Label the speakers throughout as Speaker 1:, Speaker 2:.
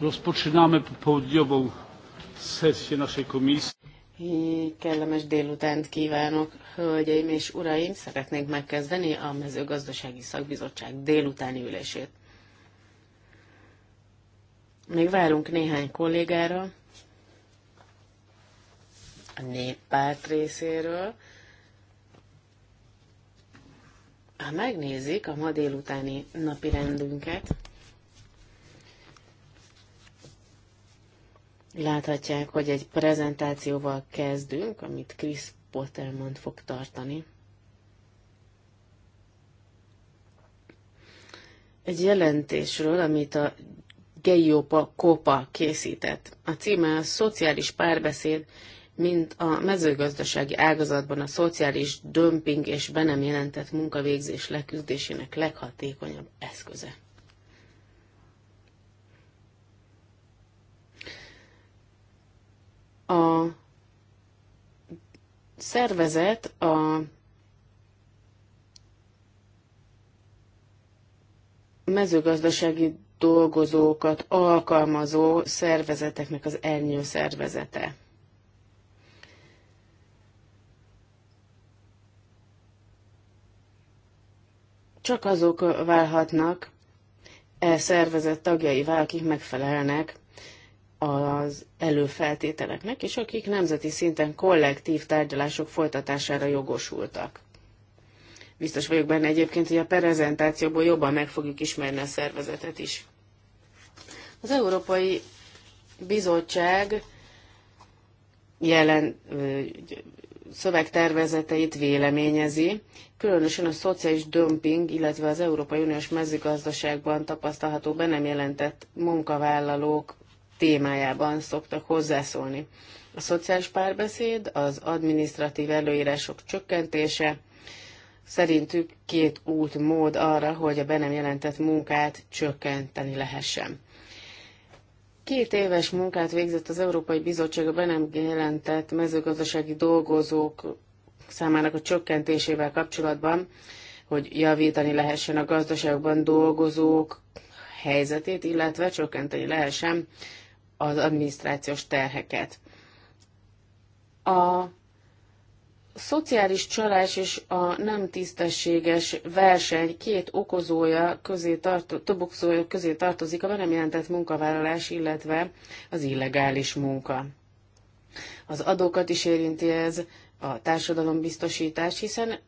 Speaker 1: Rozpoczynamy popołudniową sesję naszej komisji.
Speaker 2: Kellemes délutánt kívánok, hölgyeim és uraim! Szeretnénk megkezdeni a mezőgazdasági szakbizottság délutáni ülését. Még várunk néhány kollégára, a néppárt részéről. Ha megnézik a ma délutáni napi rendünket, Láthatják, hogy egy prezentációval kezdünk, amit Chris Pottermont fog tartani. Egy jelentésről, amit a Geiopa Kopa készített. A címe a Szociális párbeszéd, mint a mezőgazdasági ágazatban a szociális dömping és be nem jelentett munkavégzés leküzdésének leghatékonyabb eszköze. A szervezet a mezőgazdasági dolgozókat alkalmazó szervezeteknek az elnyő szervezete. Csak azok válhatnak e szervezet tagjai akik megfelelnek az előfeltételeknek, és akik nemzeti szinten kollektív tárgyalások folytatására jogosultak. Biztos vagyok benne egyébként, hogy a prezentációból jobban meg fogjuk ismerni a szervezetet is. Az Európai Bizottság jelen szövegtervezeteit véleményezi, különösen a szociális dömping, illetve az Európai Uniós mezőgazdaságban tapasztalható be nem jelentett munkavállalók témájában szoktak hozzászólni. A szociális párbeszéd, az administratív előírások csökkentése, szerintük két út mód arra, hogy a be nem jelentett munkát csökkenteni lehessen. Két éves munkát végzett az Európai Bizottság a be nem jelentett mezőgazdasági dolgozók számának a csökkentésével kapcsolatban, hogy javítani lehessen a gazdaságban dolgozók helyzetét, illetve csökkenteni lehessen az adminisztrációs terheket. A szociális csalás és a nem tisztességes verseny két okozója közé tartó, több okozója közé tartozik a be nem jelentett munkavállalás, illetve az illegális munka. Az adókat is érinti ez, a társadalombiztosítás, hiszen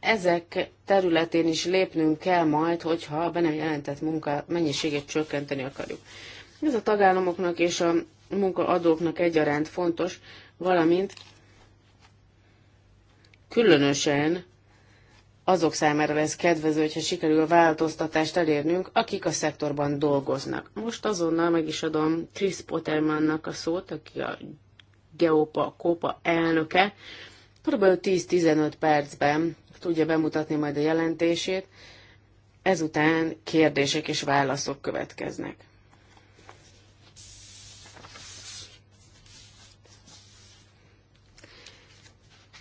Speaker 2: ezek területén is lépnünk kell majd, hogyha a be nem jelentett munka mennyiségét csökkenteni akarjuk. Ez a tagállamoknak és a munkaadóknak egyaránt fontos, valamint különösen azok számára lesz kedvező, hogyha sikerül a változtatást elérnünk, akik a szektorban dolgoznak. Most azonnal meg is adom Chris Pottermannak a szót, aki a Geopa Kópa elnöke. Körülbelül 10-15 percben tudja bemutatni majd a jelentését, ezután kérdések és válaszok következnek.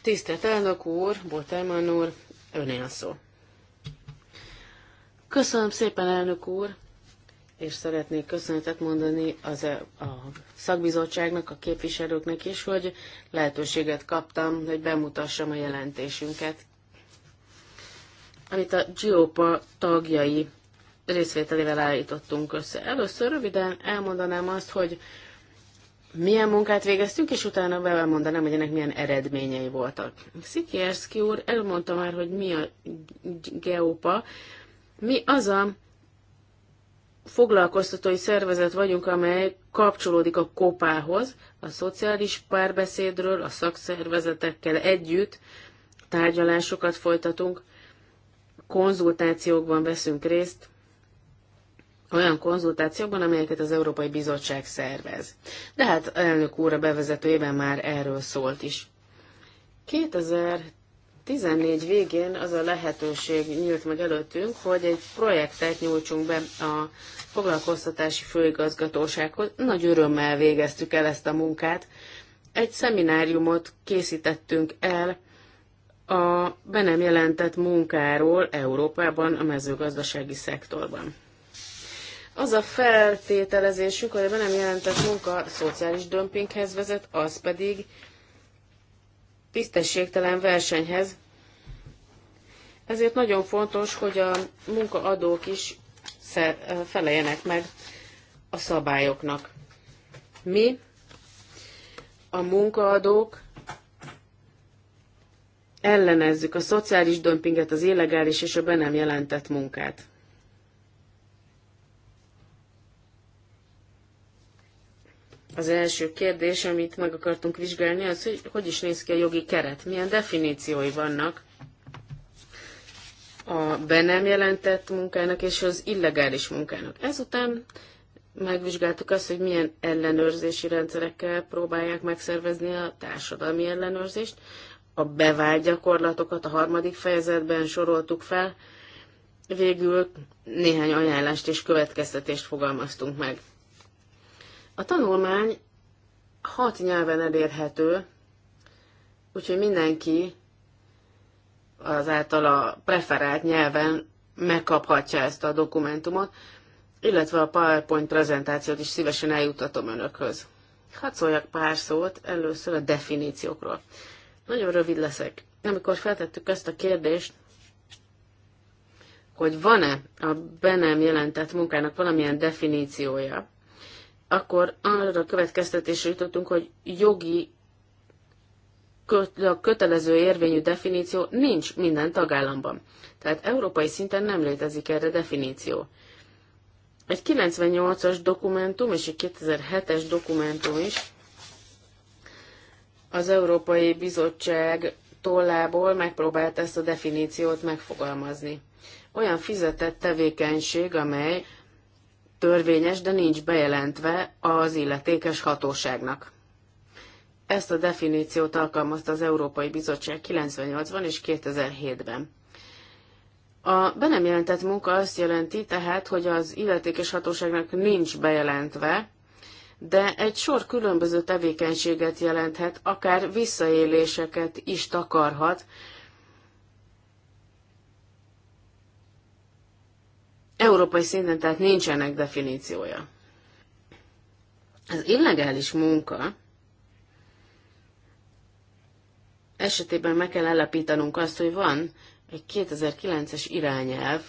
Speaker 2: Tisztelt elnök úr, Botelman úr, öné a szó. Köszönöm szépen, elnök úr, és szeretnék köszönetet mondani az e- a szakbizottságnak, a képviselőknek is, hogy lehetőséget kaptam, hogy bemutassam a jelentésünket, amit a GIOPA tagjai részvételével állítottunk össze. Először röviden elmondanám azt, hogy milyen munkát végeztünk, és utána mondanám, hogy ennek milyen eredményei voltak. Szikierszki úr elmondta már, hogy mi a geópa. Mi az a foglalkoztatói szervezet vagyunk, amely kapcsolódik a kopához, a szociális párbeszédről, a szakszervezetekkel együtt tárgyalásokat folytatunk, konzultációkban veszünk részt, olyan konzultációkban, amelyeket az Európai Bizottság szervez. De hát elnök úr a bevezetőjében már erről szólt is. 2014 végén az a lehetőség nyílt meg előttünk, hogy egy projektet nyújtsunk be a foglalkoztatási főigazgatósághoz. Nagy örömmel végeztük el ezt a munkát. Egy szemináriumot készítettünk el a be nem jelentett munkáról Európában a mezőgazdasági szektorban. Az a feltételezésünk, hogy a nem jelentett munka szociális dömpinghez vezet, az pedig tisztességtelen versenyhez. Ezért nagyon fontos, hogy a munkaadók is feleljenek meg a szabályoknak. Mi, a munkaadók, ellenezzük a szociális dömpinget, az illegális és a be nem jelentett munkát. Az első kérdés, amit meg akartunk vizsgálni, az, hogy hogy is néz ki a jogi keret, milyen definíciói vannak a be nem jelentett munkának és az illegális munkának. Ezután megvizsgáltuk azt, hogy milyen ellenőrzési rendszerekkel próbálják megszervezni a társadalmi ellenőrzést. A bevált gyakorlatokat a harmadik fejezetben soroltuk fel, végül néhány ajánlást és következtetést fogalmaztunk meg. A tanulmány hat nyelven elérhető, úgyhogy mindenki az általa preferált nyelven megkaphatja ezt a dokumentumot, illetve a PowerPoint prezentációt is szívesen eljutatom önökhöz. Hadd szóljak pár szót először a definíciókról. Nagyon rövid leszek. Amikor feltettük ezt a kérdést, hogy van-e a be nem jelentett munkának valamilyen definíciója, akkor arra a következtetésre jutottunk, hogy jogi a kötelező érvényű definíció nincs minden tagállamban. Tehát európai szinten nem létezik erre definíció. Egy 98-as dokumentum és egy 2007-es dokumentum is az Európai Bizottság tollából megpróbált ezt a definíciót megfogalmazni. Olyan fizetett tevékenység, amely törvényes, de nincs bejelentve az illetékes hatóságnak. Ezt a definíciót alkalmazta az Európai Bizottság 98-ban és 2007-ben. A be nem jelentett munka azt jelenti tehát, hogy az illetékes hatóságnak nincs bejelentve, de egy sor különböző tevékenységet jelenthet, akár visszaéléseket is takarhat, Európai szinten tehát nincsenek definíciója. Az illegális munka esetében meg kell ellapítanunk azt, hogy van egy 2009-es irányelv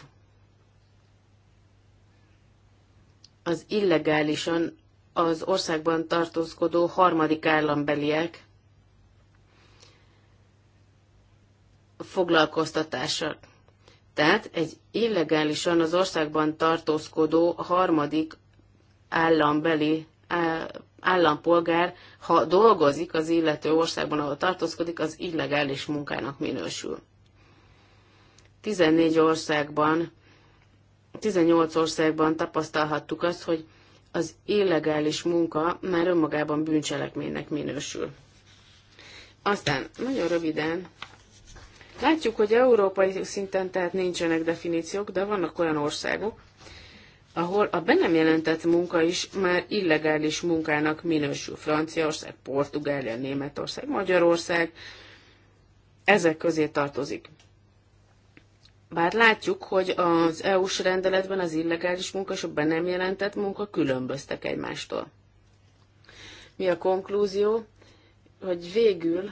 Speaker 2: az illegálisan az országban tartózkodó harmadik állambeliek foglalkoztatása tehát egy illegálisan az országban tartózkodó harmadik állambeli állampolgár, ha dolgozik az illető országban, ahol tartózkodik, az illegális munkának minősül. 14 országban, 18 országban tapasztalhattuk azt, hogy az illegális munka már önmagában bűncselekménynek minősül. Aztán nagyon röviden Látjuk, hogy európai szinten tehát nincsenek definíciók, de vannak olyan országok, ahol a be nem jelentett munka is már illegális munkának minősül. Franciaország, Portugália, Németország, Magyarország, ezek közé tartozik. Bár látjuk, hogy az EU-s rendeletben az illegális munka és a be nem jelentett munka különböztek egymástól. Mi a konklúzió? Hogy végül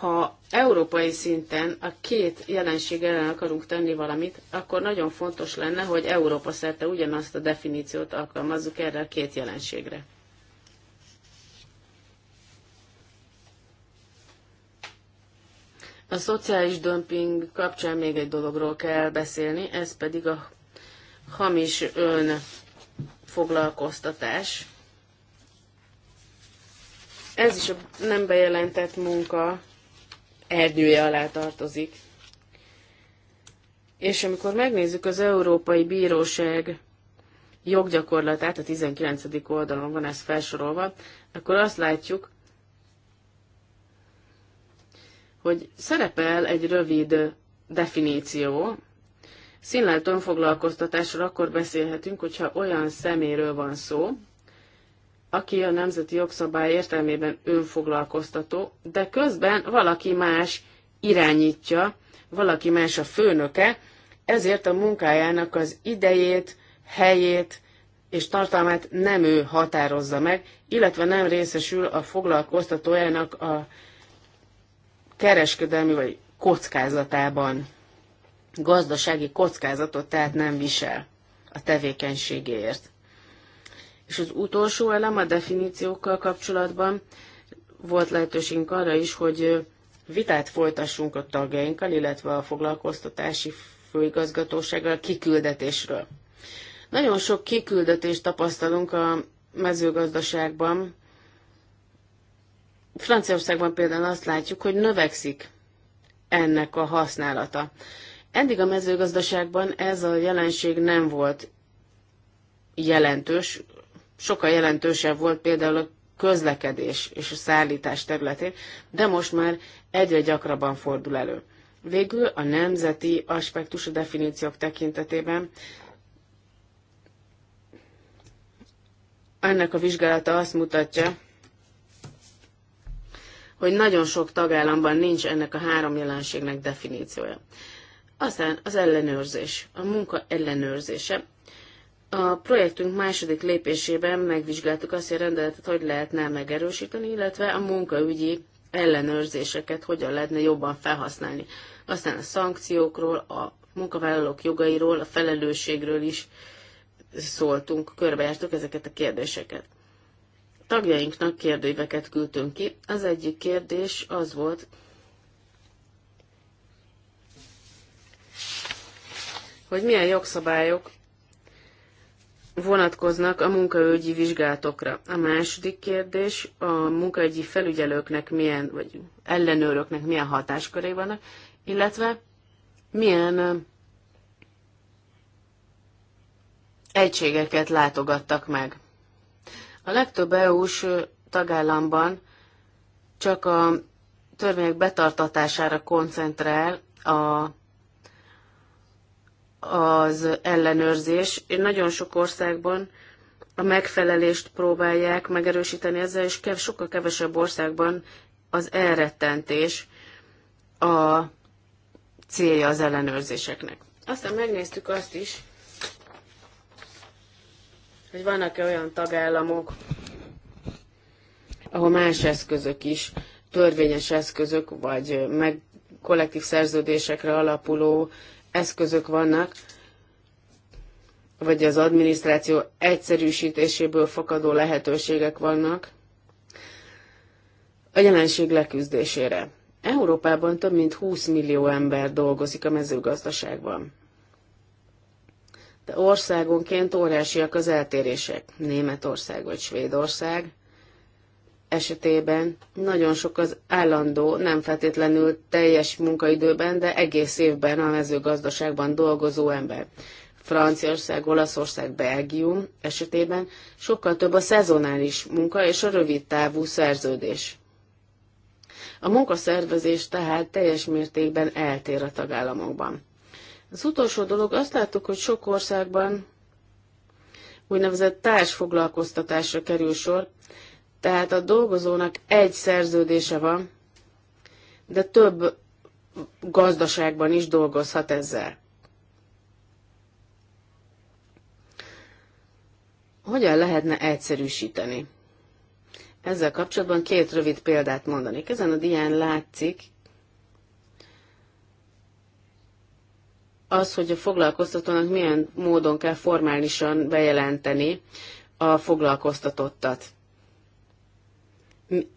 Speaker 2: ha európai szinten a két jelenség ellen akarunk tenni valamit, akkor nagyon fontos lenne, hogy Európa szerte ugyanazt a definíciót alkalmazzuk erre a két jelenségre. A szociális dömping kapcsán még egy dologról kell beszélni, ez pedig a hamis önfoglalkoztatás. Ez is a nem bejelentett munka erdője alá tartozik. És amikor megnézzük az Európai Bíróság joggyakorlatát, a 19. oldalon van ez felsorolva, akkor azt látjuk, hogy szerepel egy rövid definíció. Színlelt önfoglalkoztatásról akkor beszélhetünk, hogyha olyan szeméről van szó, aki a nemzeti jogszabály értelmében önfoglalkoztató, de közben valaki más irányítja, valaki más a főnöke, ezért a munkájának az idejét, helyét és tartalmát nem ő határozza meg, illetve nem részesül a foglalkoztatójának a kereskedelmi vagy kockázatában. Gazdasági kockázatot tehát nem visel a tevékenységéért. És az utolsó elem a definíciókkal kapcsolatban volt lehetőségünk arra is, hogy vitát folytassunk a tagjainkkal, illetve a foglalkoztatási főigazgatósággal kiküldetésről. Nagyon sok kiküldetést tapasztalunk a mezőgazdaságban. Franciaországban például azt látjuk, hogy növekszik ennek a használata. Eddig a mezőgazdaságban ez a jelenség nem volt jelentős, sokkal jelentősebb volt például a közlekedés és a szállítás területén, de most már egyre gyakrabban fordul elő. Végül a nemzeti aspektus a definíciók tekintetében ennek a vizsgálata azt mutatja, hogy nagyon sok tagállamban nincs ennek a három jelenségnek definíciója. Aztán az ellenőrzés, a munka ellenőrzése. A projektünk második lépésében megvizsgáltuk azt, hogy a rendeletet hogy lehetne megerősíteni, illetve a munkaügyi ellenőrzéseket hogyan lehetne jobban felhasználni. Aztán a szankciókról, a munkavállalók jogairól, a felelősségről is szóltunk, körbejártuk ezeket a kérdéseket. tagjainknak kérdőíveket küldtünk ki. Az egyik kérdés az volt, hogy milyen jogszabályok vonatkoznak a munkaügyi vizsgálatokra. A második kérdés, a munkaügyi felügyelőknek milyen, vagy ellenőröknek milyen hatáskörei vannak, illetve milyen egységeket látogattak meg. A legtöbb EU-s tagállamban csak a törvények betartatására koncentrál a az ellenőrzés. Én nagyon sok országban a megfelelést próbálják megerősíteni ezzel, és kev, sokkal kevesebb országban az elrettentés a célja az ellenőrzéseknek. Aztán megnéztük azt is, hogy vannak-e olyan tagállamok, ahol más eszközök is, törvényes eszközök, vagy meg kollektív szerződésekre alapuló eszközök vannak, vagy az adminisztráció egyszerűsítéséből fakadó lehetőségek vannak a jelenség leküzdésére. Európában több mint 20 millió ember dolgozik a mezőgazdaságban. De országonként óriásiak az eltérések. Németország vagy Svédország esetében nagyon sok az állandó, nem feltétlenül teljes munkaidőben, de egész évben a mezőgazdaságban dolgozó ember. Franciaország, Olaszország, Belgium esetében sokkal több a szezonális munka és a rövid távú szerződés. A munkaszervezés tehát teljes mértékben eltér a tagállamokban. Az utolsó dolog, azt láttuk, hogy sok országban úgynevezett társfoglalkoztatásra kerül sor, tehát a dolgozónak egy szerződése van, de több gazdaságban is dolgozhat ezzel. Hogyan lehetne egyszerűsíteni? Ezzel kapcsolatban két rövid példát mondanék. Ezen a dián látszik az, hogy a foglalkoztatónak milyen módon kell formálisan bejelenteni a foglalkoztatottat.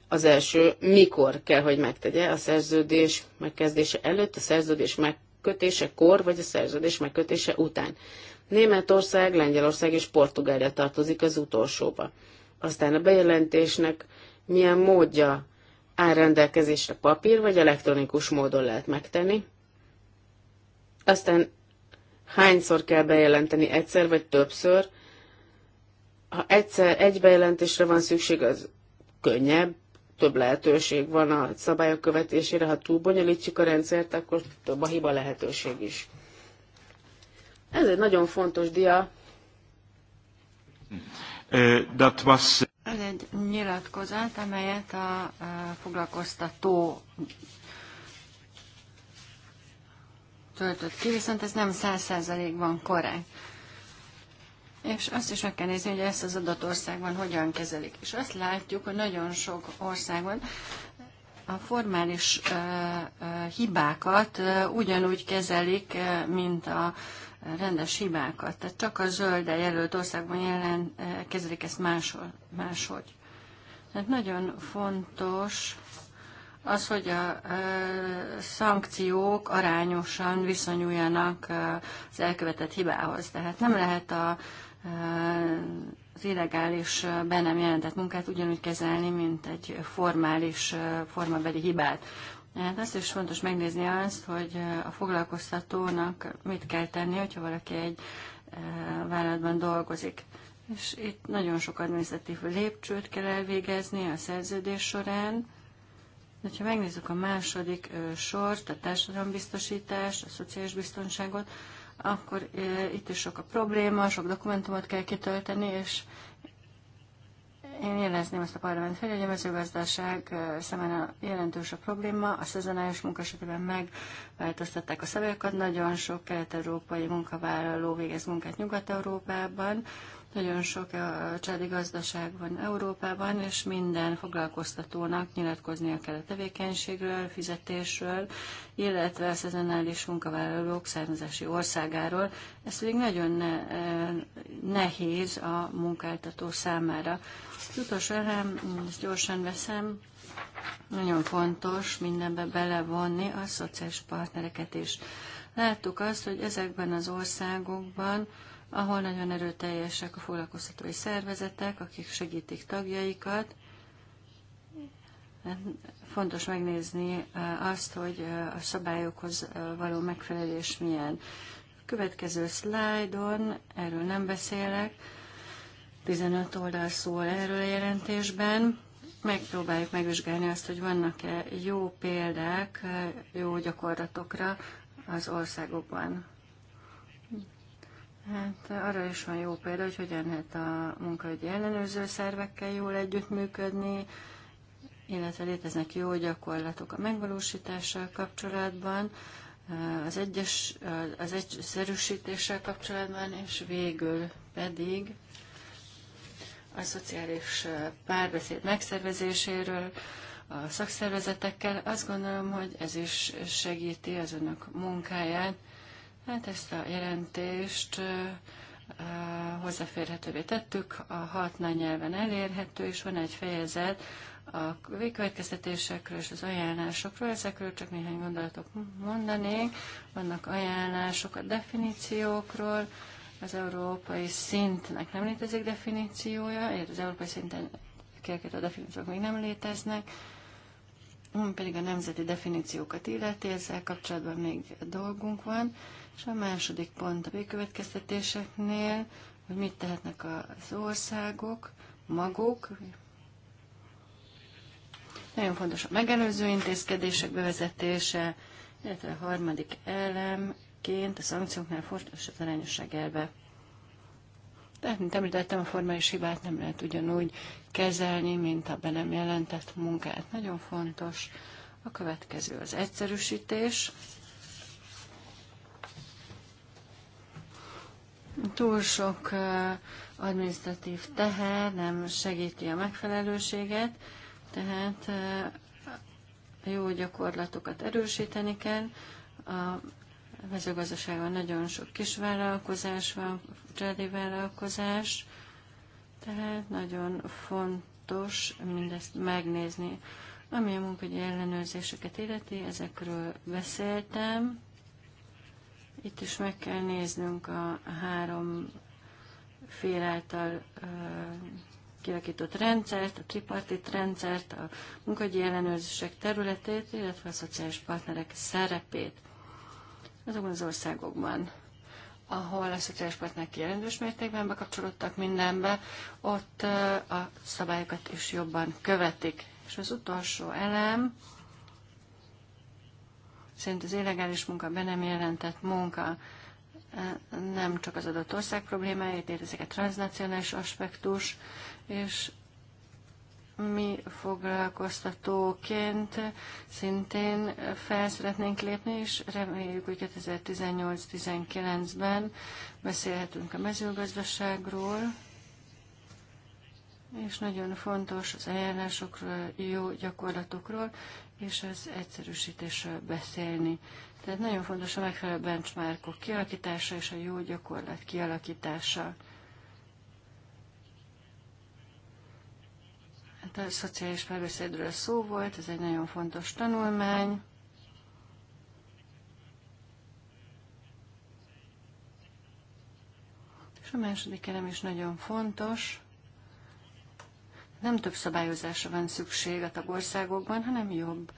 Speaker 2: Az első, mikor kell, hogy megtegye a szerződés megkezdése előtt, a szerződés megkötésekor, vagy a szerződés megkötése után. Németország, Lengyelország és Portugália tartozik az utolsóba. Aztán a bejelentésnek milyen módja áll rendelkezésre papír vagy elektronikus módon lehet megtenni. Aztán hányszor kell bejelenteni, egyszer vagy többször. Ha egyszer egy bejelentésre van szükség, az könnyebb, több lehetőség van a szabályok követésére, ha túl bonyolítjuk a rendszert, akkor több a hiba lehetőség is.
Speaker 3: Ez egy nagyon fontos dia. that was... Ez egy nyilatkozat, amelyet a, a foglalkoztató töltött ki, viszont ez nem száz százalékban korrekt és azt is meg kell nézni, hogy ezt az adott országban hogyan kezelik. És azt látjuk, hogy nagyon sok országban a formális hibákat ugyanúgy kezelik, mint a rendes hibákat. Tehát csak a zöld jelölt országban jelen kezelik ezt máshol, máshogy. Tehát nagyon fontos az, hogy a szankciók arányosan viszonyuljanak az elkövetett hibához. Tehát nem lehet a Eh, az illegális eh, be nem jelentett munkát ugyanúgy kezelni, mint egy formális, eh, formabeli hibát. Hát azt is fontos megnézni azt, hogy a foglalkoztatónak mit kell tenni, hogyha valaki egy vállalatban dolgozik. És itt nagyon sok adminisztratív lépcsőt kell elvégezni a szerződés során. De ha megnézzük a második sort, a társadalombiztosítást, a szociális biztonságot, akkor itt is sok a probléma, sok dokumentumot kell kitölteni, és én jelezném ezt a parlament felé, hogy a mezőgazdaság szemben jelentős a probléma. A szezonális munka megváltoztatták a szabályokat. Nagyon sok kelet-európai munkavállaló végez munkát Nyugat-Európában, nagyon sok a gazdaság van Európában, és minden foglalkoztatónak nyilatkoznia kell a tevékenységről, fizetésről, illetve a szezonális munkavállalók származási országáról. Ez pedig nagyon nehéz a munkáltató számára. Az utolsó elem, mm, ezt gyorsan veszem, nagyon fontos mindenbe belevonni a szociális partnereket is. Láttuk azt, hogy ezekben az országokban ahol nagyon erőteljesek a foglalkoztatói szervezetek, akik segítik tagjaikat. Fontos megnézni azt, hogy a szabályokhoz való megfelelés milyen. Következő szlájdon, erről nem beszélek, 15 oldal szól erről a jelentésben. Megpróbáljuk megvizsgálni azt, hogy vannak-e jó példák, jó gyakorlatokra az országokban. Hát arra is van jó példa, hogy hogyan lehet a munkahogyi ellenőrző szervekkel jól együttműködni, illetve léteznek jó gyakorlatok a megvalósítással kapcsolatban, az, egyes, az egyszerűsítéssel kapcsolatban, és végül pedig a szociális párbeszéd megszervezéséről a szakszervezetekkel. Azt gondolom, hogy ez is segíti az önök munkáját, Hát ezt a jelentést hozzáférhetővé tettük, a hatnán nyelven elérhető, és van egy fejezet a végkövetkeztetésekről és az ajánlásokról. Ezekről csak néhány gondolatok mondanék. Vannak ajánlások a definíciókról, az európai szintnek nem létezik definíciója, az európai szinten kérkedő definíciók még nem léteznek, pedig a nemzeti definíciókat illeti, ezzel kapcsolatban még dolgunk van. És a második pont a végkövetkeztetéseknél, hogy mit tehetnek az országok, maguk. Nagyon fontos a megelőző intézkedések bevezetése, illetve a harmadik elemként a szankcióknál fontos az arányosság elve. Tehát, mint említettem, a formális hibát nem lehet ugyanúgy kezelni, mint a be nem jelentett munkát. Nagyon fontos a következő az egyszerűsítés. Túl sok administratív teher nem segíti a megfelelőséget, tehát a jó gyakorlatokat erősíteni kell. A mezőgazdaságban nagyon sok kisvállalkozás van, családi vállalkozás, tehát nagyon fontos mindezt megnézni. Ami a munkahogyi ellenőrzéseket illeti, ezekről beszéltem. Itt is meg kell néznünk a három fél által kialakított rendszert, a tripartit rendszert, a munkagyi ellenőrzések területét, illetve a szociális partnerek szerepét azokban az országokban, ahol a szociális partnerek jelentős mértékben bekapcsolódtak mindenbe, ott a szabályokat is jobban követik. És az utolsó elem szerint az illegális munka, be nem jelentett munka e, nem csak az adott ország problémáját, ezek a transnacionális aspektus, és mi foglalkoztatóként szintén fel szeretnénk lépni, és reméljük, hogy 2018-19-ben beszélhetünk a mezőgazdaságról, és nagyon fontos az ajánlásokról, jó gyakorlatokról, és az egyszerűsítésről beszélni. Tehát nagyon fontos a megfelelő benchmarkok kialakítása és a jó gyakorlat kialakítása. Hát a szociális párbeszédről szó volt, ez egy nagyon fontos tanulmány. És a második elem is nagyon fontos. Nem több szabályozásra van szükség a tagországokban, hanem jobb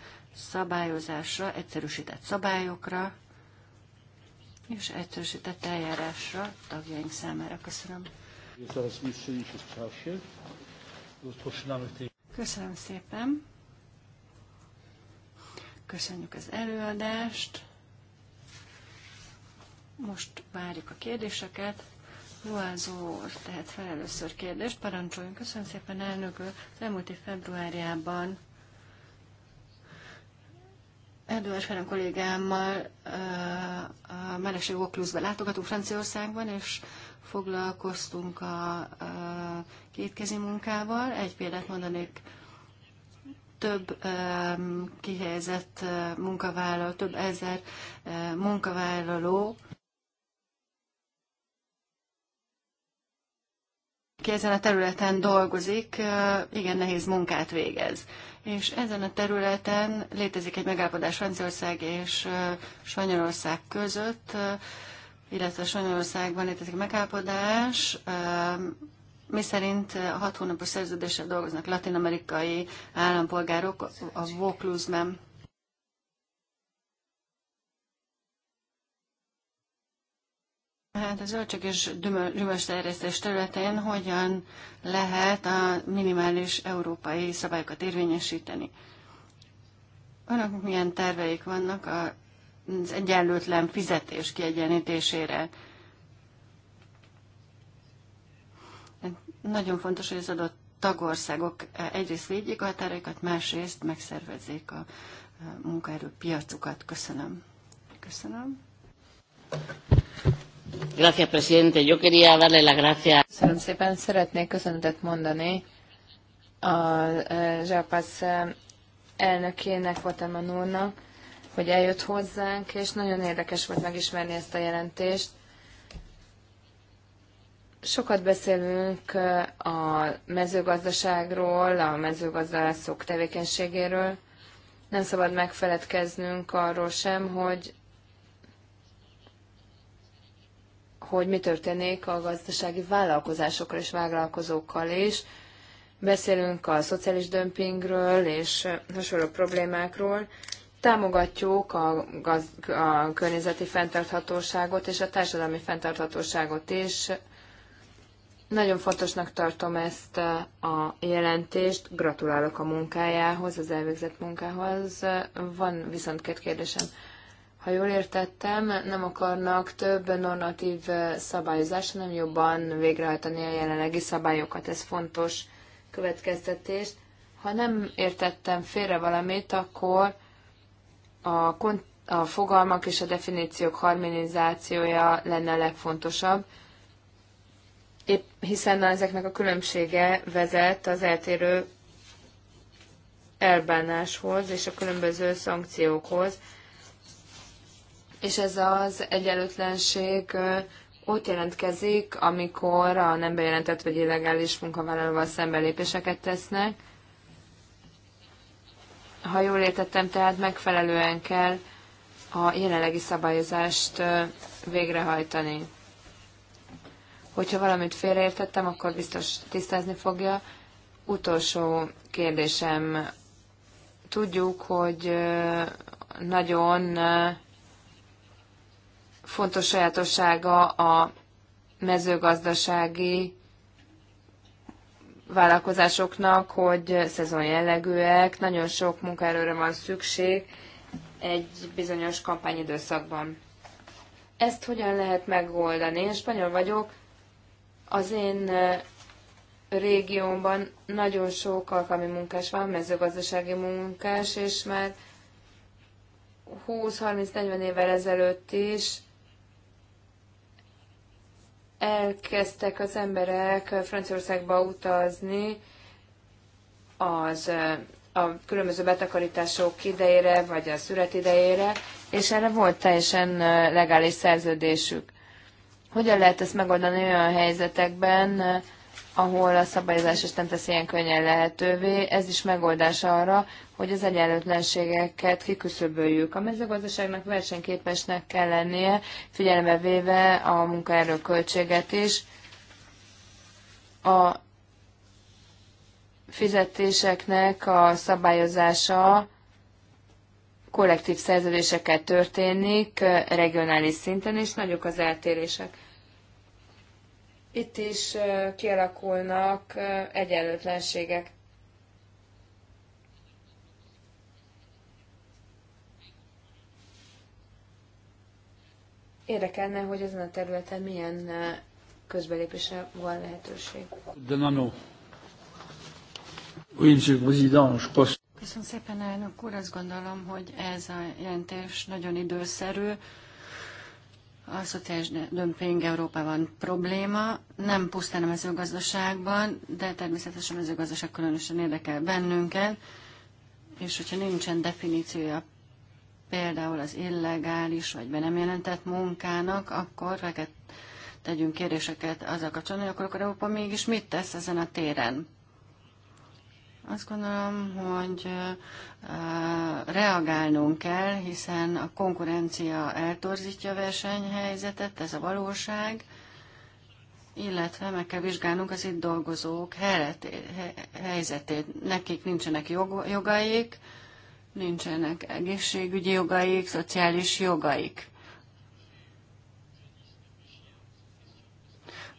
Speaker 3: szabályozásra, egyszerűsített szabályokra és egyszerűsített eljárásra tagjaink számára. Köszönöm. Köszönöm szépen. Köszönjük az előadást. Most várjuk a kérdéseket. Loázó úr tehet fel először kérdést. Parancsoljon. Köszönöm szépen, elnök úr. Az elmúlt év februárjában Erdős Ferenc kollégámmal a Meleség Okluszba látogatunk Franciaországban, és foglalkoztunk a, a kétkezi munkával. Egy példát mondanék, több kihelyezett munkavállaló, több ezer munkavállaló aki ezen a területen dolgozik, igen nehéz munkát végez. És ezen a területen létezik egy megállapodás Franciaország és Spanyolország között, illetve Spanyolországban létezik megállapodás, mi szerint a hat hónapos szerződéssel dolgoznak latinamerikai állampolgárok a Vaucluse-ben. Hát a zöldség és gyümölcs terjesztés területén hogyan lehet a minimális európai szabályokat érvényesíteni? Önök milyen terveik vannak az egyenlőtlen fizetés kiegyenítésére? Nagyon fontos, hogy az adott tagországok e, egyrészt védjék a határaikat, másrészt megszervezzék a e, munkaerőpiacukat. Köszönöm. Köszönöm.
Speaker 4: Gracias, presidente. Yo quería darle las gracias. szépen. Szeretnék köszönetet mondani a eh, Zsápász eh, elnökének, Vataman úrnak, hogy eljött hozzánk, és nagyon érdekes volt megismerni ezt a jelentést. Sokat beszélünk eh, a mezőgazdaságról, a mezőgazdászok tevékenységéről. Nem szabad megfeledkeznünk arról sem, hogy hogy mi történik a gazdasági vállalkozásokkal és vállalkozókkal is. Beszélünk a szociális dömpingről és hasonló problémákról. Támogatjuk a, gaz, a környezeti fenntarthatóságot és a társadalmi fenntarthatóságot is. Nagyon fontosnak tartom ezt a jelentést, gratulálok a munkájához, az elvégzett munkához. Van viszont két kérdésem. Ha jól értettem, nem akarnak több normatív eh, szabályozást, hanem jobban végrehajtani a jelenlegi szabályokat. Ez fontos következtetés. Ha nem értettem félre valamit, akkor a, a fogalmak és a definíciók harmonizációja lenne a legfontosabb, épp, hiszen ezeknek a különbsége vezet az eltérő elbánáshoz és a különböző szankciókhoz, és ez az egyenlőtlenség ott jelentkezik, amikor a nem bejelentett vagy illegális munkavállalóval szemben lépéseket tesznek. Ha jól értettem, tehát megfelelően kell a jelenlegi szabályozást végrehajtani. Hogyha valamit félreértettem, akkor biztos tisztázni fogja. Utolsó kérdésem. Tudjuk, hogy nagyon fontos sajátossága a mezőgazdasági vállalkozásoknak, hogy szezon jellegűek, nagyon sok munkaerőre van szükség egy bizonyos kampányidőszakban. Ezt hogyan lehet megoldani? Én spanyol vagyok, az én régiómban nagyon sok alkalmi munkás van, mezőgazdasági munkás, és már 20-30-40 évvel ezelőtt is elkezdtek az emberek Franciaországba utazni az a különböző betakarítások idejére, vagy a szület idejére, és erre volt teljesen legális szerződésük. Hogyan lehet ezt megoldani olyan helyzetekben, ahol a szabályozás is nem tesz ilyen könnyen lehetővé, ez is megoldás arra, hogy az egyenlőtlenségeket kiküszöböljük. A mezőgazdaságnak versenyképesnek kell lennie, figyelembe véve a munkaerő költséget is. A fizetéseknek a szabályozása kollektív szerződéseket történik, regionális szinten is nagyok az eltérések itt is kialakulnak egyenlőtlenségek. Érdekelne, hogy ezen a területen
Speaker 3: milyen közbelépése van lehetőség.
Speaker 1: De nano. Köszönöm
Speaker 3: szépen, elnök úr. Azt gondolom, hogy ez a jelentés nagyon időszerű. A szociális dömping Európában probléma, nem pusztán a mezőgazdaságban, de természetesen a mezőgazdaság különösen érdekel bennünket, és hogyha nincsen definíciója például az illegális vagy be nem jelentett munkának, akkor veket tegyünk kérdéseket azzal kapcsolatban, akkor, akkor Európa mégis mit tesz ezen a téren? Azt gondolom, hogy reagálnunk kell, hiszen a konkurencia eltorzítja a versenyhelyzetet, ez a valóság, illetve meg kell vizsgálnunk az itt dolgozók helyzetét. Nekik nincsenek jogaik, nincsenek egészségügyi jogaik, szociális jogaik.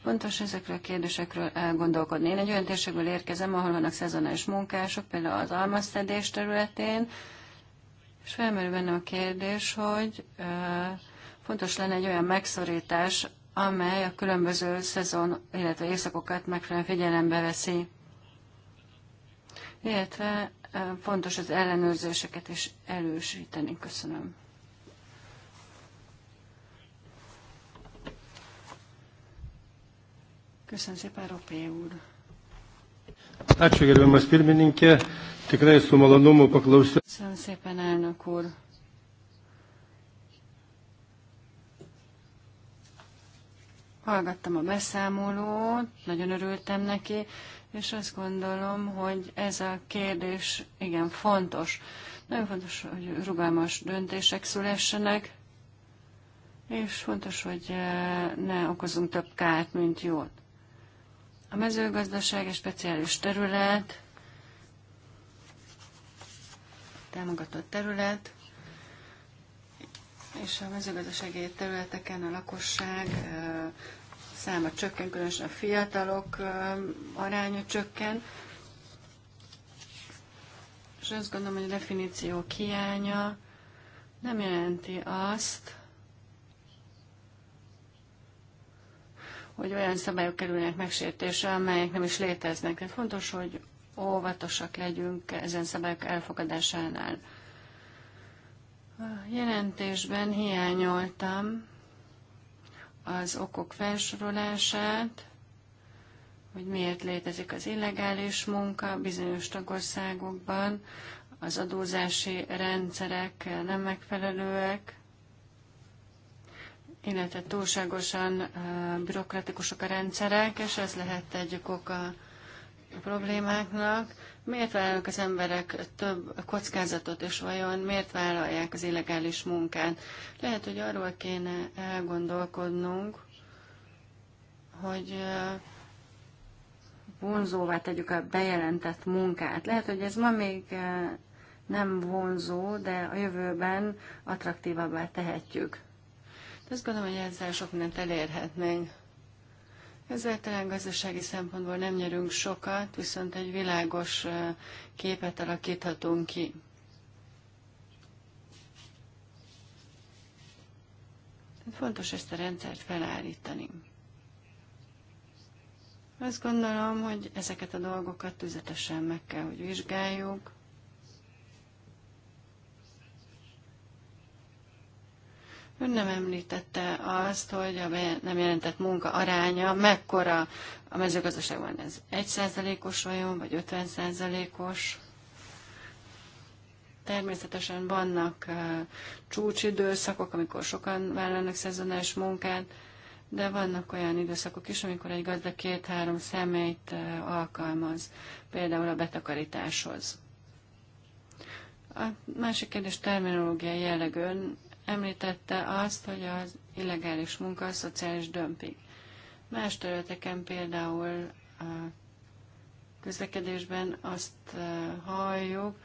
Speaker 3: Fontos ezekről a kérdésekről elgondolkodni. Én egy olyan térségből érkezem, ahol vannak szezonális munkások, például az almaszedés területén, és felmerül benne a kérdés, hogy fontos lenne egy olyan megszorítás, amely a különböző szezon, illetve éjszakokat megfelelően figyelembe veszi. Illetve fontos az ellenőrzéseket is elősíteni. Köszönöm. Köszönöm szépen, Ropé úr.
Speaker 1: Ačiū gerbiamas pirmininkė, tikrai su malonumu paklausiu.
Speaker 3: Köszönöm szépen, Hallgattam a beszámolót, nagyon örültem neki, és azt gondolom, hogy ez a kérdés igen fontos. Nagyon fontos, hogy rugalmas döntések szülessenek, és fontos, hogy eh, ne okozunk több kárt, mint jót. A mezőgazdaság egy speciális terület, támogatott terület, és a mezőgazdasági területeken a lakosság száma csökken, különösen a fiatalok aránya csökken. És azt gondolom, hogy a definíciók hiánya nem jelenti azt, hogy olyan szabályok kerülnek megsértésre, amelyek nem is léteznek. Tehát fontos, hogy óvatosak legyünk ezen szabályok elfogadásánál. A jelentésben hiányoltam az okok felsorolását, hogy miért létezik az illegális munka bizonyos tagországokban, az adózási rendszerek nem megfelelőek, illetve túlságosan bürokratikusok a rendszerek, és ez lehet egy oka a problémáknak. Miért vállalnak az emberek több kockázatot, és vajon miért vállalják az illegális munkát? Lehet, hogy arról kéne elgondolkodnunk, hogy vonzóvá tegyük a bejelentett munkát. Lehet, hogy ez ma még nem vonzó, de a jövőben attraktívabbá tehetjük. De azt gondolom, hogy ezzel sok mindent elérhetnénk. Ezzel talán gazdasági szempontból nem nyerünk sokat, viszont egy világos képet alakíthatunk ki. Fontos ezt a rendszert felállítani. Azt gondolom, hogy ezeket a dolgokat tüzetesen meg kell, hogy vizsgáljuk. Ön nem említette azt, hogy a nem jelentett munka aránya mekkora a mezőgazdaságban ez 1%-os vajon, vagy 50%-os? Természetesen vannak csúcsidőszakok, amikor sokan vállalnak szezonális munkát, de vannak olyan időszakok is, amikor egy gazda két-három személyt alkalmaz, például a betakarításhoz. A másik kérdés terminológiai jellegön Említette azt, hogy az illegális munka a szociális dömping. Más területeken például a közlekedésben azt halljuk,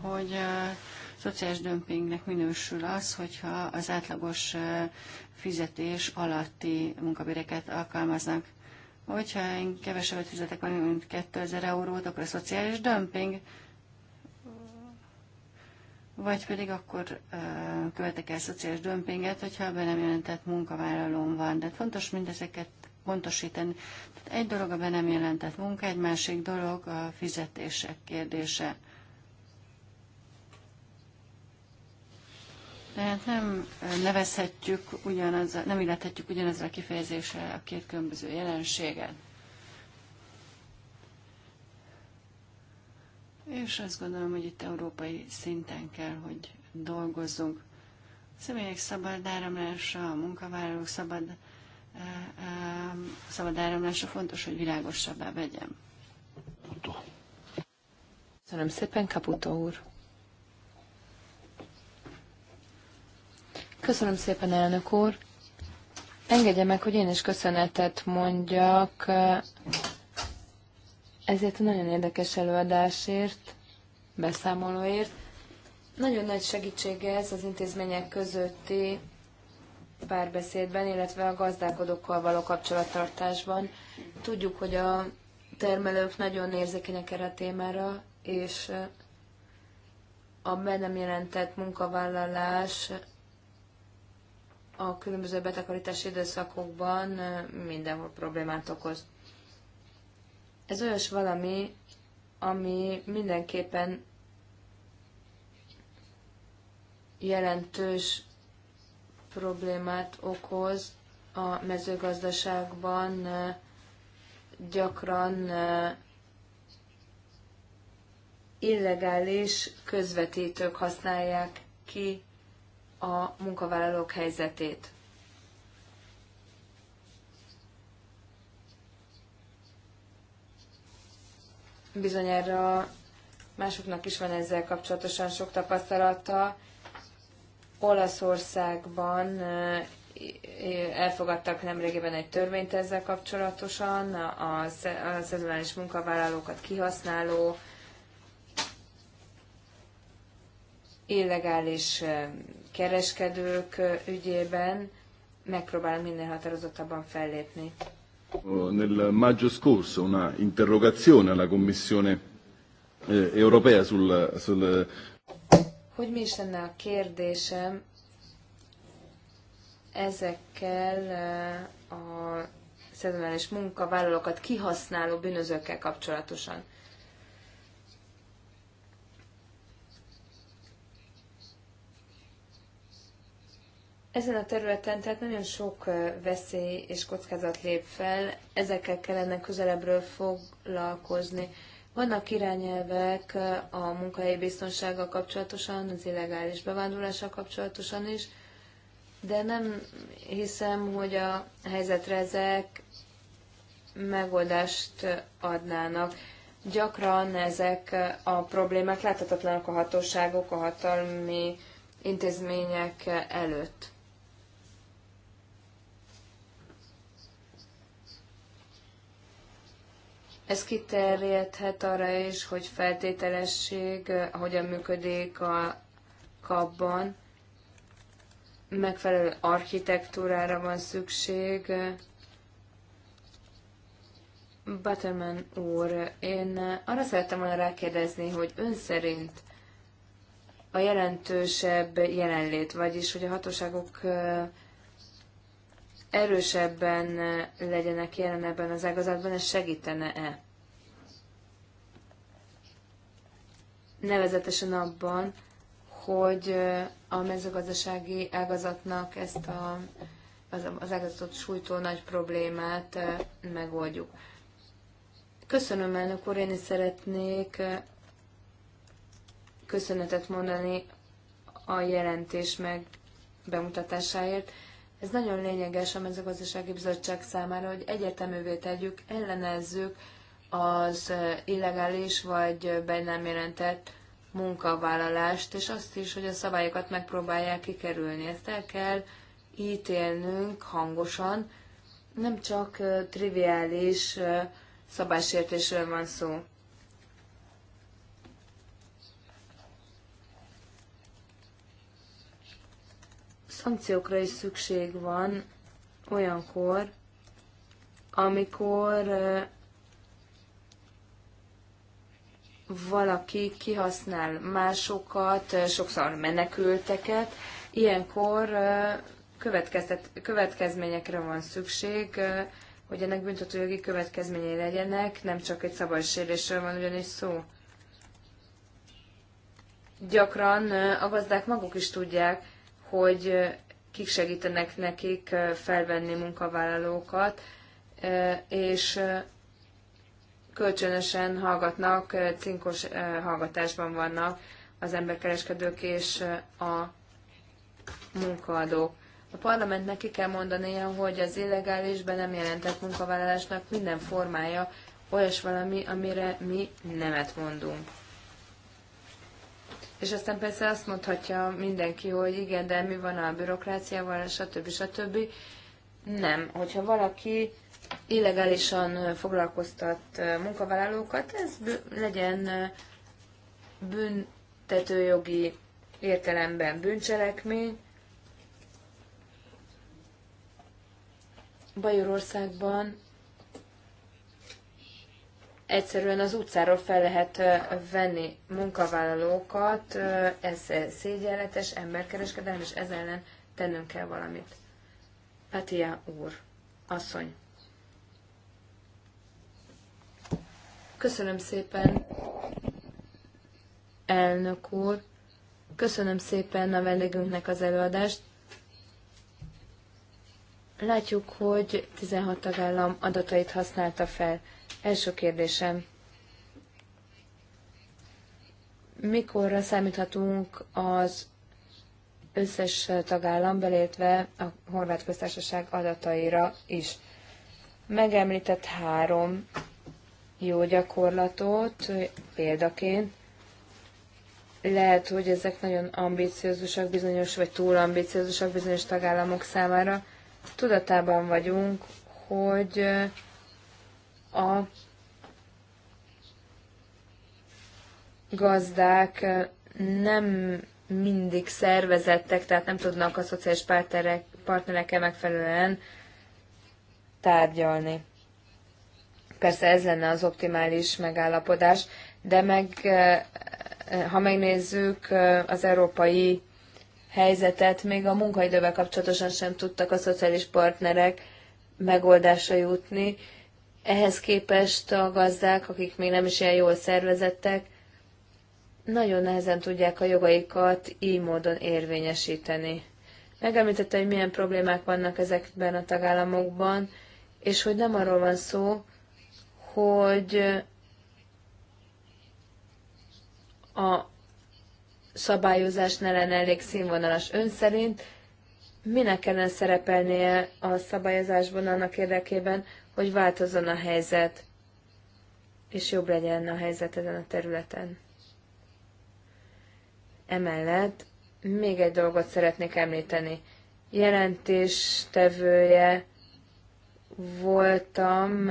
Speaker 3: hogy a szociális dömpingnek minősül az, hogyha az átlagos fizetés alatti munkabéreket alkalmaznak. Hogyha én kevesebbet fizetek, mint 2000 eurót, akkor a szociális dömping, vagy pedig akkor követek el szociális dömpinget, hogyha be nem jelentett munkavállalón van. De fontos mindezeket pontosítani. Tehát egy dolog a be nem jelentett munka, egy másik dolog a fizetések kérdése. Tehát nem nevezhetjük ugyanaz, nem illethetjük ugyanazra a kifejezéssel a két különböző jelenséget. és azt gondolom, hogy itt európai szinten kell, hogy dolgozzunk. A személyek szabad áramlása, a munkavállalók szabad, eh, eh, szabad áramlása fontos, hogy világosabbá vegyem.
Speaker 4: Köszönöm szépen, Kaputo úr. Köszönöm szépen, elnök úr. Engedje meg, hogy én is köszönetet mondjak ezért a nagyon érdekes előadásért, beszámolóért. Nagyon nagy segítség ez az intézmények közötti párbeszédben, illetve a gazdálkodókkal való kapcsolattartásban. Tudjuk, hogy a termelők nagyon érzékenyek erre a témára, és a be nem jelentett munkavállalás a különböző betakarítási időszakokban mindenhol problémát okoz. Ez olyas valami, ami mindenképpen jelentős problémát okoz a mezőgazdaságban gyakran illegális közvetítők használják ki a munkavállalók helyzetét. bizonyára másoknak is van ezzel kapcsolatosan sok tapasztalata. Olaszországban eh, elfogadtak nemrégiben egy törvényt ezzel kapcsolatosan, a szezonális munkavállalókat kihasználó illegális eh, kereskedők eh, ügyében megpróbálunk minél határozottabban fellépni.
Speaker 1: Nel maggio scorso una interrogazione alla Commissione eh, Europea sul, sul...
Speaker 4: Hogy mi is lenne a kérdésem ezekkel eh, a szezonális munkavállalókat kihasználó bűnözőkkel kapcsolatosan? Ezen a területen tehát nagyon sok veszély és kockázat lép fel, ezekkel kellene közelebbről foglalkozni. Vannak irányelvek a munkahelyi biztonsággal kapcsolatosan, az illegális bevándorlással kapcsolatosan is, de nem hiszem, hogy a helyzetre ezek megoldást adnának. Gyakran ezek a problémák láthatatlanak a hatóságok, a hatalmi intézmények előtt. Ez kiterjedhet arra is, hogy feltételesség, hogyan működik a kapban, megfelelő architektúrára van szükség. Butterman úr, én arra szerettem volna rákérdezni, hogy ön szerint a jelentősebb jelenlét, vagyis hogy a hatóságok erősebben legyenek jelen ebben az ágazatban, ez segítene-e? Nevezetesen abban, hogy a mezőgazdasági ágazatnak ezt a, az, az ágazatot sújtó nagy problémát megoldjuk. Köszönöm, elnök úr, én is szeretnék köszönetet mondani a jelentés meg bemutatásáért. Ez nagyon lényeges a mezőgazdasági bizottság számára, hogy egyeteművé tegyük, ellenezzük az illegális vagy be nem jelentett munkavállalást, és azt is, hogy a szabályokat megpróbálják kikerülni. Ezt el kell ítélnünk hangosan, nem csak triviális szabálysértésről van szó. szankciókra is szükség van olyankor, amikor valaki kihasznál másokat, sokszor menekülteket, ilyenkor következményekre van szükség, hogy ennek büntetőjogi következményei legyenek, nem csak egy szabadsérésről van ugyanis szó. Gyakran a gazdák maguk is tudják, hogy kik segítenek nekik felvenni munkavállalókat, és kölcsönösen hallgatnak, cinkos hallgatásban vannak az emberkereskedők és a munkaadók. A parlament neki kell mondania, hogy az illegális, be nem jelentett munkavállalásnak minden formája olyas valami, amire mi nemet mondunk. És aztán persze azt mondhatja mindenki, hogy igen, de mi van a bürokráciával, stb. stb. Nem. Hogyha valaki illegálisan foglalkoztat munkavállalókat, ez legyen büntetőjogi értelemben bűncselekmény. Bajorországban egyszerűen az utcáról fel lehet venni munkavállalókat, ez szégyenletes emberkereskedelem, és ez ellen tennünk kell valamit. Petia úr, asszony. Köszönöm szépen, elnök úr. Köszönöm szépen a vendégünknek az előadást. Látjuk, hogy 16 tagállam adatait használta fel. Első kérdésem. Mikorra számíthatunk az összes tagállam, belétve a Horvát Köztársaság adataira is? Megemlített három jó gyakorlatot példaként. Lehet, hogy ezek nagyon ambiciózusak bizonyos, vagy túl ambiciózusak bizonyos tagállamok számára. Tudatában vagyunk, hogy a gazdák nem mindig szervezettek, tehát nem tudnak a szociális partnerek, partnerekkel megfelelően tárgyalni. Persze ez lenne az optimális megállapodás, de meg, ha megnézzük az európai helyzetet, még a munkaidővel kapcsolatosan sem tudtak a szociális partnerek megoldásra jutni, ehhez képest a gazdák, akik még nem is ilyen jól szervezettek, nagyon nehezen tudják a jogaikat így módon érvényesíteni. Megemlítette, hogy milyen problémák vannak ezekben a tagállamokban, és hogy nem arról van szó, hogy a szabályozás ne lenne elég színvonalas. Ön szerint minek kellene szerepelnie a szabályozásban annak érdekében, hogy változzon a helyzet, és jobb legyen a helyzet ezen a területen. Emellett még egy dolgot szeretnék említeni. Jelentéstevője voltam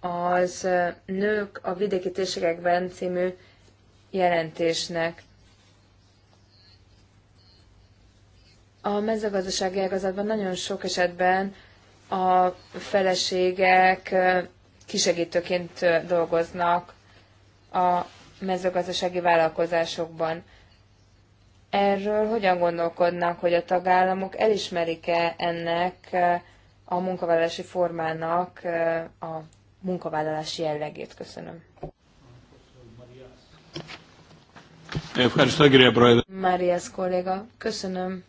Speaker 4: az Nők a vidéki térségekben című jelentésnek. A mezőgazdasági ágazatban nagyon sok esetben a feleségek kisegítőként dolgoznak a mezőgazdasági vállalkozásokban. Erről hogyan gondolkodnak, hogy a tagállamok elismerik-e ennek a munkavállalási formának a munkavállalási jellegét? Köszönöm. Marias kolléga, köszönöm,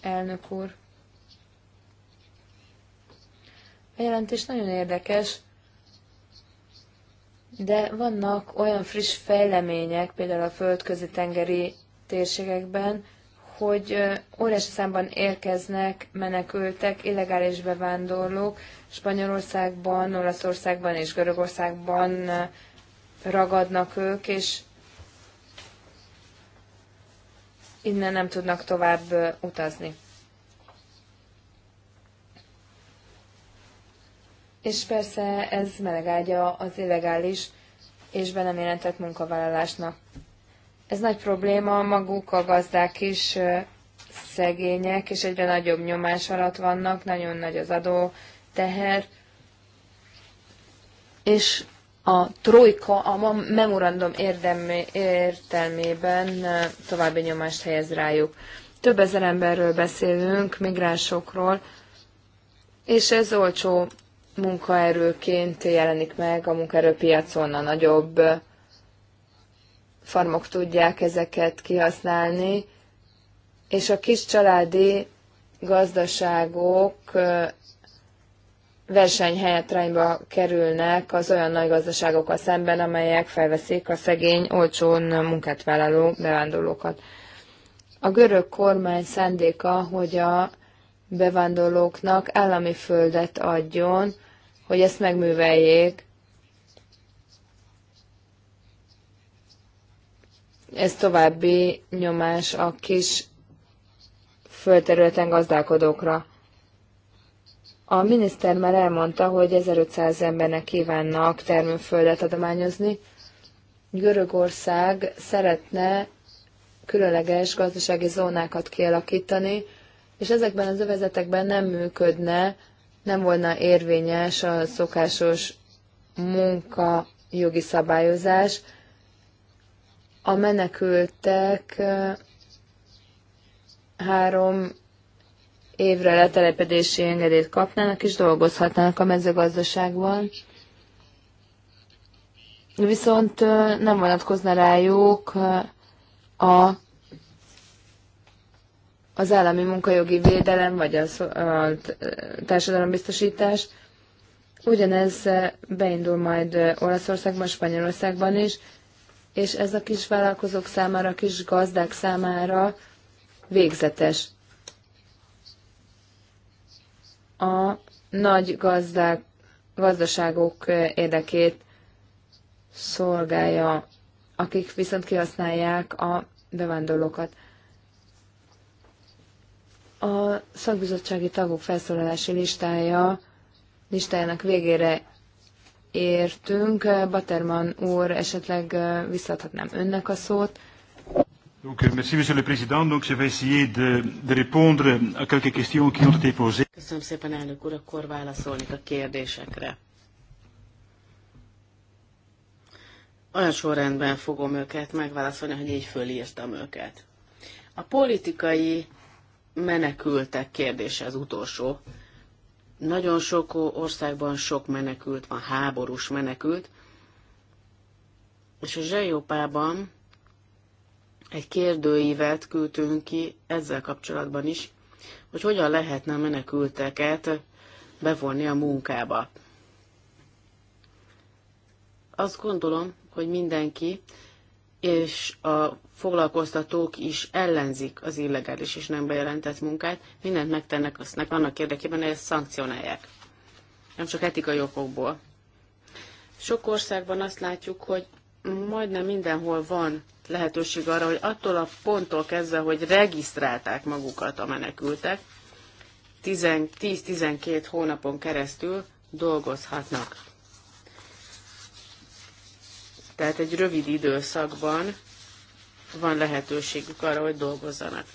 Speaker 4: elnök úr. A jelentés nagyon érdekes, de vannak olyan friss fejlemények, például a földközi tengeri térségekben, hogy óriási számban érkeznek menekültek, illegális bevándorlók Spanyolországban, Olaszországban és Görögországban ragadnak ők, és innen nem tudnak tovább utazni. és persze ez melegágya az illegális és be nem jelentett munkavállalásnak. Ez nagy probléma, maguk a gazdák is szegények, és egyre nagyobb nyomás alatt vannak, nagyon nagy az adó teher, és a trojka a memorandum érdemé, értelmében további nyomást helyez rájuk. Több ezer emberről beszélünk, migránsokról, és ez olcsó munkaerőként jelenik meg a munkaerőpiacon a nagyobb farmok tudják ezeket kihasználni, és a kis családi gazdaságok versenyhelyetrányba kerülnek az olyan nagy gazdaságokkal szemben, amelyek felveszik a szegény, olcsón munkát vállaló bevándorlókat. A görög kormány szándéka, hogy a bevándorlóknak állami földet adjon, hogy ezt megműveljék. Ez további nyomás a kis földterületen gazdálkodókra. A miniszter már elmondta, hogy 1500 embernek kívánnak termőföldet adományozni. Görögország szeretne különleges gazdasági zónákat kialakítani, és ezekben az övezetekben nem működne nem volna érvényes a szokásos munka jogi szabályozás. A menekültek három évre letelepedési engedélyt kapnának és dolgozhatnának a mezőgazdaságban. Viszont nem vonatkozna rájuk a az állami munkajogi védelem, vagy a, a társadalombiztosítás. Ugyanez eh, beindul majd eh, Olaszországban, Spanyolországban is, és ez a kis vállalkozók számára, a kis gazdák számára végzetes. A nagy gazdák, gazdaságok eh, érdekét szolgálja, akik viszont kihasználják a bevándorlókat. A szakbizottsági tagok felszólalási listája, listájának végére értünk. Baterman úr, esetleg visszaadhatnám önnek a szót.
Speaker 1: Donc, euh, merci, Monsieur le Président. Donc, je vais essayer de, de répondre à quelques questions qui ont été posées.
Speaker 2: Köszönöm szépen, elnök úr, akkor válaszolnék a kérdésekre. Olyan sorrendben fogom őket megválaszolni, hogy így fölírtam őket. A politikai menekültek kérdése az utolsó. Nagyon sok országban sok menekült van, háborús menekült, és a Zsejópában egy kérdőívet küldtünk ki ezzel kapcsolatban is, hogy hogyan lehetne a menekülteket bevonni a munkába. Azt gondolom, hogy mindenki és a foglalkoztatók is ellenzik az illegális és nem bejelentett munkát, mindent megtennek aztnak annak érdekében, hogy ezt szankcionálják. Nem csak etikai okokból. Sok országban azt látjuk, hogy majdnem mindenhol van lehetőség arra, hogy attól a ponttól kezdve, hogy regisztrálták magukat a menekültek, 10-12 hónapon keresztül dolgozhatnak. Tehát egy rövid időszakban van lehetőségük arra, hogy dolgozzanak.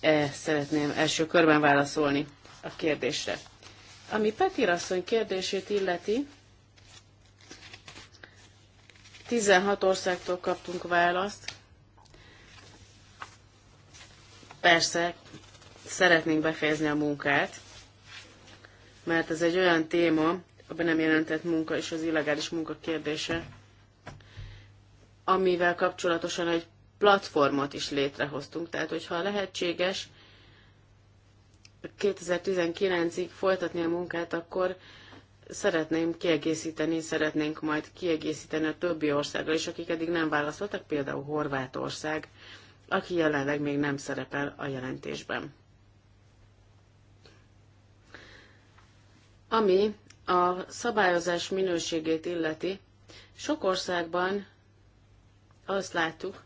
Speaker 2: E, szeretném első körben válaszolni a kérdésre. Ami Petir asszony kérdését illeti, 16 országtól kaptunk választ. Persze, szeretnénk befejezni a munkát, mert ez egy olyan téma, a be nem jelentett munka és az illegális munka kérdése, amivel kapcsolatosan egy platformot is létrehoztunk. Tehát, hogyha lehetséges 2019-ig folytatni a munkát, akkor szeretném kiegészíteni, szeretnénk majd kiegészíteni a többi országgal is, akik eddig nem válaszoltak, például Horvátország, aki jelenleg még nem szerepel a jelentésben. Ami a szabályozás minőségét illeti, sok országban azt láttuk,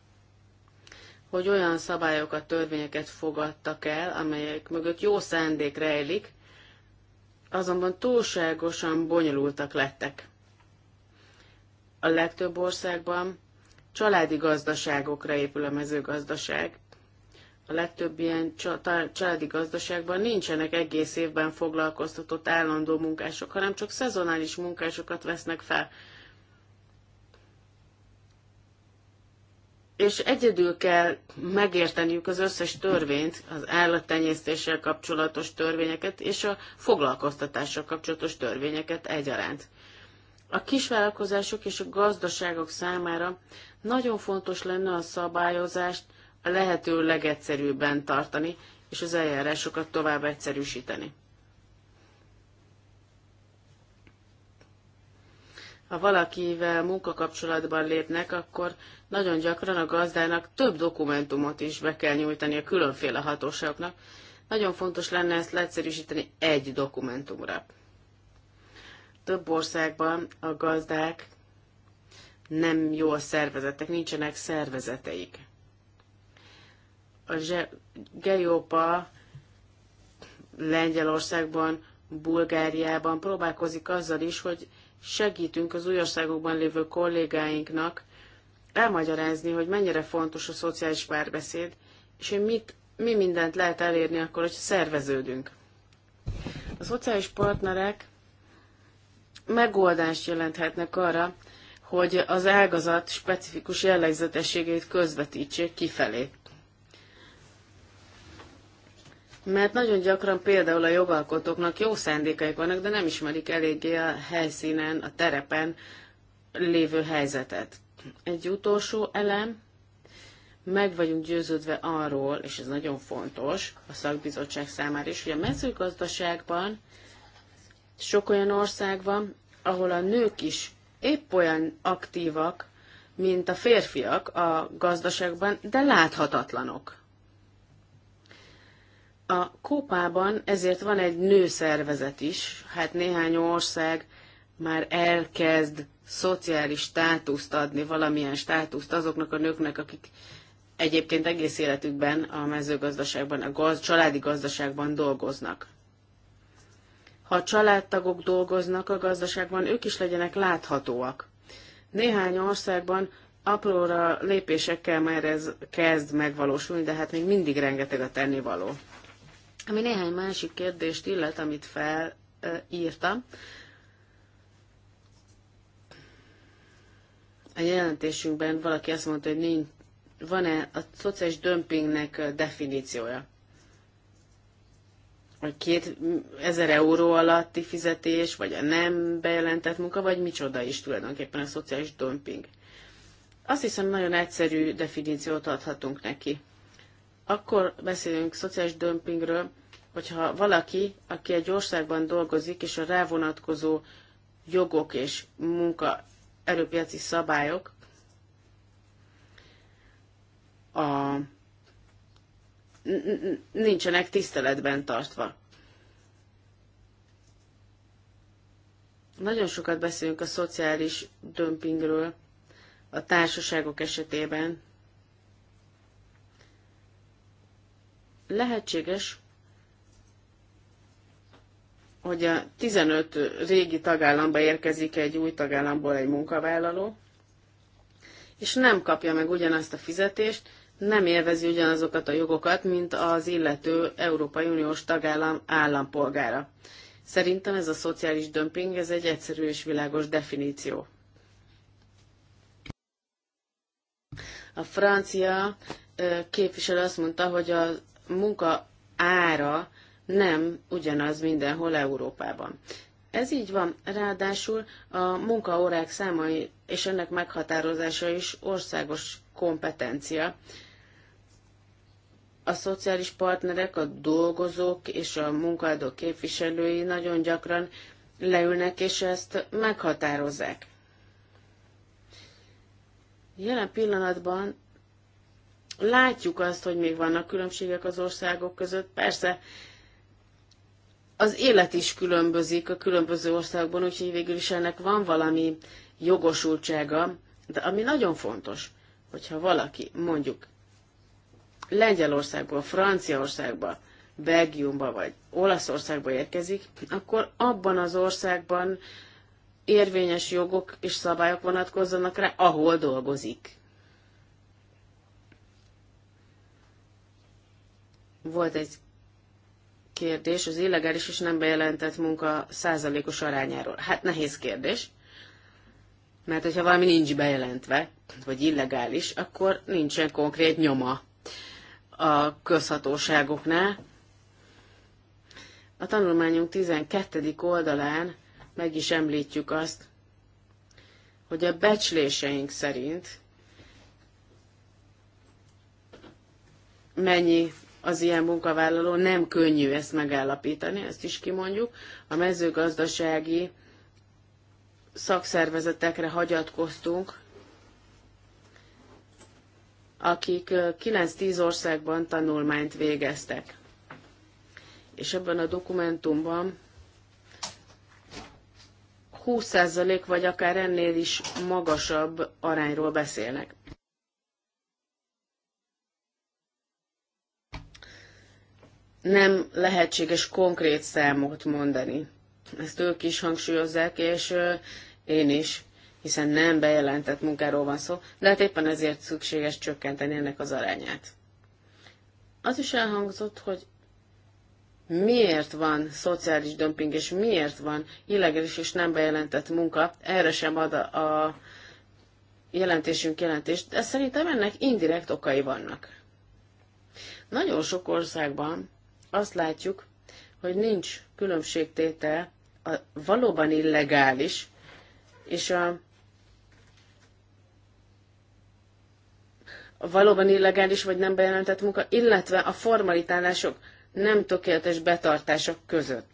Speaker 2: hogy olyan szabályokat, törvényeket fogadtak el, amelyek mögött jó szándék rejlik, azonban túlságosan bonyolultak lettek. A legtöbb országban családi gazdaságokra épül a mezőgazdaság. A legtöbb ilyen családi gazdaságban nincsenek egész évben foglalkoztatott állandó munkások, hanem csak szezonális munkásokat vesznek fel. és egyedül kell megérteniük az összes törvényt, az állattenyésztéssel kapcsolatos törvényeket és a foglalkoztatással kapcsolatos törvényeket egyaránt. A kisvállalkozások és a gazdaságok számára nagyon fontos lenne a szabályozást a lehető legegyszerűbben tartani, és az eljárásokat tovább egyszerűsíteni. Ha valakivel munkakapcsolatban lépnek, akkor nagyon gyakran a gazdának több dokumentumot is be kell nyújtani a különféle hatóságoknak. Nagyon fontos lenne ezt leegyszerűsíteni egy dokumentumra. Több országban a gazdák nem a szervezettek, nincsenek szervezeteik. A Geopa Lengyelországban, Bulgáriában próbálkozik azzal is, hogy segítünk az új országokban lévő kollégáinknak elmagyarázni, hogy mennyire fontos a szociális párbeszéd, és hogy mit, mi mindent lehet elérni akkor, hogy szerveződünk. A szociális partnerek megoldást jelenthetnek arra, hogy az ágazat specifikus jellegzetességét közvetítsék kifelé. Mert nagyon gyakran például a jogalkotóknak jó szándékaik vannak, de nem ismerik eléggé a helyszínen, a terepen lévő helyzetet. Egy utolsó elem, meg vagyunk győződve arról, és ez nagyon fontos a szakbizottság számára is, hogy a mezőgazdaságban sok olyan ország van, ahol a nők is épp olyan aktívak, mint a férfiak a gazdaságban, de láthatatlanok. A kópában ezért van egy nőszervezet is, hát néhány ország már elkezd szociális státuszt adni, valamilyen státuszt azoknak a nőknek, akik egyébként egész életükben a mezőgazdaságban, a gaz, családi gazdaságban dolgoznak. Ha a családtagok dolgoznak a gazdaságban, ők is legyenek láthatóak. Néhány országban apróra lépésekkel már ez kezd megvalósulni, de hát még mindig rengeteg a tennivaló. Ami néhány másik kérdést illet, amit felírtam, a jelentésünkben valaki azt mondta, hogy nincs, van-e a szociális dömpingnek definíciója? A két ezer euró alatti fizetés, vagy a nem bejelentett munka, vagy micsoda is tulajdonképpen a szociális dömping. Azt hiszem, nagyon egyszerű definíciót adhatunk neki. Akkor beszélünk szociális dömpingről, hogyha valaki, aki egy országban dolgozik, és a rávonatkozó jogok és munka erőpiaci szabályok a, nincsenek tiszteletben tartva. Nagyon sokat beszélünk a szociális dömpingről a társaságok esetében. Lehetséges, hogy a 15 régi tagállamba érkezik egy új tagállamból egy munkavállaló, és nem kapja meg ugyanazt a fizetést, nem élvezi ugyanazokat a jogokat, mint az illető Európai Uniós tagállam állampolgára. Szerintem ez a szociális dömping, ez egy egyszerű és világos definíció. A francia képviselő azt mondta, hogy a munka ára nem ugyanaz mindenhol Európában. Ez így van, ráadásul a munkaórák számai és ennek meghatározása is országos kompetencia. A szociális partnerek, a dolgozók és a munkaadók képviselői nagyon gyakran leülnek és ezt meghatározzák. Jelen pillanatban látjuk azt, hogy még vannak különbségek az országok között. Persze, az élet is különbözik a különböző országban, úgyhogy végül is ennek van valami jogosultsága, de ami nagyon fontos, hogyha valaki mondjuk Lengyelországból, Franciaországba, Belgiumba vagy Olaszországba érkezik, akkor abban az országban érvényes jogok és szabályok vonatkozzanak rá, ahol dolgozik. Volt egy kérdés az illegális és nem bejelentett munka százalékos arányáról? Hát nehéz kérdés, mert hogyha valami nincs bejelentve, vagy illegális, akkor nincsen konkrét nyoma a közhatóságoknál. A tanulmányunk 12. oldalán meg is említjük azt, hogy a becsléseink szerint mennyi az ilyen munkavállaló nem könnyű ezt megállapítani, ezt is kimondjuk. A mezőgazdasági szakszervezetekre hagyatkoztunk, akik 9-10 országban tanulmányt végeztek. És ebben a dokumentumban 20% vagy akár ennél is magasabb arányról beszélnek. nem lehetséges konkrét számot mondani. Ezt ők is hangsúlyozzák, és én is, hiszen nem bejelentett munkáról van szó, de hát éppen ezért szükséges csökkenteni ennek az arányát. Az is elhangzott, hogy miért van szociális dömping, és miért van illegális és nem bejelentett munka, erre sem ad a, a jelentésünk jelentést, de szerintem ennek indirekt okai vannak. Nagyon sok országban azt látjuk, hogy nincs különbségtétel a valóban illegális és a a valóban illegális vagy nem bejelentett munka, illetve a formalitálások nem tökéletes betartások között.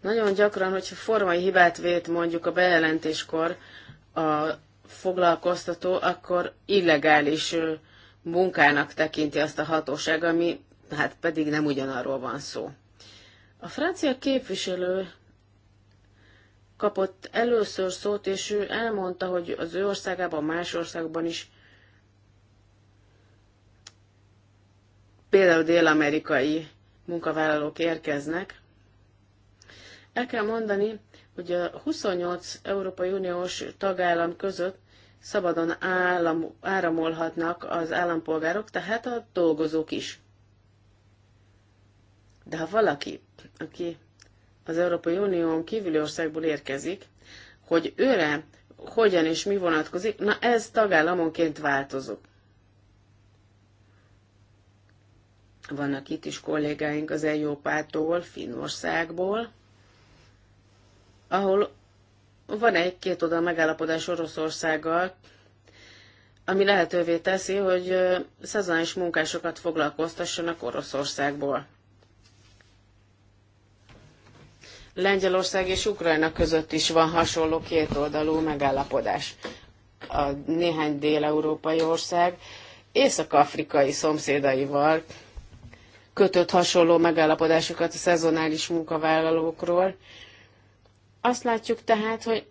Speaker 2: Nagyon gyakran, hogyha formai hibát vét mondjuk a bejelentéskor a foglalkoztató, akkor illegális munkának tekinti azt a hatóság, ami hát pedig nem ugyanarról van szó. A francia képviselő kapott először szót, és ő elmondta, hogy az ő országában, más országban is, például dél-amerikai munkavállalók érkeznek. El kell mondani, hogy a 28 Európai Uniós tagállam között szabadon állam, áramolhatnak az állampolgárok, tehát a dolgozók is. De ha valaki, aki az Európai Unión kívüli országból érkezik, hogy őre hogyan és mi vonatkozik, na ez tagállamonként változó. Vannak itt is kollégáink az Európától, Finnországból, ahol van egy két oda megállapodás Oroszországgal, ami lehetővé teszi, hogy szezonális munkásokat foglalkoztassanak Oroszországból. Lengyelország és Ukrajna között is van hasonló kétoldalú megállapodás. A néhány dél-európai ország észak-afrikai szomszédaival kötött hasonló megállapodásokat a szezonális munkavállalókról, azt látjuk tehát, hogy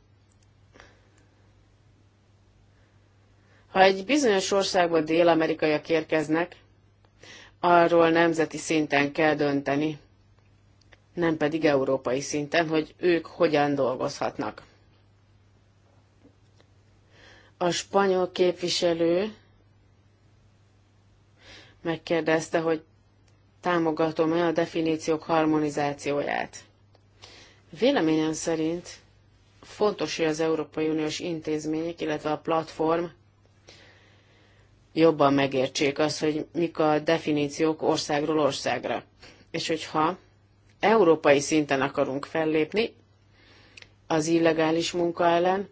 Speaker 2: ha egy bizonyos országban dél-amerikaiak érkeznek, arról nemzeti szinten kell dönteni, nem pedig európai szinten, hogy ők hogyan dolgozhatnak. A spanyol képviselő megkérdezte, hogy támogatom-e a definíciók harmonizációját. Véleményem szerint fontos, hogy az Európai Uniós intézmények, illetve a platform jobban megértsék azt, hogy mik a definíciók országról országra. És hogyha európai szinten akarunk fellépni az illegális munka ellen,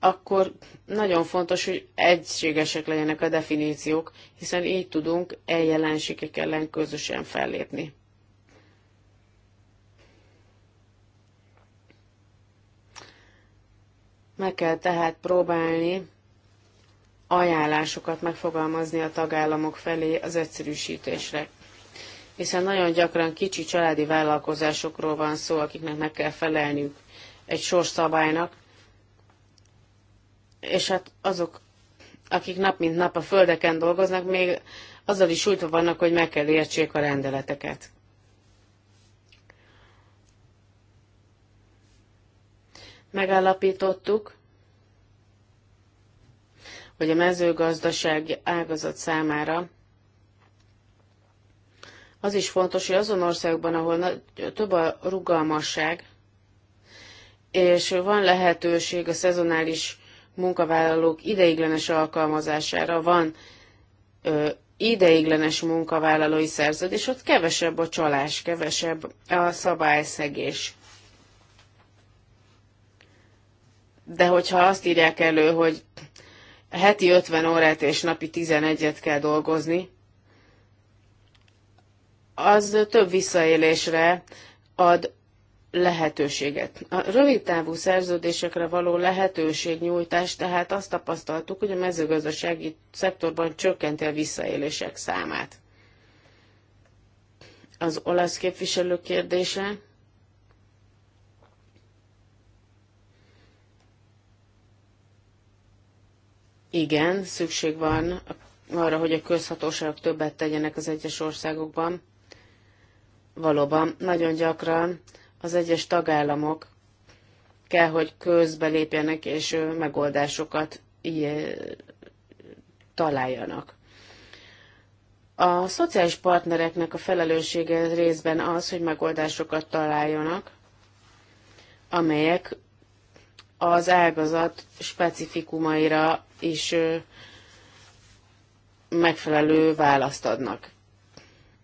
Speaker 2: akkor nagyon fontos, hogy egységesek legyenek a definíciók, hiszen így tudunk e jelenségek ellen közösen fellépni. Meg kell tehát próbálni ajánlásokat megfogalmazni a tagállamok felé az egyszerűsítésre. Hiszen nagyon gyakran kicsi családi vállalkozásokról van szó, akiknek meg kell felelniük egy sorszabálynak, és hát azok, akik nap mint nap a földeken dolgoznak, még azzal is sújtva vannak, hogy meg kell értsék a rendeleteket. megállapítottuk, hogy a mezőgazdasági ágazat számára az is fontos, hogy azon országban, ahol több a rugalmasság, és van lehetőség a szezonális munkavállalók ideiglenes alkalmazására, van ö, ideiglenes munkavállalói szerződés, ott kevesebb a csalás, kevesebb a szabályszegés. de hogyha azt írják elő, hogy heti 50 órát és napi 11-et kell dolgozni, az több visszaélésre ad lehetőséget. A rövid távú szerződésekre való nyújtás, tehát azt tapasztaltuk, hogy a mezőgazdasági szektorban csökkenti a visszaélések számát. Az olasz képviselő kérdése Igen, szükség van arra, hogy a közhatóságok többet tegyenek az egyes országokban. Valóban, nagyon gyakran az egyes tagállamok kell, hogy közbelépjenek és megoldásokat találjanak. A szociális partnereknek a felelőssége részben az, hogy megoldásokat találjanak, amelyek az ágazat specifikumaira is megfelelő választ adnak.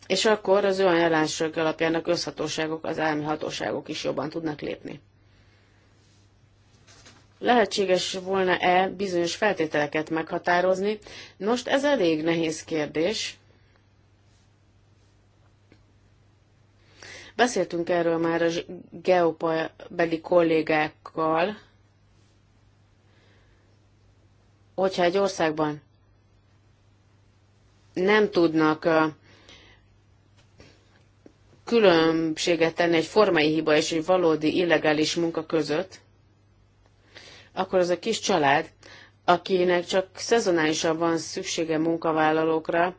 Speaker 2: És akkor az olyan jelenségek alapján a közhatóságok, az állami hatóságok is jobban tudnak lépni. Lehetséges volna-e bizonyos feltételeket meghatározni? Most ez elég nehéz kérdés. Beszéltünk erről már a geopabeli kollégákkal, hogyha egy országban nem tudnak különbséget tenni egy formai hiba és egy valódi illegális munka között, akkor az a kis család, akinek csak szezonálisan van szüksége munkavállalókra,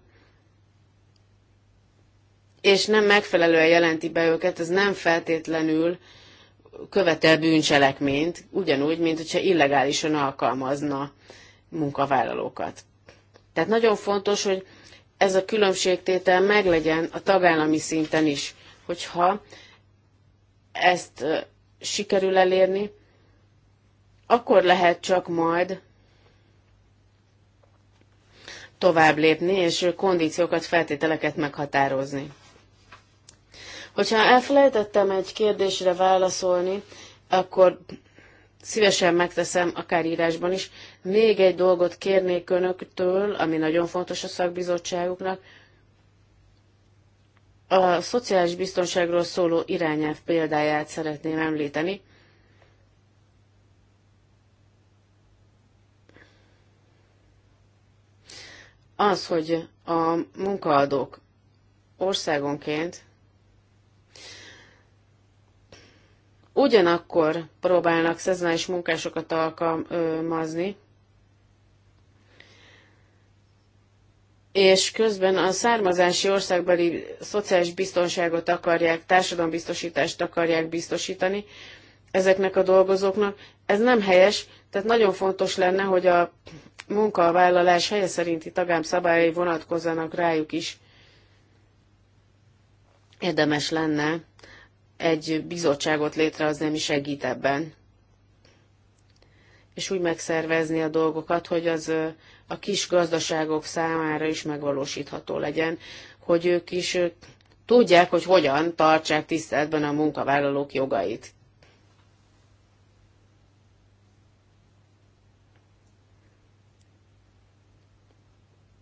Speaker 2: és nem megfelelően jelenti be őket, ez nem feltétlenül követel bűncselekményt, ugyanúgy, mint hogyha illegálisan alkalmazna munkavállalókat. Tehát nagyon fontos, hogy ez a különbségtétel meglegyen a tagállami szinten is, hogyha ezt sikerül elérni, akkor lehet csak majd tovább lépni, és kondíciókat, feltételeket meghatározni. Hogyha elfelejtettem egy kérdésre válaszolni, akkor szívesen megteszem, akár írásban is, még egy dolgot kérnék önöktől, ami nagyon fontos a szakbizottságuknak. A szociális biztonságról szóló irányelv példáját szeretném említeni. Az, hogy a munkaadók országonként ugyanakkor próbálnak szezonális munkásokat alkalmazni, és közben a származási országbeli szociális biztonságot akarják, társadalombiztosítást akarják biztosítani ezeknek a dolgozóknak. Ez nem helyes, tehát nagyon fontos lenne, hogy a munkavállalás helye szerinti tagám szabályai vonatkozzanak rájuk is. Érdemes lenne egy bizottságot létrehozni, ami segít ebben és úgy megszervezni a dolgokat, hogy az a kis gazdaságok számára is megvalósítható legyen, hogy ők is tudják, hogy hogyan tartsák tiszteletben a munkavállalók jogait.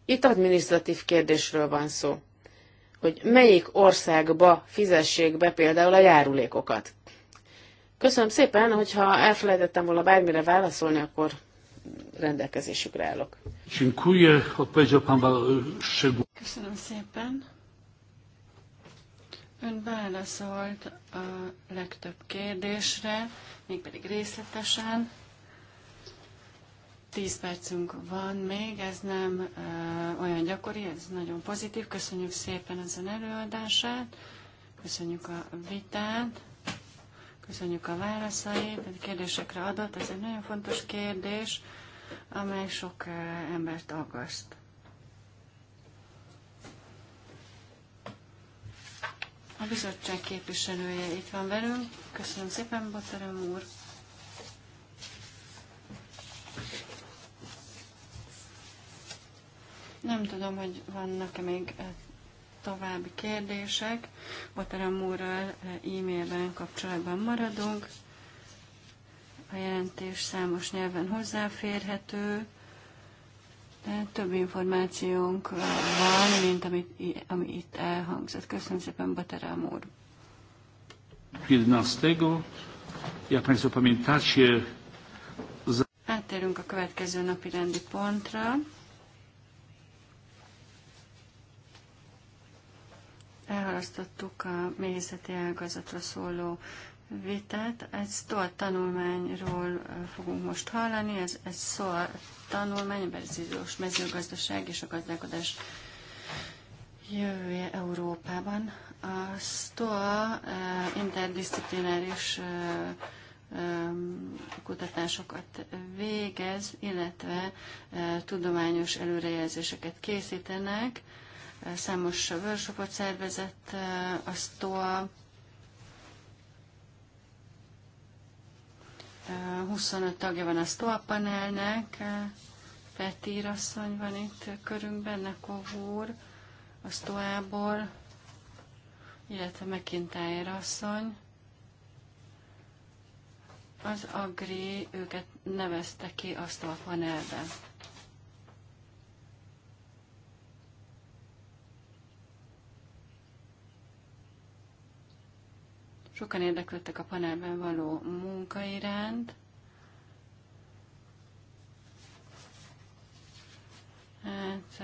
Speaker 2: Itt adminisztratív kérdésről van szó, hogy melyik országba fizessék be például a járulékokat. Köszönöm szépen, hogyha elfelejtettem volna bármire válaszolni, akkor rendelkezésükre állok.
Speaker 3: Köszönöm szépen. Ön válaszolt a legtöbb kérdésre, mégpedig részletesen. Tíz percünk van még, ez nem ö, olyan gyakori, ez nagyon pozitív. Köszönjük szépen az ön előadását, köszönjük a vitát. Köszönjük a válaszait, a kérdésekre adott. Ez egy nagyon fontos kérdés, amely sok eh, embert aggaszt. A bizottság képviselője itt van velünk. Köszönöm szépen, Botterem úr. Nem tudom, hogy vannak-e még eh, további kérdések. Bataram úrral eh, e-mailben kapcsolatban maradunk. A jelentés számos nyelven hozzáférhető. De több információnk eh, van, mint amit, ami itt elhangzott. Köszönöm szépen, Bataram úr.
Speaker 1: 15. Jak Państwo pamiętacie,
Speaker 3: Áttérünk a következő napi rendi pontra. elhalasztottuk a méhészeti ágazatra szóló vitát. Egy sztor tanulmányról fogunk most hallani. Ez egy sztor tanulmány, a Berzidós mezőgazdaság és a gazdálkodás jövője Európában. A STOA interdisziplináris kutatásokat végez, illetve tudományos előrejelzéseket készítenek számos workshopot szervezett a STOA, 25 tagja van a STOA panelnek, Petír asszony van itt körünkben, Nekov úr a STOA-ból, illetve McIntyre asszony. Az Agri őket nevezte ki a STOA Sokan érdeklődtek a panelben való munka iránt. Hát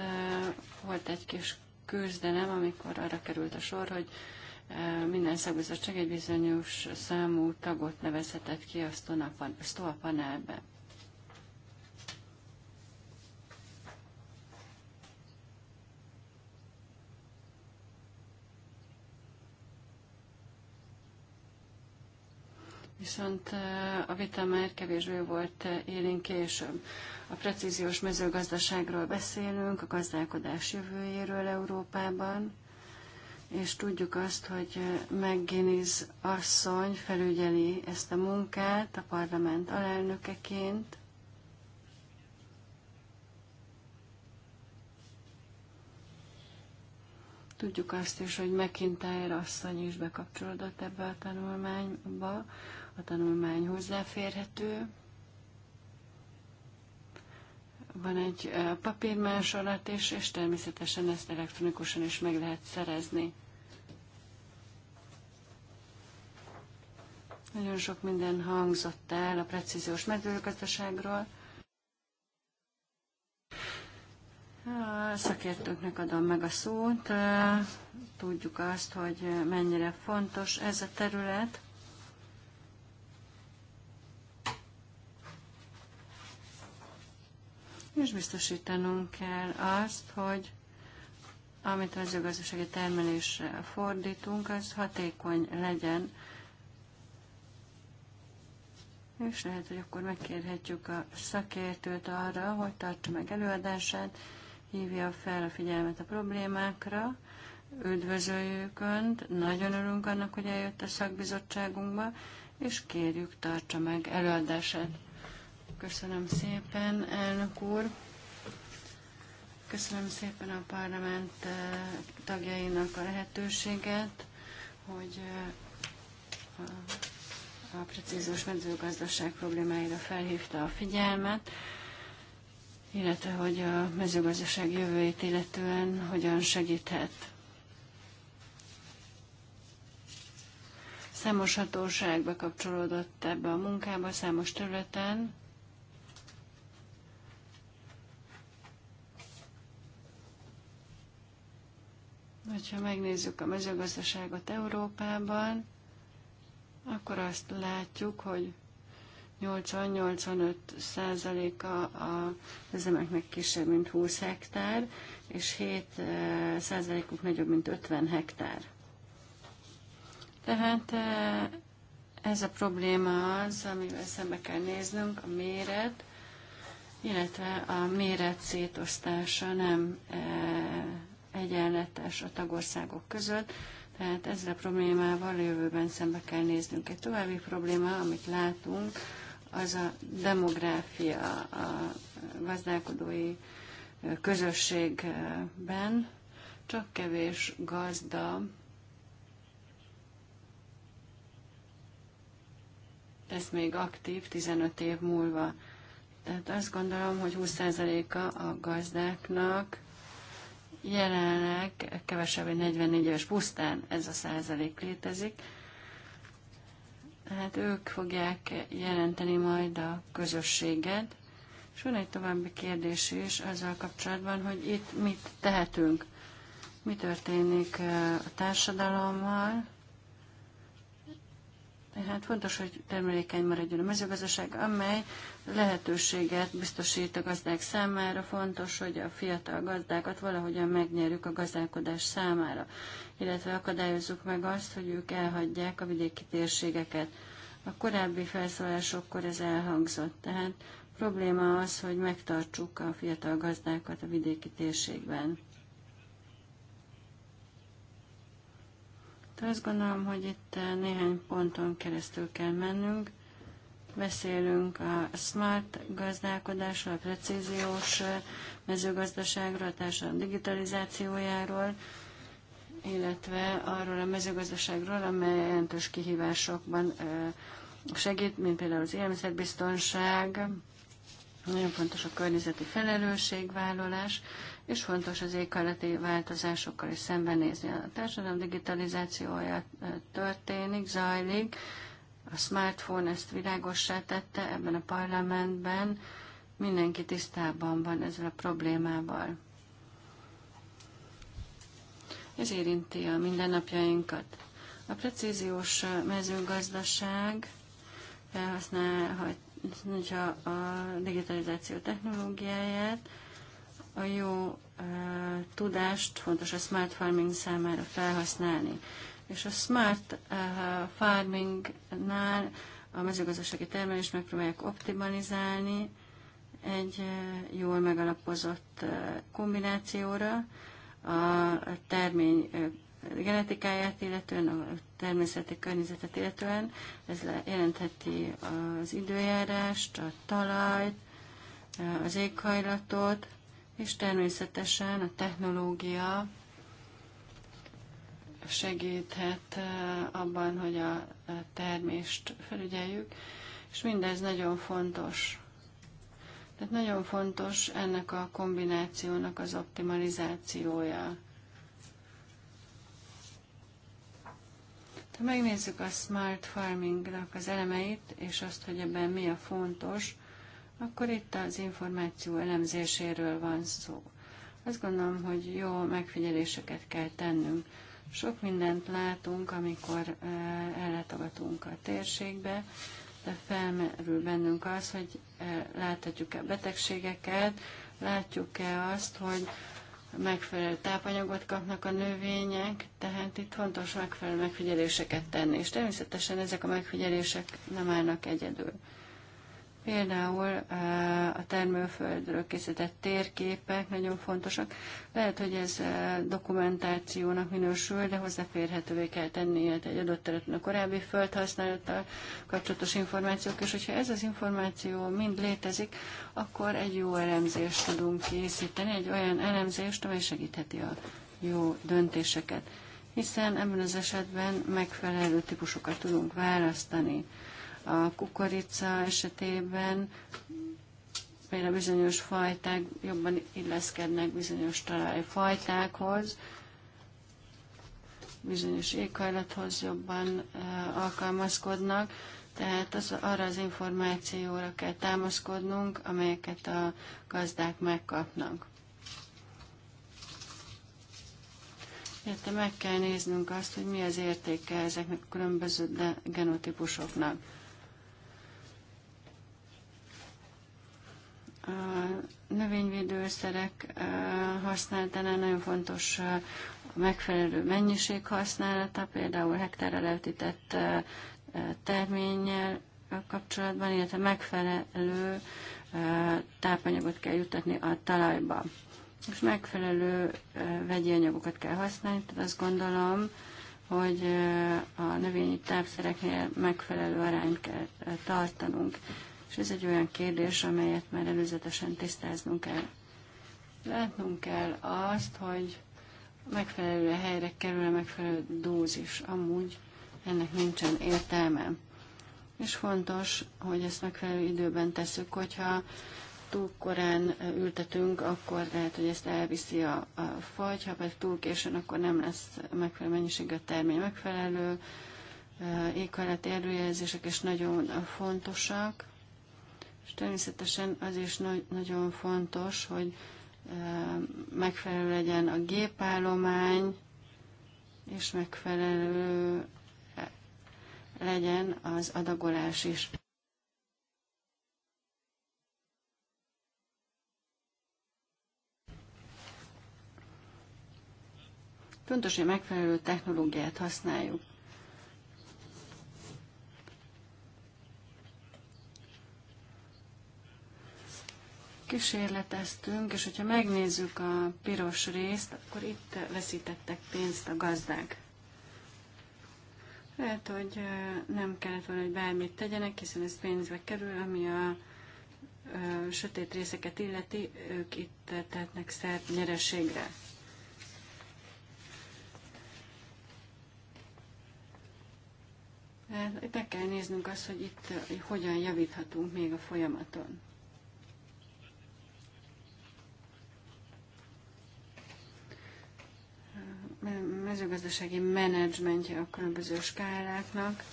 Speaker 3: volt egy kis küzdelem, amikor arra került a sor, hogy minden szakbizottság egy bizonyos számú tagot nevezhetett ki a STOA panelben. viszont eh, a vita már kevésbé volt eh, élénk később. A precíziós mezőgazdaságról beszélünk, a gazdálkodás jövőjéről Európában, és tudjuk azt, hogy eh, McGinnis asszony felügyeli ezt a munkát a parlament alelnökeként, Tudjuk azt is, hogy McIntyre asszony is bekapcsolódott ebbe a tanulmányba. A tanulmány hozzáférhető. Van egy papírmásolat is, és természetesen ezt elektronikusan is meg lehet szerezni. Nagyon sok minden hangzott el a precíziós mezőgazdaságról. A szakértőknek adom meg a szót. Tudjuk azt, hogy mennyire fontos ez a terület. és biztosítanunk kell azt, hogy amit a mezőgazdasági termelésre fordítunk, az hatékony legyen, és lehet, hogy akkor megkérhetjük a szakértőt arra, hogy tartsa meg előadását, hívja fel a figyelmet a problémákra, üdvözöljük Önt, nagyon örülünk annak, hogy eljött a szakbizottságunkba, és kérjük, tartsa meg előadását. Köszönöm szépen, elnök úr. Köszönöm szépen a parlament eh, tagjainak a lehetőséget, hogy eh, a precízós mezőgazdaság problémáira felhívta a figyelmet, illetve hogy a mezőgazdaság jövőjét illetően hogyan segíthet. Számos hatóság bekapcsolódott ebbe a munkába, számos területen, Ha megnézzük a mezőgazdaságot Európában, akkor azt látjuk, hogy 80-85 százaléka a üzemeknek kisebb, mint 20 hektár, és 7 eh, százalékuk nagyobb, mint 50 hektár. Tehát eh, ez a probléma az, amivel szembe kell néznünk, a méret, illetve a méret szétosztása nem eh, egyenletes a tagországok között, tehát ezzel a problémával a jövőben szembe kell néznünk. Egy további probléma, amit látunk, az a demográfia a gazdálkodói közösségben. Csak kevés gazda lesz még aktív 15 év múlva. Tehát azt gondolom, hogy 20%-a a gazdáknak Jelenleg kevesebb, mint 44 éves pusztán ez a százalék létezik. Hát ők fogják jelenteni majd a közösséget. És van egy további kérdés is azzal kapcsolatban, hogy itt mit tehetünk, mi történik a társadalommal, tehát fontos, hogy termelékeny maradjon a mezőgazdaság, amely lehetőséget biztosít a gazdák számára. Fontos, hogy a fiatal gazdákat valahogyan megnyerjük a gazdálkodás számára, illetve akadályozzuk meg azt, hogy ők elhagyják a vidéki térségeket. A korábbi felszólásokkor ez elhangzott. Tehát probléma az, hogy megtartsuk a fiatal gazdákat a vidéki térségben. De azt gondolom, hogy itt eh, néhány ponton keresztül kell mennünk. Beszélünk a smart gazdálkodásról, a precíziós eh, mezőgazdaságról, a társadalom digitalizációjáról, illetve arról a mezőgazdaságról, amely jelentős kihívásokban eh, segít, mint például az élmiszerbiztonság, nagyon fontos a környezeti felelősségvállalás, és fontos az éghajlati változásokkal is szembenézni. A társadalom digitalizációja történik, zajlik, a smartphone ezt világossá tette ebben a parlamentben, mindenki tisztában van ezzel a problémával. Ez érinti a mindennapjainkat. A precíziós mezőgazdaság felhasználhatja a digitalizáció technológiáját, a jó e, tudást fontos a smart farming számára felhasználni. És a smart e, farmingnál a mezőgazdasági termelést megpróbálják optimalizálni egy e, jól megalapozott e, kombinációra, a termény uh, genetikáját illetően, a természeti környezetet illetően, ez jelentheti az időjárást, a talajt, az éghajlatot, és természetesen a technológia segíthet eh, abban, hogy a termést felügyeljük, és mindez nagyon fontos. Tehát nagyon fontos ennek a kombinációnak az optimalizációja. Ha megnézzük a smart farmingnak az elemeit, és azt, hogy ebben mi a fontos, akkor itt az információ elemzéséről van szó. Azt gondolom, hogy jó megfigyeléseket kell tennünk. Sok mindent látunk, amikor ellátogatunk a térségbe, de felmerül bennünk az, hogy láthatjuk-e betegségeket, látjuk-e azt, hogy megfelelő tápanyagot kapnak a növények, tehát itt fontos megfelelő megfigyeléseket tenni, és természetesen ezek a megfigyelések nem állnak egyedül. Például a termőföldről készített térképek nagyon fontosak. Lehet, hogy ez dokumentációnak minősül, de hozzáférhetővé kell tenni egy adott területen a korábbi földhasználattal kapcsolatos információk, és hogyha ez az információ mind létezik, akkor egy jó elemzést tudunk készíteni, egy olyan elemzést, amely segítheti a jó döntéseket, hiszen ebben az esetben megfelelő típusokat tudunk választani. A kukorica esetében például bizonyos fajták jobban illeszkednek bizonyos talajfajtákhoz, bizonyos éghajlathoz jobban eh, alkalmazkodnak, tehát az, arra az információra kell támaszkodnunk, amelyeket a gazdák megkapnak. Érte meg kell néznünk azt, hogy mi az értéke ezeknek a különböző genotípusoknak. A növényvédőszerek használatánál nagyon fontos a megfelelő mennyiség használata, például hektárra levetített terménnyel kapcsolatban, illetve megfelelő tápanyagot kell juttatni a talajba. És megfelelő vegyi anyagokat kell használni, tehát azt gondolom, hogy a növényi tápszereknél megfelelő arányt kell tartanunk és ez egy olyan kérdés, amelyet már előzetesen tisztáznunk kell. Látnunk kell azt, hogy megfelelő helyre kerül a megfelelő dózis. Amúgy ennek nincsen értelme. És fontos, hogy ezt megfelelő időben tesszük, hogyha túl korán ültetünk, akkor lehet, hogy ezt elviszi a, a fagy, ha pedig túl későn, akkor nem lesz megfelelő mennyiség a termény megfelelő. Éghajlati előjelzések is nagyon fontosak. És természetesen az is na- nagyon fontos, hogy megfelelő legyen a gépállomány, és megfelelő legyen az adagolás is. Fontos, hogy megfelelő technológiát használjuk. kísérleteztünk, és hogyha megnézzük a piros részt, akkor itt veszítettek pénzt a gazdák. Lehet, hogy nem kellett volna, hogy bármit tegyenek, hiszen ez pénzbe kerül, ami a sötét részeket illeti, ők itt tehetnek szert nyereségre. Hát, itt meg kell néznünk azt, hogy itt hogyan javíthatunk még a folyamaton. mezőgazdasági menedzsmentje a különböző skáláknak,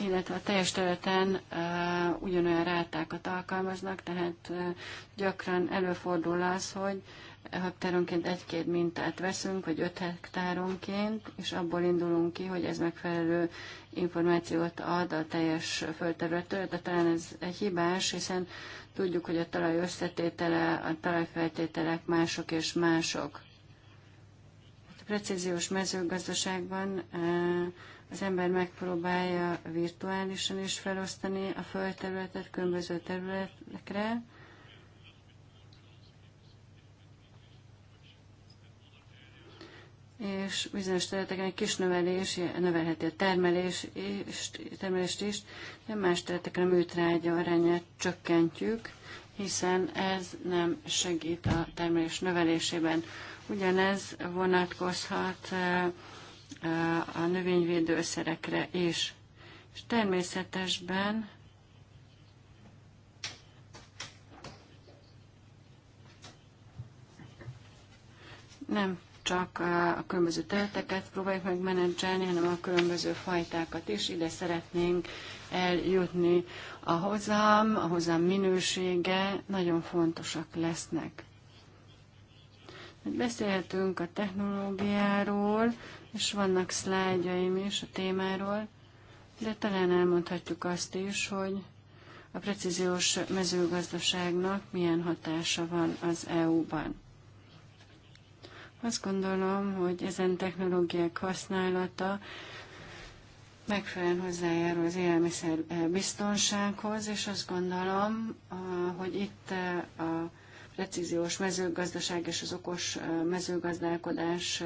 Speaker 3: illetve a teljes területen uh, ugyanolyan rátákat alkalmaznak, tehát uh, gyakran előfordul az, hogy hektáronként egy-két mintát veszünk, vagy öt hektáronként, és abból indulunk ki, hogy ez megfelelő információt ad a teljes földterületről, de talán ez egy hibás, hiszen tudjuk, hogy a talaj összetétele, a talajfeltételek mások és mások precíziós mezőgazdaságban az ember megpróbálja virtuálisan is felosztani a földterületet különböző területekre, és bizonyos területeken egy kis növelés növelheti a termelést, termelést is, de más területeken a műtrágya arányát csökkentjük, hiszen ez nem segít a termelés növelésében. Ugyanez vonatkozhat a növényvédőszerekre is. És természetesben nem csak a különböző területeket próbáljuk meg menedzselni, hanem a különböző fajtákat is. Ide szeretnénk eljutni. A hozam, a hozam minősége nagyon fontosak lesznek. Beszélhetünk a technológiáról, és vannak szlájdjaim is a témáról, de talán elmondhatjuk azt is, hogy a precíziós mezőgazdaságnak milyen hatása van az EU-ban. Azt gondolom, hogy ezen technológiák használata megfelelően hozzájárul az élelmiszer eh, biztonsághoz, és azt gondolom, eh, hogy itt eh, a precíziós mezőgazdaság és az okos mezőgazdálkodás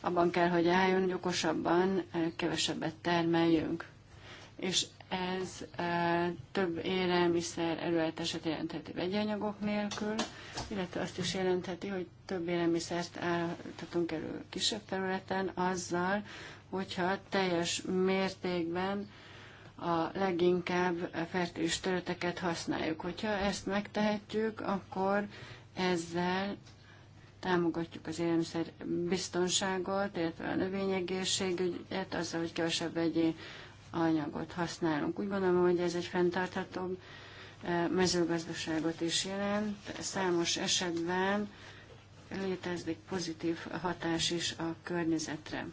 Speaker 3: abban kell, hogy álljon, hogy okosabban kevesebbet termeljünk. És ez több élelmiszer előállítását jelentheti vegyanyagok nélkül, illetve azt is jelentheti, hogy több élelmiszert állhatunk elő kisebb területen azzal, hogyha teljes mértékben a leginkább fertős területeket használjuk. Hogyha ezt megtehetjük, akkor ezzel támogatjuk az élelmiszer biztonságot, illetve a növényegészségügyet, azzal, hogy kevesebb egyéb anyagot használunk. Úgy gondolom, hogy ez egy fenntarthatóbb eh, mezőgazdaságot is jelent. Számos esetben létezik pozitív hatás is a környezetre.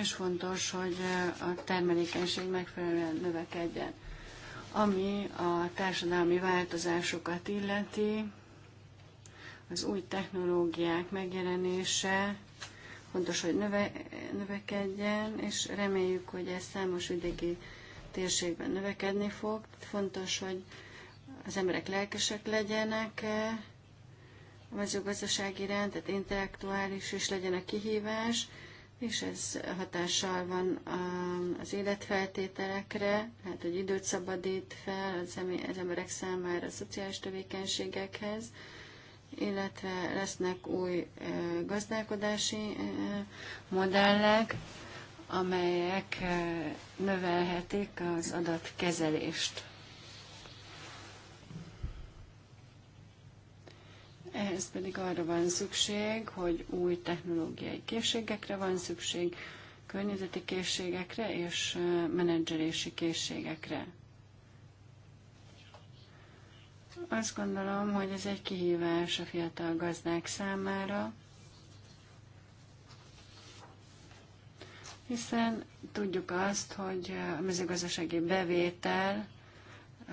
Speaker 3: És fontos, hogy eh, a termelékenység megfelelően növekedjen. Ami a társadalmi változásokat illeti, az új technológiák megjelenése fontos, hogy növe, növekedjen, és reméljük, hogy ez számos vidéki térségben növekedni fog. Fontos, hogy az emberek lelkesek legyenek eh, a mezőgazdaság iránt, tehát intellektuális is legyen a kihívás, és ez hatással van eh, az életfeltételekre, hát hogy időt szabadít fel az emberek számára a szociális tevékenységekhez, illetve lesznek új gazdálkodási modellek, amelyek növelhetik az adatkezelést. Ehhez pedig arra van szükség, hogy új technológiai készségekre van szükség, környezeti készségekre és menedzselési készségekre. Azt gondolom, hogy ez egy kihívás a fiatal gazdák számára, hiszen tudjuk azt, hogy a mezőgazdasági bevétel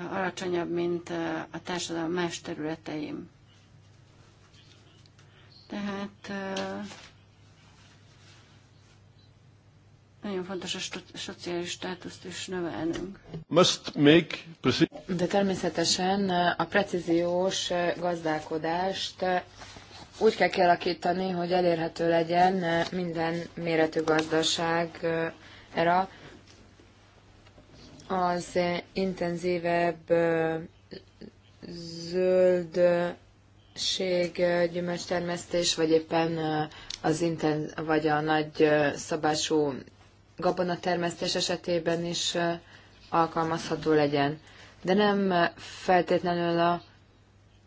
Speaker 3: alacsonyabb, mint a társadalom más területeim. Tehát Nagyon fontos a szociális státuszt is növelnünk.
Speaker 1: Must make
Speaker 3: De természetesen a precíziós gazdálkodást
Speaker 4: úgy kell kialakítani, hogy elérhető legyen minden méretű gazdaságra az intenzívebb zöldség gyümölcstermesztés, vagy éppen az inten, vagy a nagy szabású gabonatermesztés esetében is alkalmazható legyen. De nem feltétlenül a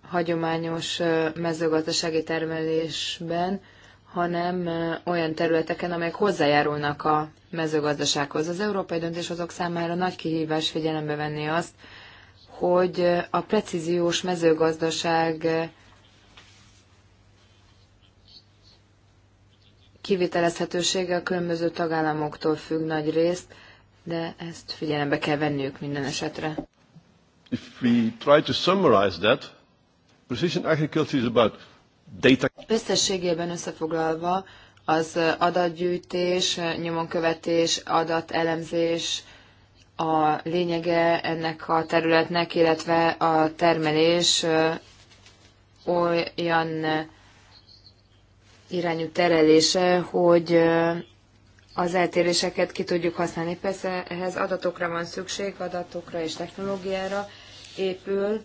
Speaker 4: hagyományos mezőgazdasági termelésben, hanem olyan területeken, amelyek hozzájárulnak a mezőgazdasághoz. Az európai döntéshozók számára nagy kihívás figyelembe venni azt, hogy a precíziós mezőgazdaság kivitelezhetősége a különböző tagállamoktól függ nagy részt, de ezt figyelembe kell venniük minden esetre.
Speaker 1: If we try to summarize that, precision agriculture is about data.
Speaker 4: Összességében összefoglalva, az adatgyűjtés, nyomonkövetés, adatelemzés a lényege ennek a területnek, illetve a termelés olyan irányú terelése, hogy az eltéréseket ki tudjuk használni. Persze ehhez adatokra van szükség, adatokra és technológiára épül,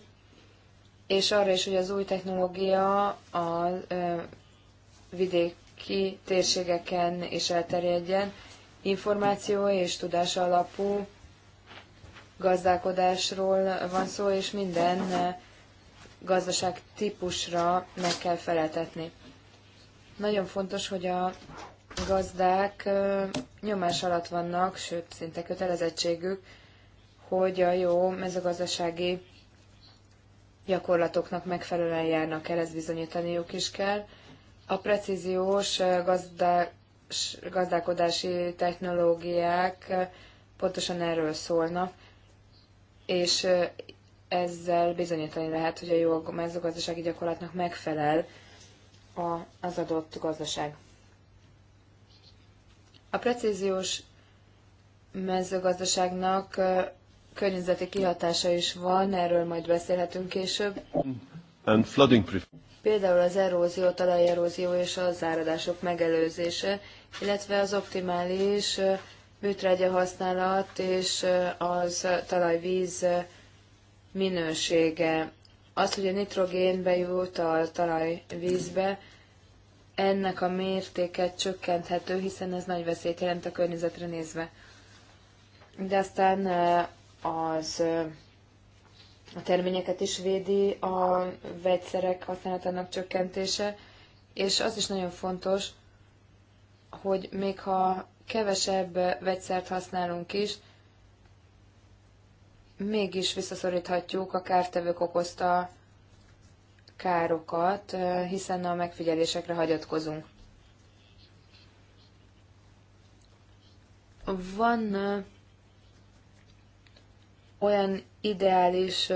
Speaker 4: és arra is, hogy az új technológia a vidéki térségeken is elterjedjen, információ és tudás alapú gazdálkodásról van szó, és minden gazdaság típusra meg kell feleltetni. Nagyon fontos, hogy a gazdák nyomás alatt vannak, sőt, szinte kötelezettségük, hogy a jó mezőgazdasági gyakorlatoknak megfelelően járnak el, ezt bizonyítaniuk is kell. A precíziós gazdás, gazdálkodási technológiák pontosan erről szólnak, és ezzel bizonyítani lehet, hogy a jó mezőgazdasági gyakorlatnak megfelel a, az adott gazdaság. A precíziós mezőgazdaságnak környezeti kihatása is van, erről majd beszélhetünk később.
Speaker 1: And flooding
Speaker 4: Például az erózió, talajerózió és az záradások megelőzése, illetve az optimális műtrágya használat és az talajvíz minősége az, hogy a nitrogén bejut a talajvízbe, ennek a mértéke csökkenthető, hiszen ez nagy veszélyt jelent a környezetre nézve. De aztán az a terményeket is védi a vegyszerek használatának csökkentése, és az is nagyon fontos, hogy még ha kevesebb vegyszert használunk is, mégis visszaszoríthatjuk a kártevők okozta károkat, hiszen a megfigyelésekre hagyatkozunk. Van olyan ideális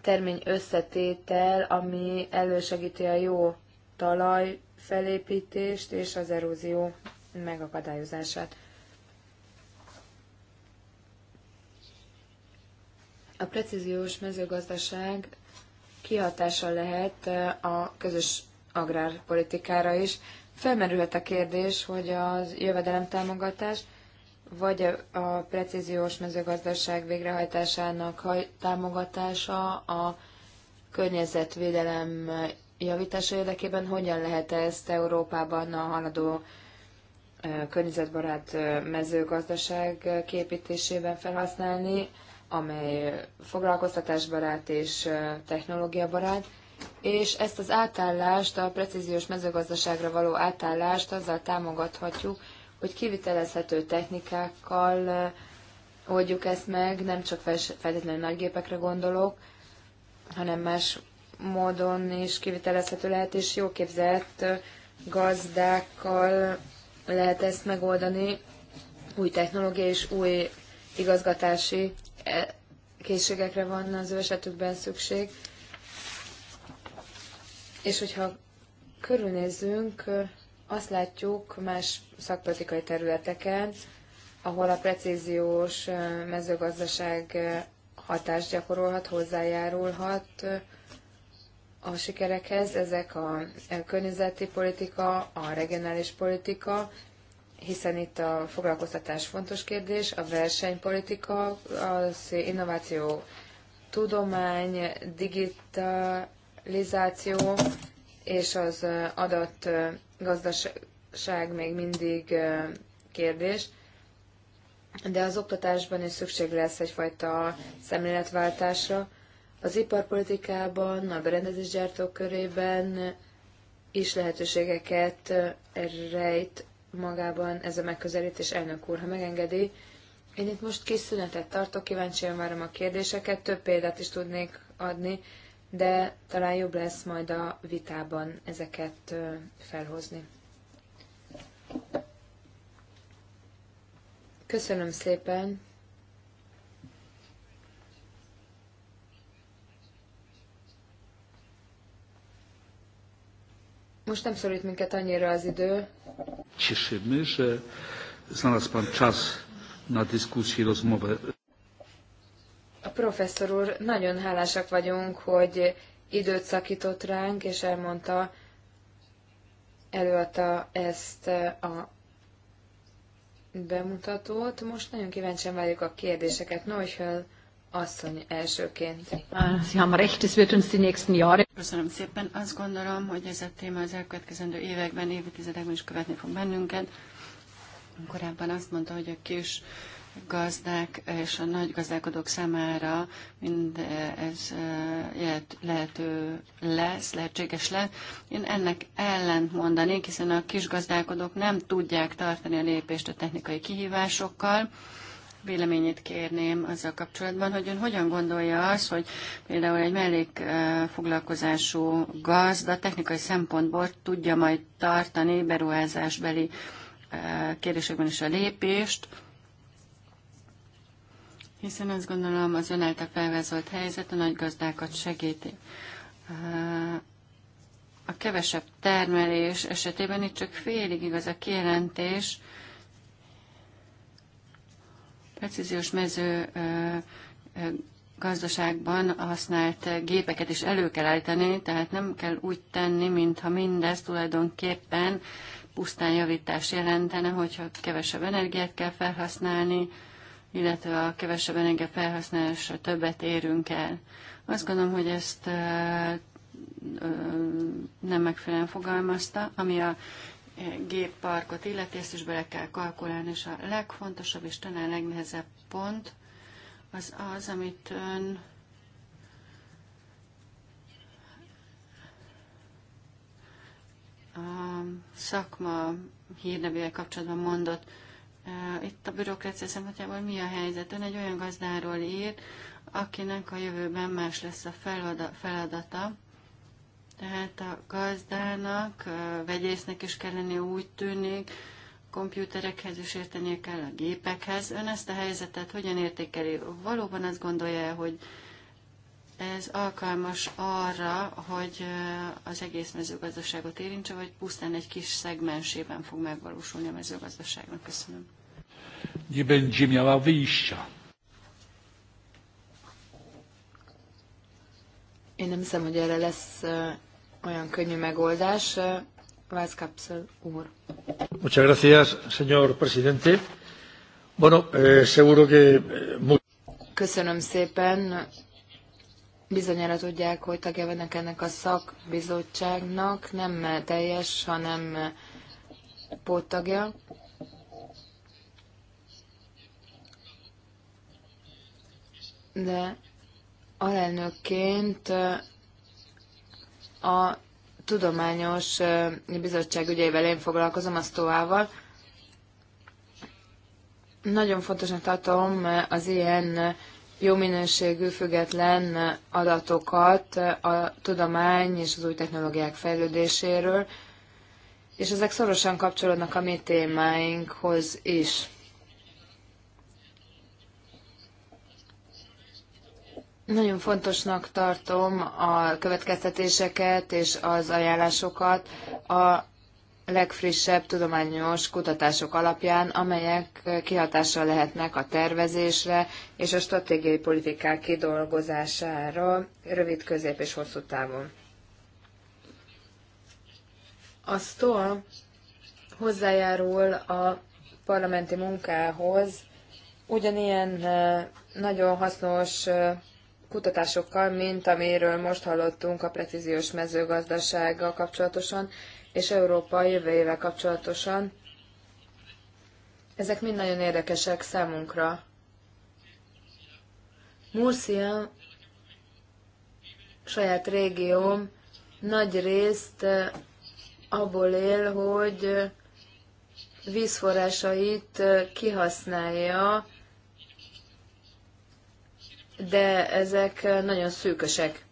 Speaker 4: termény összetétel, ami elősegíti a jó talaj felépítést és az erózió megakadályozását. A precíziós mezőgazdaság kihatása lehet eh, a közös agrárpolitikára is. Felmerülhet a kérdés, hogy a jövedelemtámogatás vagy a precíziós mezőgazdaság végrehajtásának támogatása a környezetvédelem javítása érdekében hogyan lehet ezt Európában a haladó eh, környezetbarát eh, mezőgazdaság képítésében felhasználni amely foglalkoztatásbarát és technológiabarát, és ezt az átállást, a precíziós mezőgazdaságra való átállást azzal támogathatjuk, hogy kivitelezhető technikákkal oldjuk ezt meg, nem csak feltétlenül nagy gépekre gondolok, hanem más módon is kivitelezhető lehet, és jó képzett gazdákkal lehet ezt megoldani, új technológia és új igazgatási E, készségekre van az ő esetükben szükség. És hogyha körülnézzünk, azt látjuk más szakpolitikai területeken, ahol a precíziós mezőgazdaság hatást gyakorolhat, hozzájárulhat a sikerekhez. Ezek a környezeti politika, a regionális politika, hiszen itt a foglalkoztatás fontos kérdés, a versenypolitika, az innováció, tudomány, digitalizáció és az adat gazdaság még mindig kérdés. De az oktatásban is szükség lesz egyfajta szemléletváltásra. Az iparpolitikában, a berendezésgyártók körében is lehetőségeket rejt magában ez a megközelítés, elnök úr, ha megengedi. Én itt most kis szünetet tartok, kíváncsian várom a kérdéseket, több példát is tudnék adni, de talán jobb lesz majd a vitában ezeket felhozni. Köszönöm szépen! Most nem szorít minket annyira az idő,
Speaker 1: Cieszymy, że znalazł Pan czas na dyskusję, rozmowę.
Speaker 4: professzor úr, nagyon hálásak vagyunk, hogy időt szakított ránk, és elmondta, előadta ezt a bemutatót. Most nagyon kíváncsian várjuk a kérdéseket. Neuchel
Speaker 3: no, asszony elsőként. Köszönöm szépen. Azt gondolom, hogy ez a téma az elkövetkezendő években, évtizedekben is követni fog bennünket. Korábban azt mondta, hogy a kis gazdák és a nagy gazdálkodók számára mind eh, ez eh, lehető lesz, lehetséges lesz. Én ennek ellent mondanék, hiszen a kis gazdálkodók nem tudják tartani a lépést a technikai kihívásokkal véleményét kérném azzal kapcsolatban, hogy ön hogyan gondolja azt, hogy például egy mellékfoglalkozású gazda technikai szempontból tudja majd tartani beruházásbeli eh, kérdésekben is a lépést, hiszen azt gondolom az ön által felvázolt helyzet a nagy gazdákat segíti. Eh, a kevesebb termelés esetében itt csak félig igaz a kijelentés, precíziós mező gazdaságban használt gépeket is elő kell állítani, tehát nem kell úgy tenni, mintha mindez tulajdonképpen pusztán javítás jelentene, hogyha kevesebb energiát kell felhasználni, illetve a kevesebb energia felhasználásra többet érünk el. Azt gondolom, hogy ezt nem megfelelően fogalmazta, ami a gépparkot illeti, ezt is bele kell kalkulálni, és a legfontosabb és talán legnehezebb pont az az, amit ön a szakma hírnevével kapcsolatban mondott. Itt a bürokrácia szempontjából mi a helyzet? Ön egy olyan gazdáról ír, akinek a jövőben más lesz a feladata, tehát a gazdának, a vegyésznek is kellene úgy tűnik, komputerekhez is értenie kell, a gépekhez. Ön ezt a helyzetet hogyan értékeli? Valóban azt gondolja, hogy ez alkalmas arra, hogy az egész mezőgazdaságot érintse, vagy pusztán egy kis szegmensében fog megvalósulni a mezőgazdaságnak? Köszönöm.
Speaker 4: Én nem hiszem, hogy erre lesz olyan könnyű megoldás. Vász Kapszel úr.
Speaker 1: Muchas gracias, señor presidente. Bueno, eh, seguro que... Eh,
Speaker 4: Köszönöm szépen. Bizonyára tudják, hogy tagja vannak ennek a szakbizottságnak, nem teljes, hanem póttagja. De alelnökként a tudományos bizottság ügyeivel én foglalkozom, a STOA-val. Nagyon fontosnak tartom az ilyen jó minőségű, független adatokat a tudomány és az új technológiák fejlődéséről, és ezek szorosan kapcsolódnak a mi témáinkhoz is. Nagyon fontosnak tartom a következtetéseket és az ajánlásokat a legfrissebb tudományos kutatások alapján, amelyek kihatással lehetnek a tervezésre és a stratégiai politikák kidolgozására rövid, közép és hosszú távon.
Speaker 2: A STOA hozzájárul
Speaker 4: a parlamenti munkához ugyanilyen eh, nagyon hasznos eh, kutatásokkal, mint amiről most hallottunk a precíziós mezőgazdasággal kapcsolatosan, és Európa jövőjével kapcsolatosan. Ezek mind nagyon érdekesek számunkra. Murcia, saját régióm, nagy részt eh, abból él, hogy eh, vízforrásait eh, kihasználja de ezek nagyon szűkösek.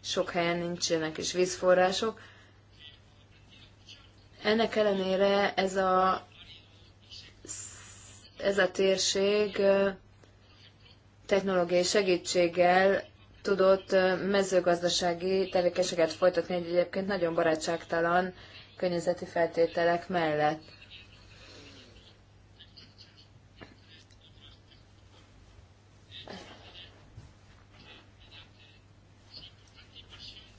Speaker 4: Sok helyen nincsenek is vízforrások. Ennek ellenére ez a, ez a térség technológiai segítséggel tudott mezőgazdasági tevékenységet folytatni egy egyébként nagyon barátságtalan környezeti feltételek mellett.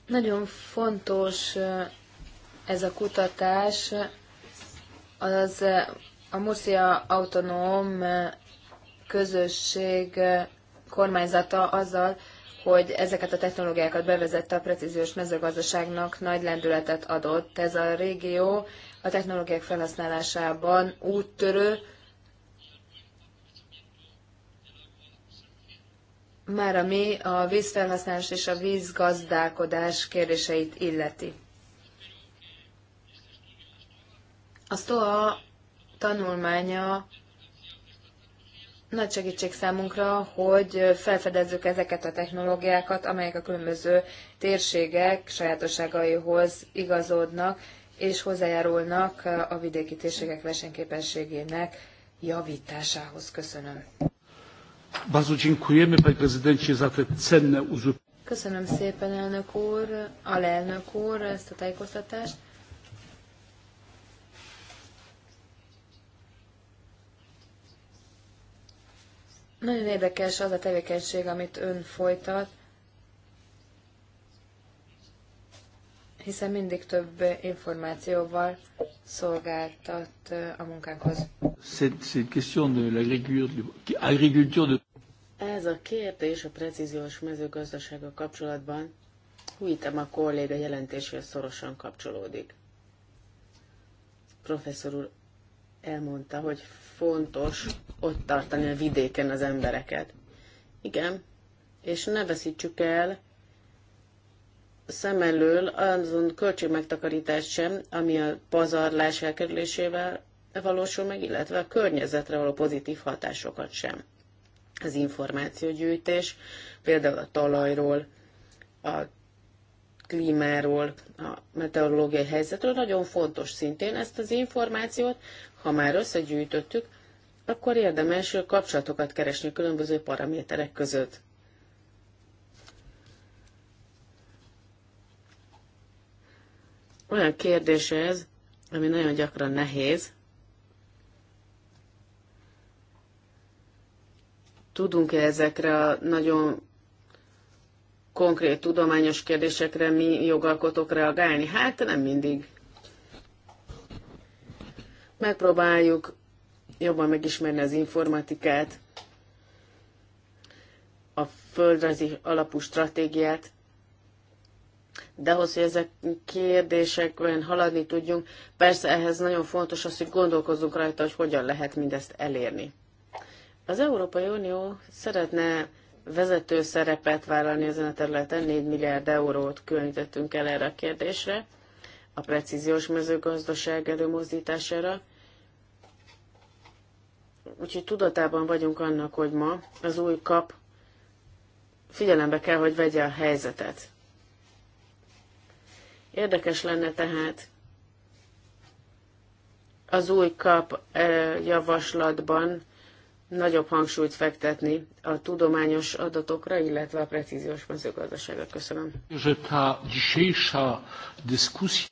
Speaker 4: Nagyon fontos eh, ez a kutatás, az eh, a Murcia Autonóm eh, Közösség kormányzata azzal, hogy ezeket a technológiákat bevezette a precíziós mezőgazdaságnak nagy lendületet adott. Ez a régió a technológiák felhasználásában úttörő, már ami a vízfelhasználás és a vízgazdálkodás kérdéseit illeti. A SZOA tanulmánya nagy segítség számunkra, hogy felfedezzük ezeket a technológiákat, amelyek a különböző térségek sajátosságaihoz igazodnak, és hozzájárulnak a vidéki térségek versenyképességének javításához. Köszönöm.
Speaker 1: Bardzo dziękujemy, panie prezydencie, za te cenne uzupełnienie.
Speaker 4: Köszönöm szépen, elnök úr, alelnök úr, ezt a tájékoztatást. Nagyon érdekes az a tevékenység, amit ön folytat, hiszen mindig több információval szolgáltat
Speaker 2: a munkánkhoz. Ez a kérdés a precíziós mezőgazdasággal kapcsolatban hújtam a kolléga jelentéséhez szorosan kapcsolódik. Professzor úr elmondta, hogy fontos ott tartani a vidéken az embereket. Igen, és ne veszítsük el szem elől azon költségmegtakarítást sem, ami a pazarlás elkerülésével valósul meg, illetve a környezetre való pozitív hatásokat sem az információgyűjtés, például a talajról, a klímáról, a meteorológiai helyzetről nagyon fontos szintén ezt az információt, ha már összegyűjtöttük, akkor érdemes kapcsolatokat keresni a különböző paraméterek között. Olyan kérdés ez, ami nagyon gyakran nehéz, tudunk-e ezekre a nagyon konkrét tudományos kérdésekre mi jogalkotók reagálni? Hát nem mindig. Megpróbáljuk jobban megismerni az informatikát, a földrajzi alapú stratégiát, de ahhoz, hogy ezek kérdésekben haladni tudjunk, persze ehhez nagyon fontos az, hogy gondolkozzunk rajta, hogy hogyan lehet mindezt elérni. Az Európai Unió szeretne vezető szerepet vállalni ezen a területen, 4 milliárd eurót különítettünk el erre a kérdésre, a precíziós mezőgazdaság előmozdítására. Úgyhogy tudatában vagyunk annak, hogy ma az új kap figyelembe kell, hogy vegye a helyzetet. Érdekes lenne tehát az új kap eh, javaslatban nagyobb hangsúlyt fektetni a tudományos adatokra, illetve a precíziós mezőgazdaságra. Köszönöm.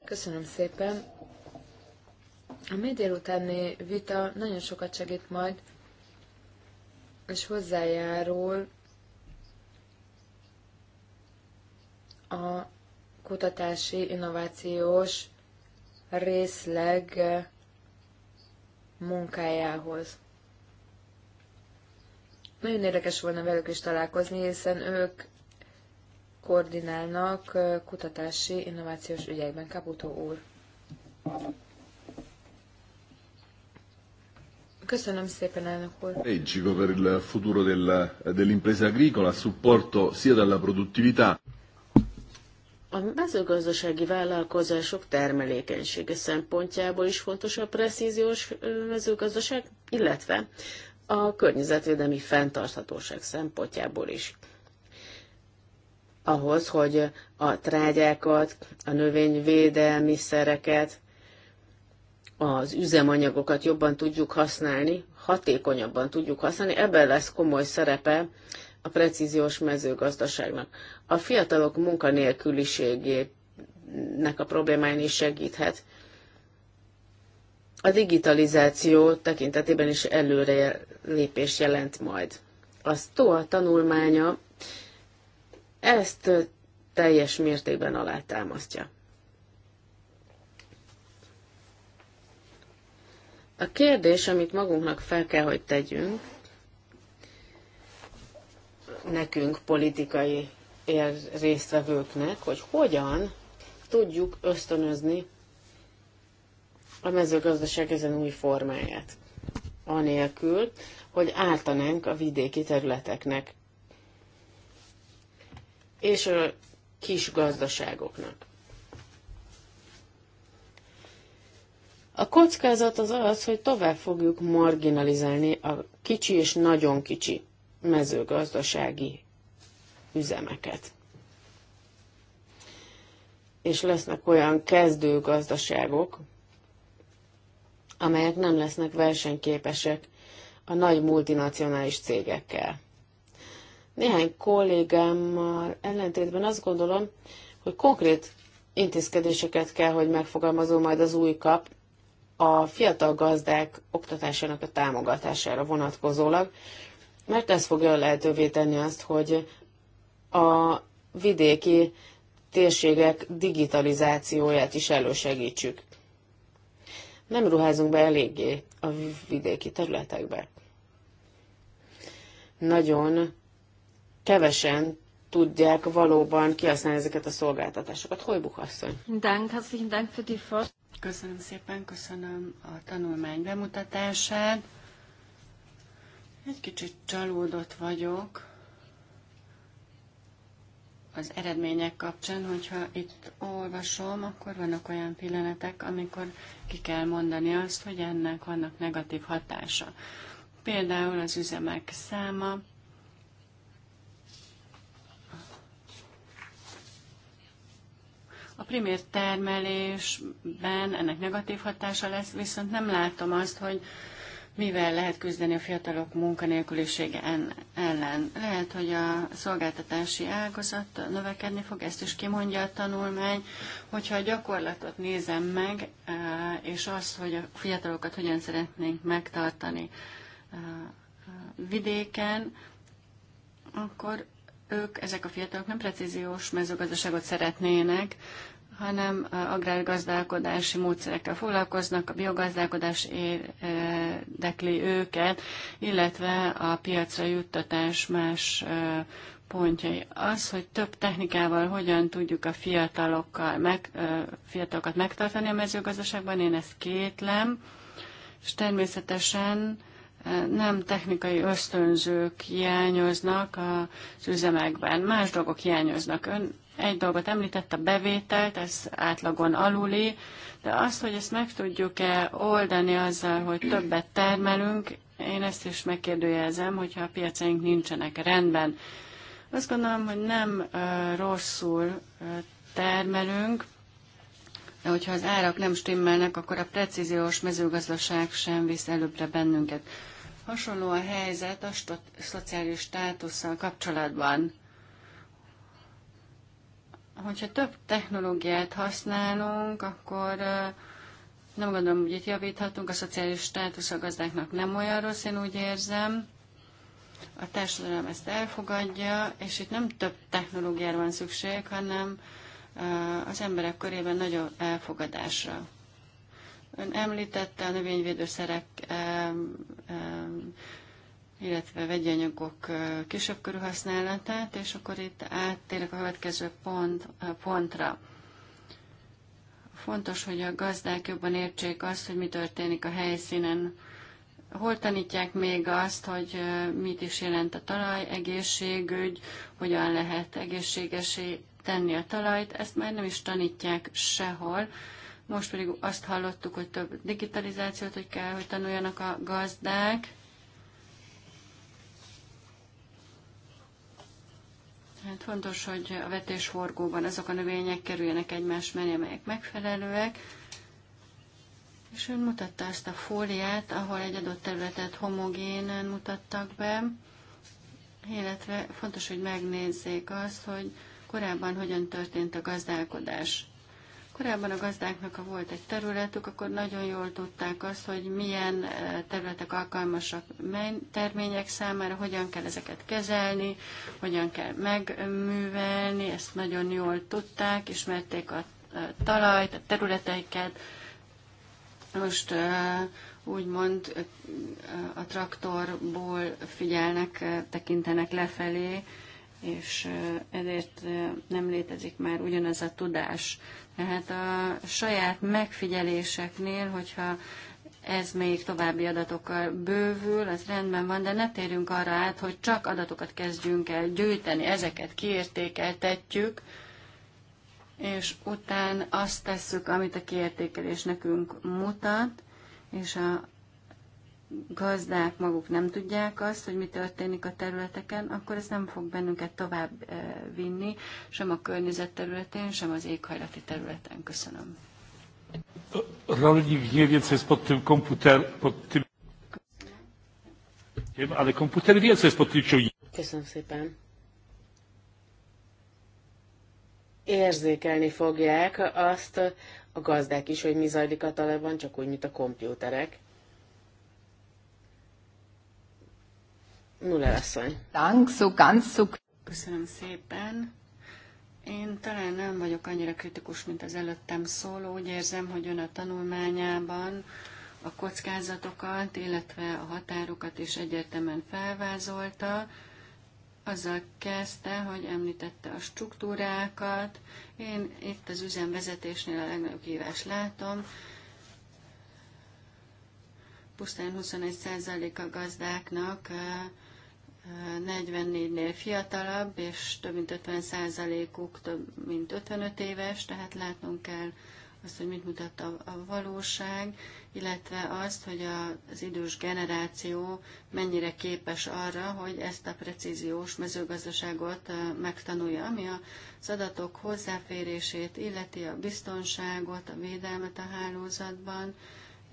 Speaker 4: Köszönöm szépen. A mi délutáni vita nagyon sokat segít majd, és hozzájárul a kutatási, innovációs részleg munkájához. Nagyon érdekes volna velük is találkozni, hiszen ők koordinálnak kutatási, innovációs ügyekben. Kaputó úr. Köszönöm szépen, elnök úr.
Speaker 1: Egyik per il futuro della, dell'impresa agricola, supporto sia della produttività.
Speaker 2: A mezőgazdasági vállalkozások termelékenysége szempontjából is fontos a precíziós mezőgazdaság, illetve a környezetvédelmi fenntarthatóság szempontjából is. Ahhoz, hogy a trágyákat, a növényvédelmi szereket, az üzemanyagokat jobban tudjuk használni, hatékonyabban tudjuk használni, ebben lesz komoly szerepe a precíziós mezőgazdaságnak. A fiatalok munkanélküliségének a problémáin is segíthet. A digitalizáció tekintetében is előre lépés jelent majd. A STOA tanulmánya ezt teljes mértékben alátámasztja. A kérdés, amit magunknak fel kell, hogy tegyünk, nekünk, politikai résztvevőknek, hogy hogyan tudjuk ösztönözni a mezőgazdaság ezen új formáját anélkül, hogy ártanánk a vidéki területeknek és a kis gazdaságoknak. A kockázat az az, hogy tovább fogjuk marginalizálni a kicsi és nagyon kicsi mezőgazdasági üzemeket. És lesznek olyan kezdő gazdaságok amelyek nem lesznek versenyképesek a nagy multinacionális cégekkel. Néhány kollégámmal ellentétben azt gondolom, hogy konkrét intézkedéseket kell, hogy megfogalmazó majd az új kap a fiatal gazdák oktatásának a támogatására vonatkozólag, mert ez fogja lehetővé tenni azt, hogy a vidéki térségek digitalizációját is elősegítsük nem ruházunk be eléggé a vidéki területekbe. Nagyon kevesen tudják valóban kihasználni ezeket a szolgáltatásokat. Hogy buhasszony?
Speaker 3: Köszönöm szépen, köszönöm a tanulmány bemutatását. Egy kicsit csalódott vagyok, az eredmények kapcsán, hogyha itt olvasom, akkor vannak olyan pillanatok, amikor ki kell mondani azt, hogy ennek vannak negatív hatása. Például az üzemek száma, A primér termelésben ennek negatív hatása lesz, viszont nem látom azt, hogy mivel lehet küzdeni a fiatalok munkanélkülisége ellen. Lehet, hogy a szolgáltatási ágazat növekedni fog, ezt is kimondja a tanulmány, hogyha a gyakorlatot nézem meg, eh, és azt, hogy a fiatalokat hogyan szeretnénk megtartani eh, eh, vidéken, akkor ők, ezek a fiatalok nem precíziós mezőgazdaságot szeretnének, hanem agrárgazdálkodási módszerekkel foglalkoznak, a biogazdálkodás érdekli őket, illetve a piacra juttatás más pontjai. Az, hogy több technikával hogyan tudjuk a fiatalokkal meg, fiatalokat megtartani a mezőgazdaságban, én ezt kétlem, és természetesen nem technikai ösztönzők hiányoznak az üzemekben, más dolgok hiányoznak. Ön egy dolgot említett, a bevételt, ez átlagon aluli, de azt, hogy ezt meg tudjuk-e oldani azzal, hogy többet termelünk, én ezt is megkérdőjelzem, hogyha a piacaink nincsenek rendben. Azt gondolom, hogy nem rosszul termelünk, de hogyha az árak nem stimmelnek, akkor a precíziós mezőgazdaság sem visz előbbre bennünket. Hasonló a helyzet a szociális státusszal kapcsolatban hogyha több technológiát használunk, akkor nem gondolom, hogy itt javíthatunk, a szociális státusz a gazdáknak nem olyan rossz, én úgy érzem. A társadalom ezt elfogadja, és itt nem több technológiára van szükség, hanem az emberek körében nagyobb elfogadásra. Ön említette a növényvédőszerek illetve vegyi anyagok kisebb körű használatát, és akkor itt áttérek a következő pont, pontra. Fontos, hogy a gazdák jobban értsék azt, hogy mi történik a helyszínen. Hol tanítják még azt, hogy mit is jelent a talaj, egészségügy, hogyan lehet egészségesé tenni a talajt, ezt már nem is tanítják sehol. Most pedig azt hallottuk, hogy több digitalizációt, hogy kell, hogy tanuljanak a gazdák, Hát fontos, hogy a vetésforgóban azok a növények kerüljenek egymás mellé, amelyek megfelelőek, és ön mutatta azt a fóliát, ahol egy adott területet homogénen mutattak be, illetve fontos, hogy megnézzék azt, hogy korábban hogyan történt a gazdálkodás korábban a gazdáknak, ha volt egy területük, akkor nagyon jól tudták azt, hogy milyen eh, területek alkalmasak termények számára, hogyan kell ezeket kezelni, hogyan kell megművelni, ezt nagyon jól tudták, ismerték a talajt, a területeiket. Most eh, úgymond eh, a traktorból figyelnek, tekintenek lefelé, és ezért nem létezik már ugyanaz a tudás. Tehát a saját megfigyeléseknél, hogyha ez még további adatokkal bővül, az rendben van, de ne térjünk arra át, hogy csak adatokat kezdjünk el gyűjteni, ezeket kiértékeltetjük, és utána azt tesszük, amit a kiértékelés nekünk mutat, és a gazdák maguk nem tudják azt, hogy mi történik a területeken, akkor ez nem fog bennünket tovább eh, vinni, sem a környezet területén, sem az éghajlati területen. Köszönöm.
Speaker 1: Rolnik nie wie, co jest pod tym komputer, pod tym... Wiem, ale komputer wie, co jest pod tym
Speaker 3: Köszönöm
Speaker 2: szépen. Érzékelni fogják azt a gazdák is, hogy mi zajlik a talajban, csak úgy, mint a komputerek. Nuller asszony.
Speaker 3: Köszönöm szépen. Én talán nem vagyok annyira kritikus, mint az előttem szóló. Úgy érzem, hogy ön a tanulmányában a kockázatokat, illetve a határokat is egyértelműen felvázolta. Azzal kezdte, hogy említette a struktúrákat. Én itt az üzemvezetésnél a legnagyobb hívás látom. Pusztán 21% a gazdáknak eh, 44-nél fiatalabb, és több mint 50 százalékuk több mint 55 éves, tehát látnunk kell azt, hogy mit mutat a, a valóság, illetve azt, hogy a, az idős generáció mennyire képes arra, hogy ezt a precíziós mezőgazdaságot megtanulja, ami az adatok hozzáférését illeti, a biztonságot, a védelmet a hálózatban.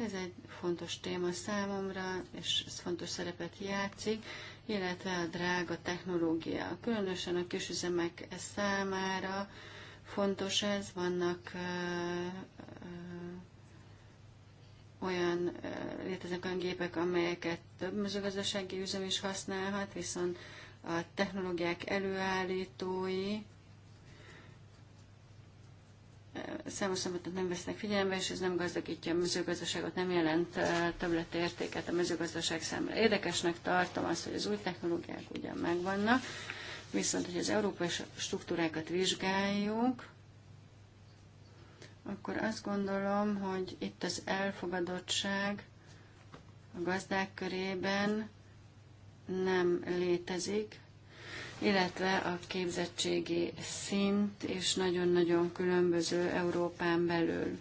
Speaker 3: Ez egy fontos téma számomra, és ez fontos szerepet játszik, illetve a drága technológia. Különösen a kisüzemek számára fontos ez, vannak olyan, léteznek olyan gépek, amelyeket több mezőgazdasági üzem is használhat, viszont a technológiák előállítói számos szempontot nem vesznek figyelembe, és ez nem gazdagítja a mezőgazdaságot, nem jelent többlet értéket a mezőgazdaság számára. Érdekesnek tartom azt, hogy az új technológiák ugyan megvannak, viszont, hogy az európai struktúrákat vizsgáljuk, akkor azt gondolom, hogy itt az elfogadottság a gazdák körében nem létezik, illetve a képzettségi szint és nagyon-nagyon különböző Európán belül.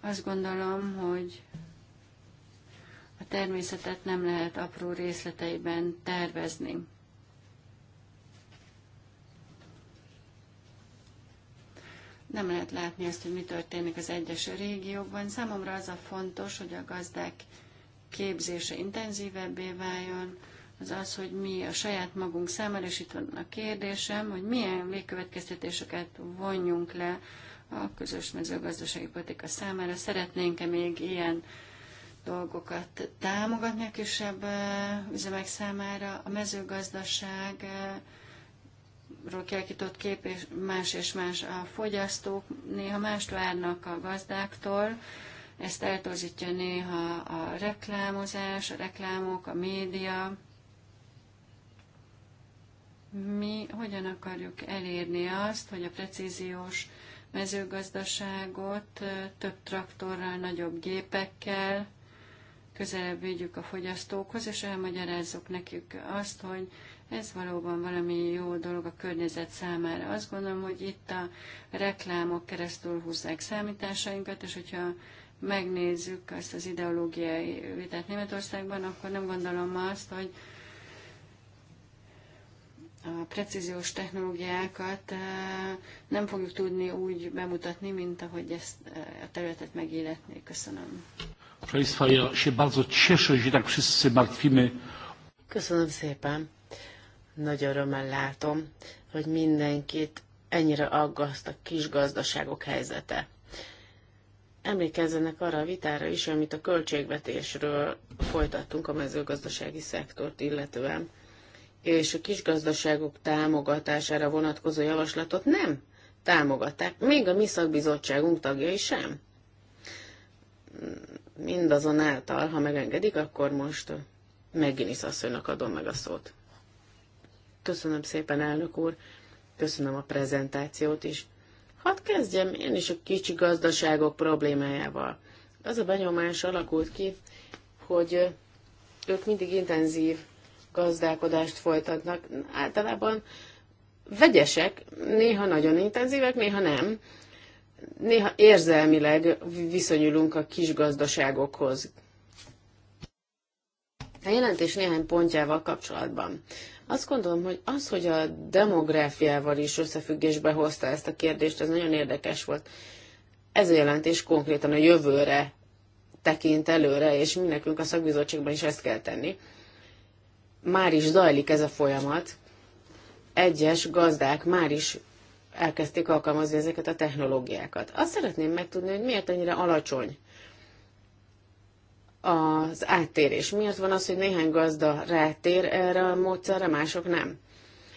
Speaker 3: Azt gondolom, hogy a természetet nem lehet apró részleteiben tervezni. nem lehet látni azt, hogy mi történik az egyes régiókban. Számomra az a fontos, hogy a gazdák képzése intenzívebbé váljon, az az, hogy mi a saját magunk számára, és itt van a kérdésem, hogy milyen végkövetkeztetéseket vonjunk le a közös mezőgazdasági politika számára. Szeretnénk-e még ilyen dolgokat támogatni a kisebb üzemek számára? A mezőgazdaság ról kialakított kép és más és más a fogyasztók, néha mást várnak a gazdáktól, ezt eltorzítja néha a reklámozás, a reklámok, a média, mi hogyan akarjuk elérni azt, hogy a precíziós mezőgazdaságot több traktorral, nagyobb gépekkel közelebb vigyük a fogyasztókhoz, és elmagyarázzuk nekik azt, hogy ez valóban valami jó dolog a környezet számára. Azt gondolom, hogy itt a reklámok keresztül húzzák számításainkat, és hogyha megnézzük azt az ideológiai vitát Németországban, akkor nem gondolom azt, hogy a precíziós technológiákat nem fogjuk tudni úgy bemutatni, mint ahogy ezt a területet megilletné. Köszönöm. Köszönöm szépen.
Speaker 2: Nagy örömmel látom, hogy mindenkit ennyire aggaszt a kis gazdaságok helyzete. Emlékezzenek arra a vitára is, amit a költségvetésről folytattunk a mezőgazdasági szektort illetően és a kisgazdaságok támogatására vonatkozó javaslatot nem támogatták, még a mi szakbizottságunk tagjai sem. Mindazonáltal, ha megengedik, akkor most megint asszonynak adom meg a szót. Köszönöm szépen, elnök úr, köszönöm a prezentációt is. Hadd kezdjem én is a kicsi gazdaságok problémájával. Az a benyomás alakult ki, hogy ők mindig intenzív gazdálkodást folytatnak. Általában vegyesek, néha nagyon intenzívek, néha nem. Néha érzelmileg viszonyulunk a kis gazdaságokhoz. A jelentés néhány pontjával kapcsolatban. Azt gondolom, hogy az, hogy a demográfiával is összefüggésbe hozta ezt a kérdést, ez nagyon érdekes volt. Ez a jelentés konkrétan a jövőre tekint előre, és mindenkünk a szakbizottságban is ezt kell tenni már is zajlik ez a folyamat. Egyes gazdák már is elkezdték alkalmazni ezeket a technológiákat. Azt szeretném megtudni, hogy miért ennyire alacsony az áttérés. Miért van az, hogy néhány gazda rátér erre a módszerre, mások nem?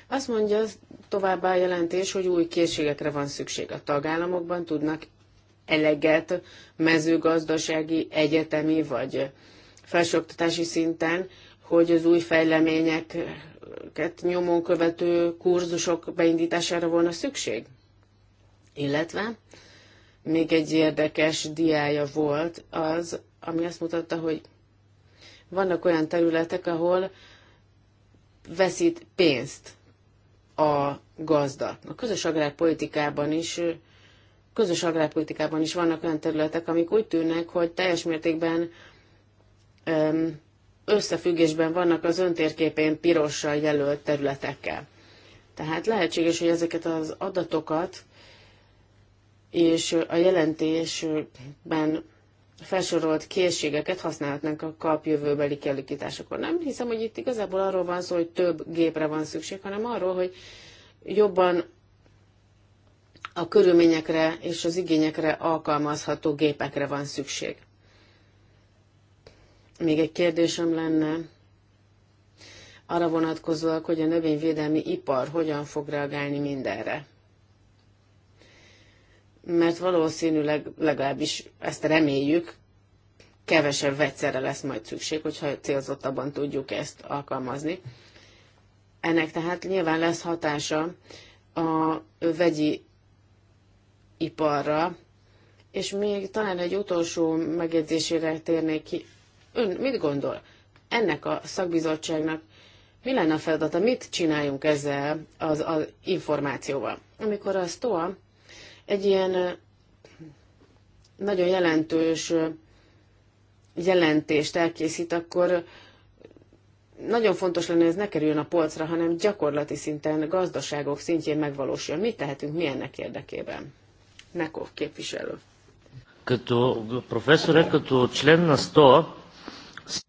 Speaker 2: Azt mondja továbbá a jelentés, hogy új készségekre van szükség. A tagállamokban tudnak eleget mezőgazdasági, egyetemi vagy felsőoktatási szinten hogy az új fejleményeket nyomon követő kurzusok beindítására volna szükség. Illetve még egy érdekes diája volt az, ami azt mutatta, hogy vannak olyan területek, ahol veszít pénzt a gazda. A közös agrárpolitikában is közös agrárpolitikában is vannak olyan területek, amik úgy tűnnek, hogy teljes mértékben um, összefüggésben vannak az öntérképén pirossal jelölt területekkel. Tehát lehetséges, hogy ezeket az adatokat és a jelentésben felsorolt készségeket használhatnánk a kap jövőbeli kialakításakor. Nem hiszem, hogy itt igazából arról van szó, hogy több gépre van szükség, hanem arról, hogy jobban a körülményekre és az igényekre alkalmazható gépekre van szükség. Még egy kérdésem lenne arra vonatkozóak, hogy a növényvédelmi ipar hogyan fog reagálni mindenre. Mert valószínűleg, legalábbis ezt reméljük, kevesebb vegyszerre lesz majd szükség, hogyha célzottabban tudjuk ezt alkalmazni. Ennek tehát nyilván lesz hatása a vegyi iparra, és még talán egy utolsó megjegyzésére térnék ki, Ön mit gondol? Ennek a szakbizottságnak mi lenne a feladata, mit csináljunk ezzel az, az információval? Amikor a STOA egy ilyen nagyon jelentős jelentést elkészít, akkor nagyon fontos lenne, hogy ez ne kerüljön a polcra, hanem gyakorlati szinten, gazdaságok szintjén megvalósuljon. Mit tehetünk mi ennek érdekében? Nekov képviselő. Като професор е като член на СТОА,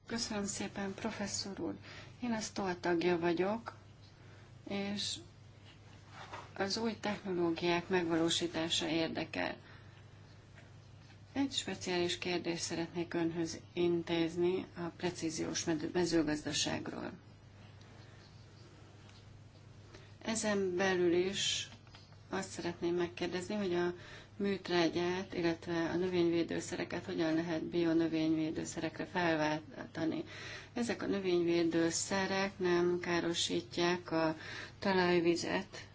Speaker 3: Köszönöm szépen, professzor úr. Én a STOL tagja vagyok, és az új technológiák megvalósítása érdekel. Egy speciális kérdést szeretnék önhöz intézni a precíziós mezőgazdaságról. Ezen belül is azt szeretném megkérdezni, hogy a műtrágyát, illetve a növényvédőszereket hogyan lehet bionövényvédőszerekre felváltani. Ezek a növényvédőszerek nem károsítják a talajvizet.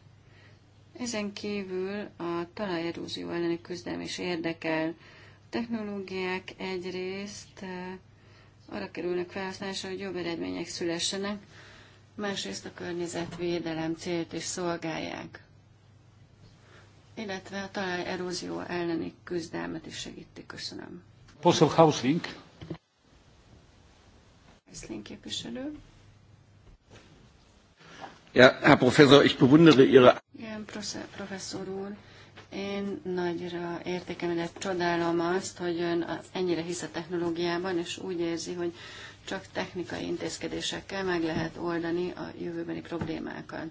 Speaker 3: Ezen kívül a talajerózió elleni küzdelem is érdekel. A technológiák egyrészt eh, arra kerülnek felhasználásra, hogy jobb eredmények szülessenek, másrészt a környezetvédelem célt is szolgálják illetve a talaj erózió elleni küzdelmet is segíti. Köszönöm.
Speaker 1: Poszol Hauslink.
Speaker 3: Hauslink képviselő.
Speaker 1: Ja, Herr Professor, ich bewundere Ihre...
Speaker 3: Igen, professzor úr, én nagyra értékem, illetve csodálom azt, hogy ön ennyire hisz a technológiában, és úgy érzi, hogy csak technikai intézkedésekkel meg lehet oldani a jövőbeni problémákat.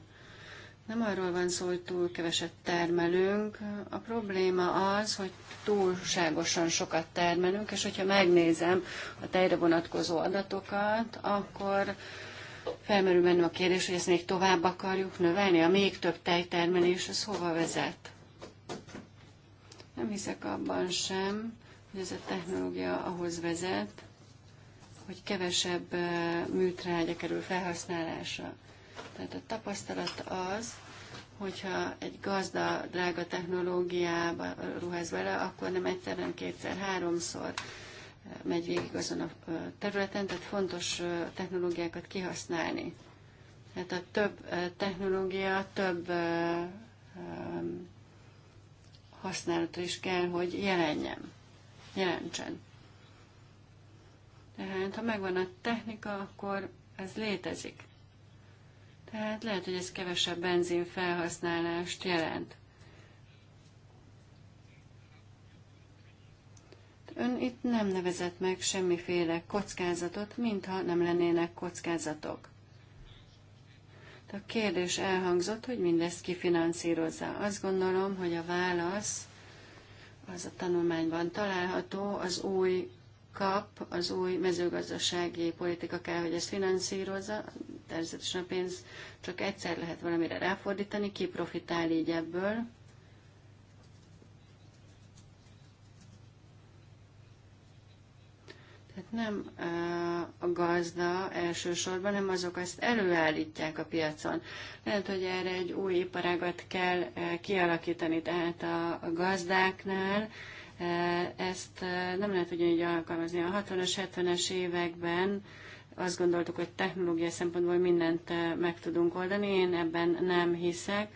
Speaker 3: Nem arról van szó, hogy túl keveset termelünk. A probléma az, hogy túlságosan sokat termelünk, és hogyha megnézem a tejre vonatkozó adatokat, akkor felmerül bennem a kérdés, hogy ezt még tovább akarjuk növelni, a még több tejtermelés, ez hova vezet? Nem hiszek abban sem, hogy ez a technológia ahhoz vezet, hogy kevesebb eh, műtrágya kerül felhasználásra. Tehát a tapasztalat az, hogyha egy gazda drága technológiába ruház vele, akkor nem egyszer, nem kétszer, háromszor eh, megy végig azon a eh, területen, tehát fontos eh, technológiákat kihasználni. Tehát a több technológia, több használatra is kell, hogy jelenjen, jelentsen. Tehát ha megvan a technika, akkor ez létezik. Tehát lehet, hogy ez kevesebb benzin felhasználást jelent. Ön itt nem nevezett meg semmiféle kockázatot, mintha nem lennének kockázatok. A kérdés elhangzott, hogy mindezt kifinanszírozza. Azt gondolom, hogy a válasz az a tanulmányban található, az új kap, az új mezőgazdasági politika kell, hogy ezt finanszírozza. Természetesen a pénz csak egyszer lehet valamire ráfordítani, ki profitál így ebből. Tehát nem eh, a gazda elsősorban, hanem azok azt előállítják a piacon. Lehet, hogy erre egy új iparágat kell eh, kialakítani, tehát a gazdáknál ezt nem lehet ugyanígy alkalmazni. A 60-as, 70-es években azt gondoltuk, hogy technológiai szempontból mindent meg tudunk oldani. Én ebben nem hiszek.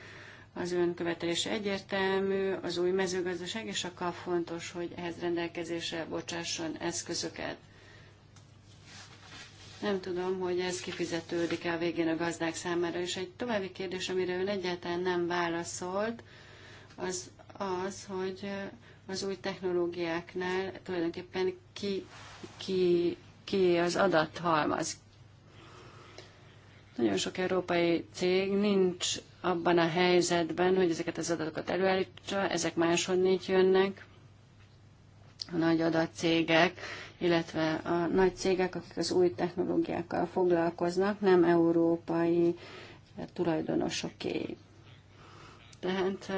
Speaker 3: Az önkövetelés egyértelmű, az új mezőgazdaság, és akkor fontos, hogy ehhez rendelkezésre bocsásson eszközöket. Nem tudom, hogy ez kifizetődik-e a végén a gazdák számára. És egy további kérdés, amire ön egyáltalán nem válaszolt, az az, hogy az új technológiáknál tulajdonképpen ki, ki, ki az adathalmaz. Nagyon sok európai cég nincs abban a helyzetben, hogy ezeket az adatokat előállítsa, ezek máshonnét jönnek. A nagy adatcégek, illetve a nagy cégek, akik az új technológiákkal foglalkoznak, nem európai tulajdonosoké. Tehát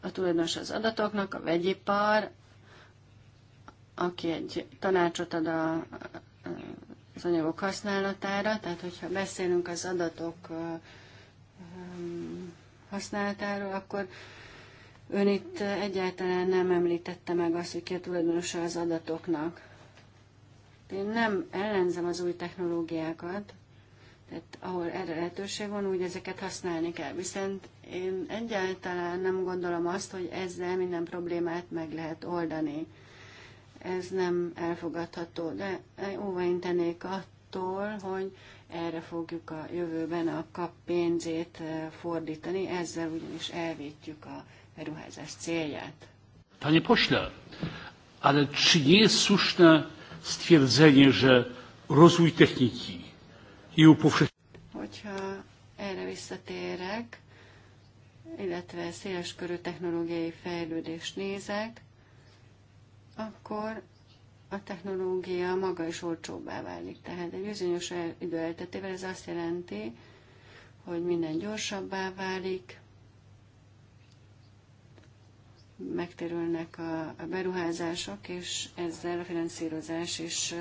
Speaker 3: a tulajdonos az adatoknak, a vegyipar, aki egy tanácsot ad a, az anyagok használatára, tehát hogyha beszélünk az adatok használatáról, akkor ön itt egyáltalán nem említette meg azt, hogy ki a tulajdonosa az adatoknak. Én nem ellenzem az új technológiákat, tehát ahol erre lehetőség van, úgy ezeket használni kell. Viszont én egyáltalán nem gondolom azt, hogy ezzel minden problémát meg lehet oldani. Ez nem elfogadható, de óvaintenék attól, hogy erre fogjuk a jövőben a kap pénzét eh, fordítani, ezzel ugyanis elvétjük a beruházás célját.
Speaker 1: Panie pośle, ale czy nie jest słuszne stwierdzenie, że rozwój techniki i upowszechnienie...
Speaker 3: Hogyha erre visszatérek, illetve széleskörű technológiai fejlődést nézek, akkor a technológia maga is olcsóbbá válik. Tehát egy bizonyos idő elteltével ez azt jelenti, hogy minden gyorsabbá válik, megtérülnek a, a beruházások, és ezzel a finanszírozás is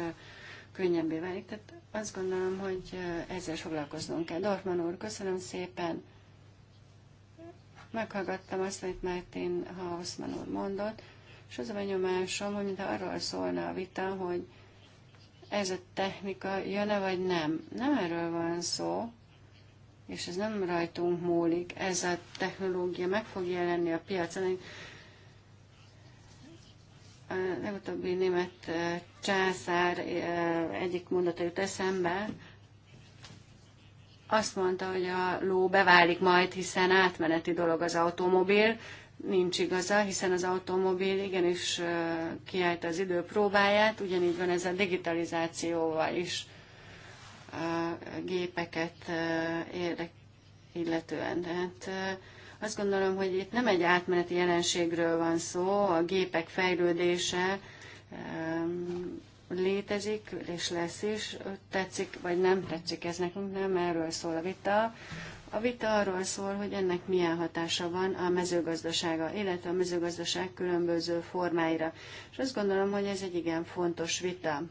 Speaker 3: könnyebbé válik. Tehát azt gondolom, hogy ezzel foglalkoznunk kell. Dorfman úr, köszönöm szépen! Meghallgattam azt, amit Mártin Hausman úr mondott, és az a benyomásom, hogy mintha arról szólna a vita, hogy ez a technika jön-e vagy nem. Nem erről van szó, és ez nem rajtunk múlik. Ez a technológia meg fog jelenni a piacon. A legutóbbi német eh, császár eh, egyik mondata jut eszembe, azt mondta, hogy a ló beválik majd, hiszen átmeneti dolog az automobil. Nincs igaza, hiszen az automobil igenis kiállt az idő próbáját, ugyanígy van ez a digitalizációval is a gépeket érdek, illetően. hát azt gondolom, hogy itt nem egy átmeneti jelenségről van szó, a gépek fejlődése létezik, és lesz is, tetszik vagy nem tetszik ez nekünk, nem erről szól a vita. A vita arról szól, hogy ennek milyen hatása van a mezőgazdasága, illetve a mezőgazdaság különböző formáira. És azt gondolom, hogy ez egy igen fontos vita.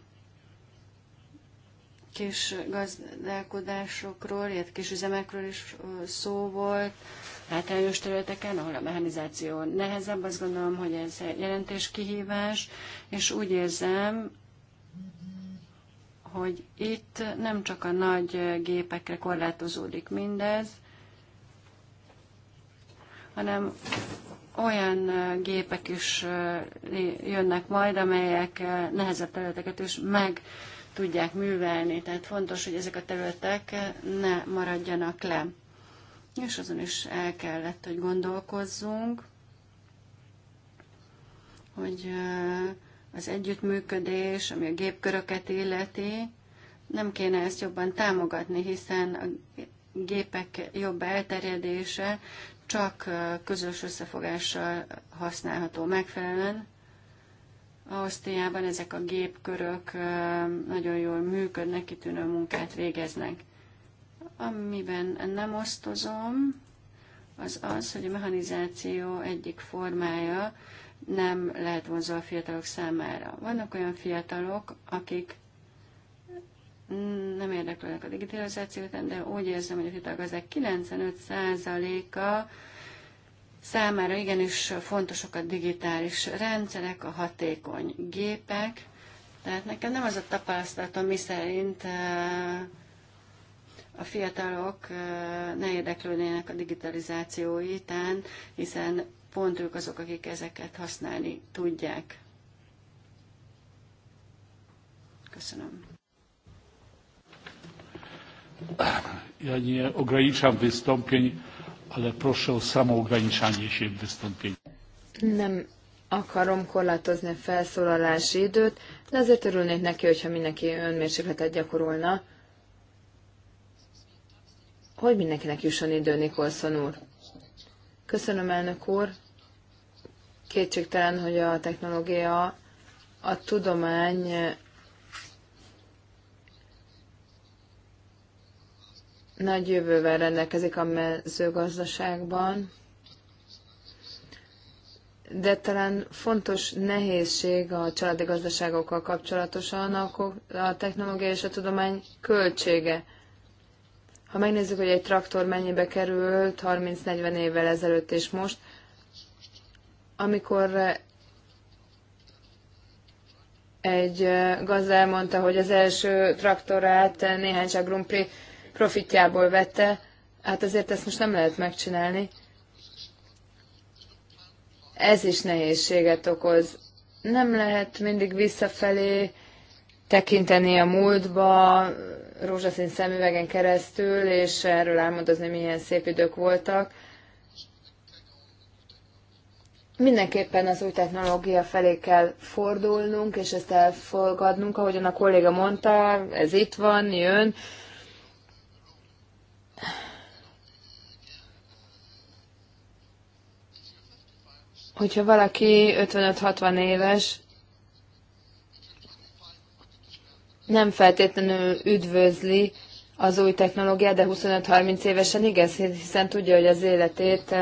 Speaker 3: Kis gazdálkodásokról, illetve kis üzemekről is szó volt, hátrányos területeken, ahol a mechanizáció nehezebb, azt gondolom, hogy ez jelentés kihívás, és úgy érzem, hogy itt nem csak a nagy gépekre korlátozódik mindez, hanem olyan gépek is jönnek majd, amelyek nehezebb területeket is meg tudják művelni. Tehát fontos, hogy ezek a területek ne maradjanak le. És azon is el kellett, hogy gondolkozzunk, hogy uh, az együttműködés, ami a gépköröket illeti, nem kéne ezt jobban támogatni, hiszen a gépek jobb elterjedése csak közös összefogással használható megfelelően. Ausztriában ezek a gépkörök nagyon jól működnek, kitűnő munkát végeznek. Amiben nem osztozom, az az, hogy a mechanizáció egyik formája nem lehet vonzó a fiatalok számára. Vannak olyan fiatalok, akik nem érdeklődnek a digitalizáció után, de úgy érzem, hogy a fiatalok gazdák 95%-a számára igenis fontosak a digitális rendszerek, a hatékony gépek. Tehát nekem nem az a tapasztalatom, miszerint eh, a fiatalok eh, ne érdeklődnének a digitalizáció után, hiszen pont ők azok, akik ezeket használni tudják. Köszönöm.
Speaker 1: Ja nie ograniczam wystąpień, ale proszę o samoograniczanie się w wystąpieniu.
Speaker 4: Nem akarom korlátozni a felszólalási időt, de azért örülnék neki, hogyha mindenki önmérsékletet gyakorolna, hogy mindenkinek jusson idő, Nikolson úr. Köszönöm, elnök úr. Kétségtelen, hogy a technológia, a tudomány nagy jövővel rendelkezik a mezőgazdaságban, de talán fontos nehézség a családi gazdaságokkal kapcsolatosan a technológia és a tudomány költsége. Ha megnézzük, hogy egy traktor mennyibe került 30-40 évvel ezelőtt és most, amikor egy gazda elmondta, hogy az első traktorát néhány Grand Prix profitjából vette, hát azért ezt most nem lehet megcsinálni. Ez is nehézséget okoz. Nem lehet mindig visszafelé tekinteni a múltba, rózsaszín szemüvegen keresztül, és erről álmodozni, milyen szép idők voltak Mindenképpen az új technológia felé kell fordulnunk, és ezt elfogadnunk, ahogyan a kolléga mondta, ez itt van, jön. Hogyha valaki 55-60 éves, nem feltétlenül üdvözli az új technológiát, de 25-30 évesen igen, hiszen tudja, hogy az életét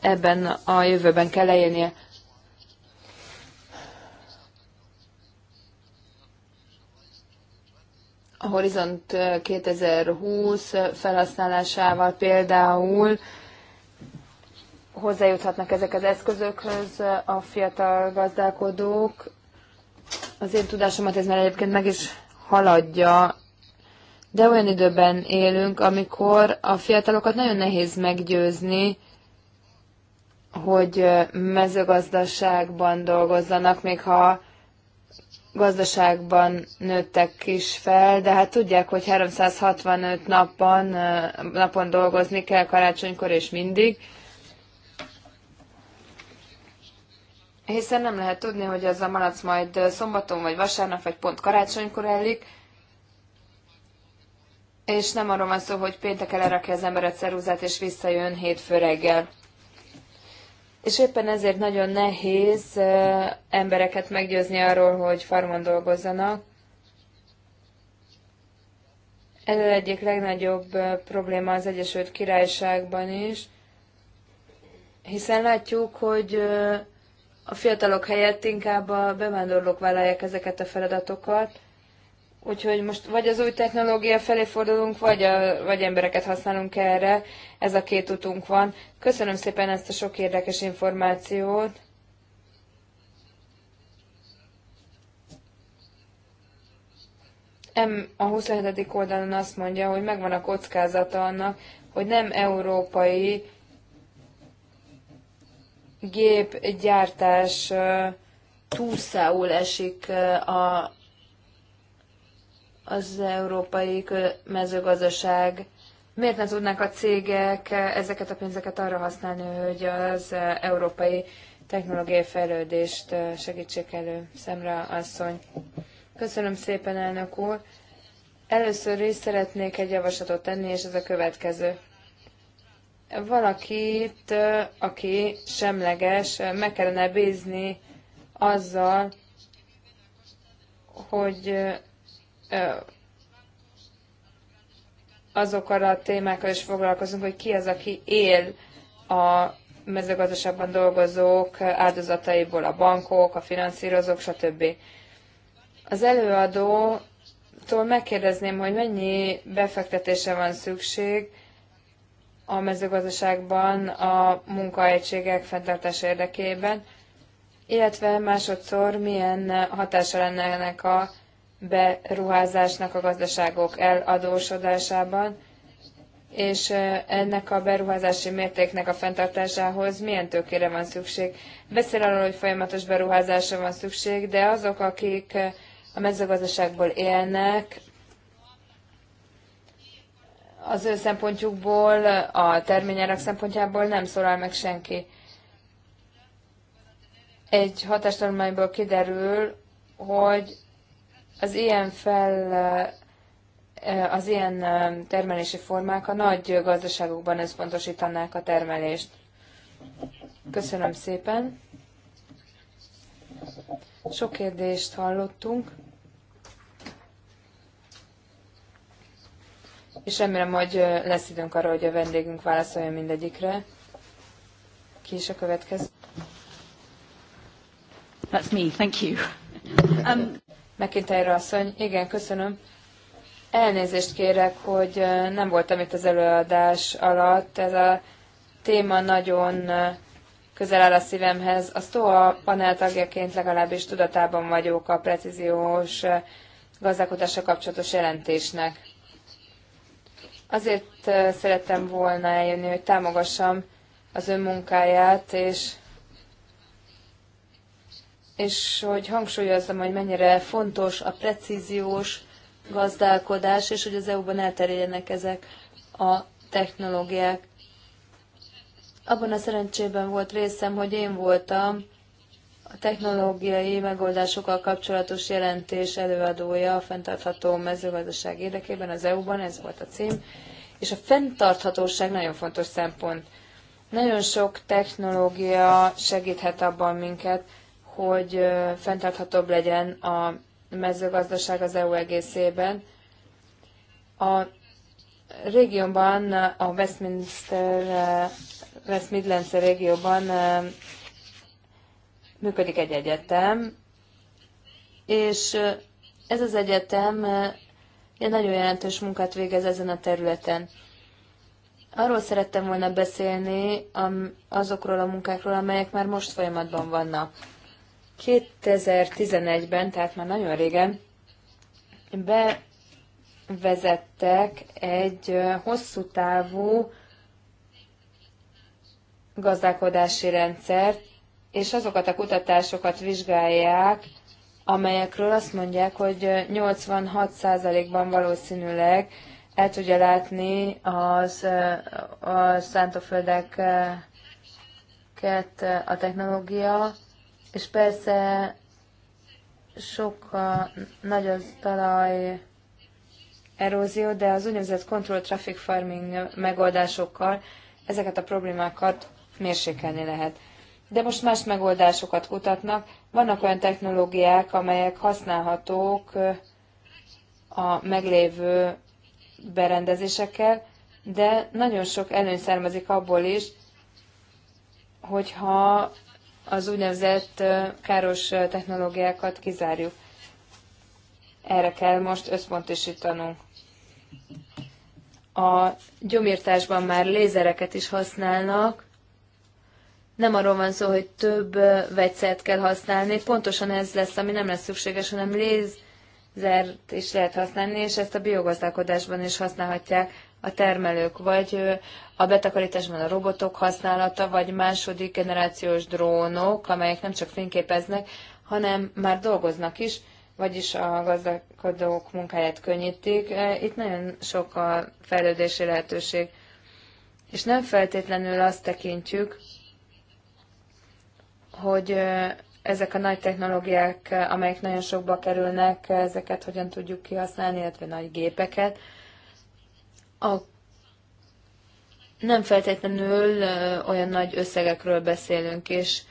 Speaker 4: ebben a jövőben kell leélnie. A Horizont 2020 felhasználásával például hozzájuthatnak ezek az eszközökhöz a fiatal gazdálkodók. Az én tudásomat ez már egyébként meg is haladja, de olyan időben élünk, amikor a fiatalokat nagyon nehéz meggyőzni hogy mezőgazdaságban dolgozzanak, még ha gazdaságban nőttek is fel, de hát tudják, hogy 365 napon, napon dolgozni kell karácsonykor és mindig, hiszen nem lehet tudni, hogy az a malac majd szombaton, vagy vasárnap, vagy pont karácsonykor elik. és nem arról van szó, hogy péntek elrakja az ember a ceruzát, és visszajön hétfő reggel és éppen ezért nagyon nehéz embereket meggyőzni arról, hogy farmon dolgozzanak. Ez egyik legnagyobb probléma az Egyesült Királyságban is, hiszen látjuk, hogy a fiatalok helyett inkább a bevándorlók vállalják ezeket a feladatokat, Úgyhogy most vagy az új technológia felé fordulunk, vagy, a, vagy embereket használunk erre. Ez a két utunk van. Köszönöm szépen ezt a sok érdekes információt. M a 27. oldalon azt mondja, hogy megvan a kockázata annak, hogy nem európai gépgyártás túlszául esik a az európai mezőgazdaság. Miért nem tudnák a cégek ezeket a pénzeket arra használni, hogy az európai technológiai fejlődést segítsék elő, Szemre asszony. Köszönöm szépen, elnök úr. Először is szeretnék egy javaslatot tenni, és ez a következő. Valakit, aki semleges, meg kellene bízni azzal, hogy azokkal a témákkal is foglalkozunk, hogy ki az, aki él a mezőgazdaságban dolgozók áldozataiból, a bankok, a finanszírozók, stb. Az előadótól megkérdezném, hogy mennyi befektetése van szükség a mezőgazdaságban a munkaegységek fenntartása érdekében, illetve másodszor milyen hatása lenne ennek a beruházásnak a gazdaságok eladósodásában, és ennek a beruházási mértéknek a fenntartásához milyen tőkére van szükség. Beszél arról, hogy folyamatos beruházásra van szükség, de azok, akik a mezőgazdaságból élnek, az ő szempontjukból, a terményárak szempontjából nem szólal meg senki. Egy hatástanulmányból kiderül, hogy az ilyen fel az ilyen termelési formák a nagy gazdaságokban összpontosítanák a termelést. Köszönöm szépen. Sok kérdést hallottunk. És remélem, hogy lesz időnk arra, hogy a vendégünk válaszoljon mindegyikre. Ki is a következő?
Speaker 3: That's me, thank you.
Speaker 4: Um... McIntyre asszony, igen, köszönöm. Elnézést kérek, hogy nem voltam itt az előadás alatt. Ez a téma nagyon közel áll a szívemhez. A STOA panel tagjaként legalábbis tudatában vagyok a precíziós gazdálkodásra kapcsolatos jelentésnek. Azért szerettem volna eljönni, hogy támogassam az ön munkáját, és és hogy hangsúlyozzam, hogy mennyire fontos a precíziós gazdálkodás, és hogy az EU-ban elterjedjenek ezek a technológiák. Abban a szerencsében volt részem, hogy én voltam a technológiai megoldásokkal kapcsolatos jelentés előadója a fenntartható mezőgazdaság érdekében az EU-ban, ez volt a cím, és a fenntarthatóság nagyon fontos szempont. Nagyon sok technológia segíthet abban minket, hogy fenntarthatóbb legyen a mezőgazdaság az EU egészében. A régióban, a Westminster, West Midlands régióban működik egy egyetem, és ez az egyetem egy nagyon jelentős munkát végez ezen a területen. Arról szerettem volna beszélni azokról a munkákról, amelyek már most folyamatban vannak. 2011-ben, tehát már nagyon régen, bevezettek egy hosszú távú gazdálkodási rendszert, és azokat a kutatásokat vizsgálják, amelyekről azt mondják, hogy 86%-ban valószínűleg el tudja látni az, a szántóföldeket a technológia, és persze sokkal nagy az talaj erózió, de az úgynevezett control traffic farming megoldásokkal ezeket a problémákat mérsékelni lehet. De most más megoldásokat kutatnak. Vannak olyan technológiák, amelyek használhatók a meglévő berendezésekkel, de nagyon sok előny származik abból is, hogyha az úgynevezett káros technológiákat kizárjuk. Erre kell most összpontosítanunk. A gyomírtásban már lézereket is használnak. Nem arról van szó, hogy több vegyszert kell használni. Pontosan ez lesz, ami nem lesz szükséges, hanem lézert is lehet használni, és ezt a biogazdálkodásban is használhatják a termelők, vagy a betakarításban a robotok használata, vagy második generációs drónok, amelyek nem csak fényképeznek, hanem már dolgoznak is, vagyis a gazdálkodók munkáját könnyítik. E, itt nagyon sok a fejlődési lehetőség. És nem feltétlenül azt tekintjük, hogy ezek a nagy technológiák, amelyek nagyon sokba kerülnek, ezeket hogyan tudjuk kihasználni, illetve nagy gépeket a nem feltétlenül olyan nagy összegekről beszélünk, és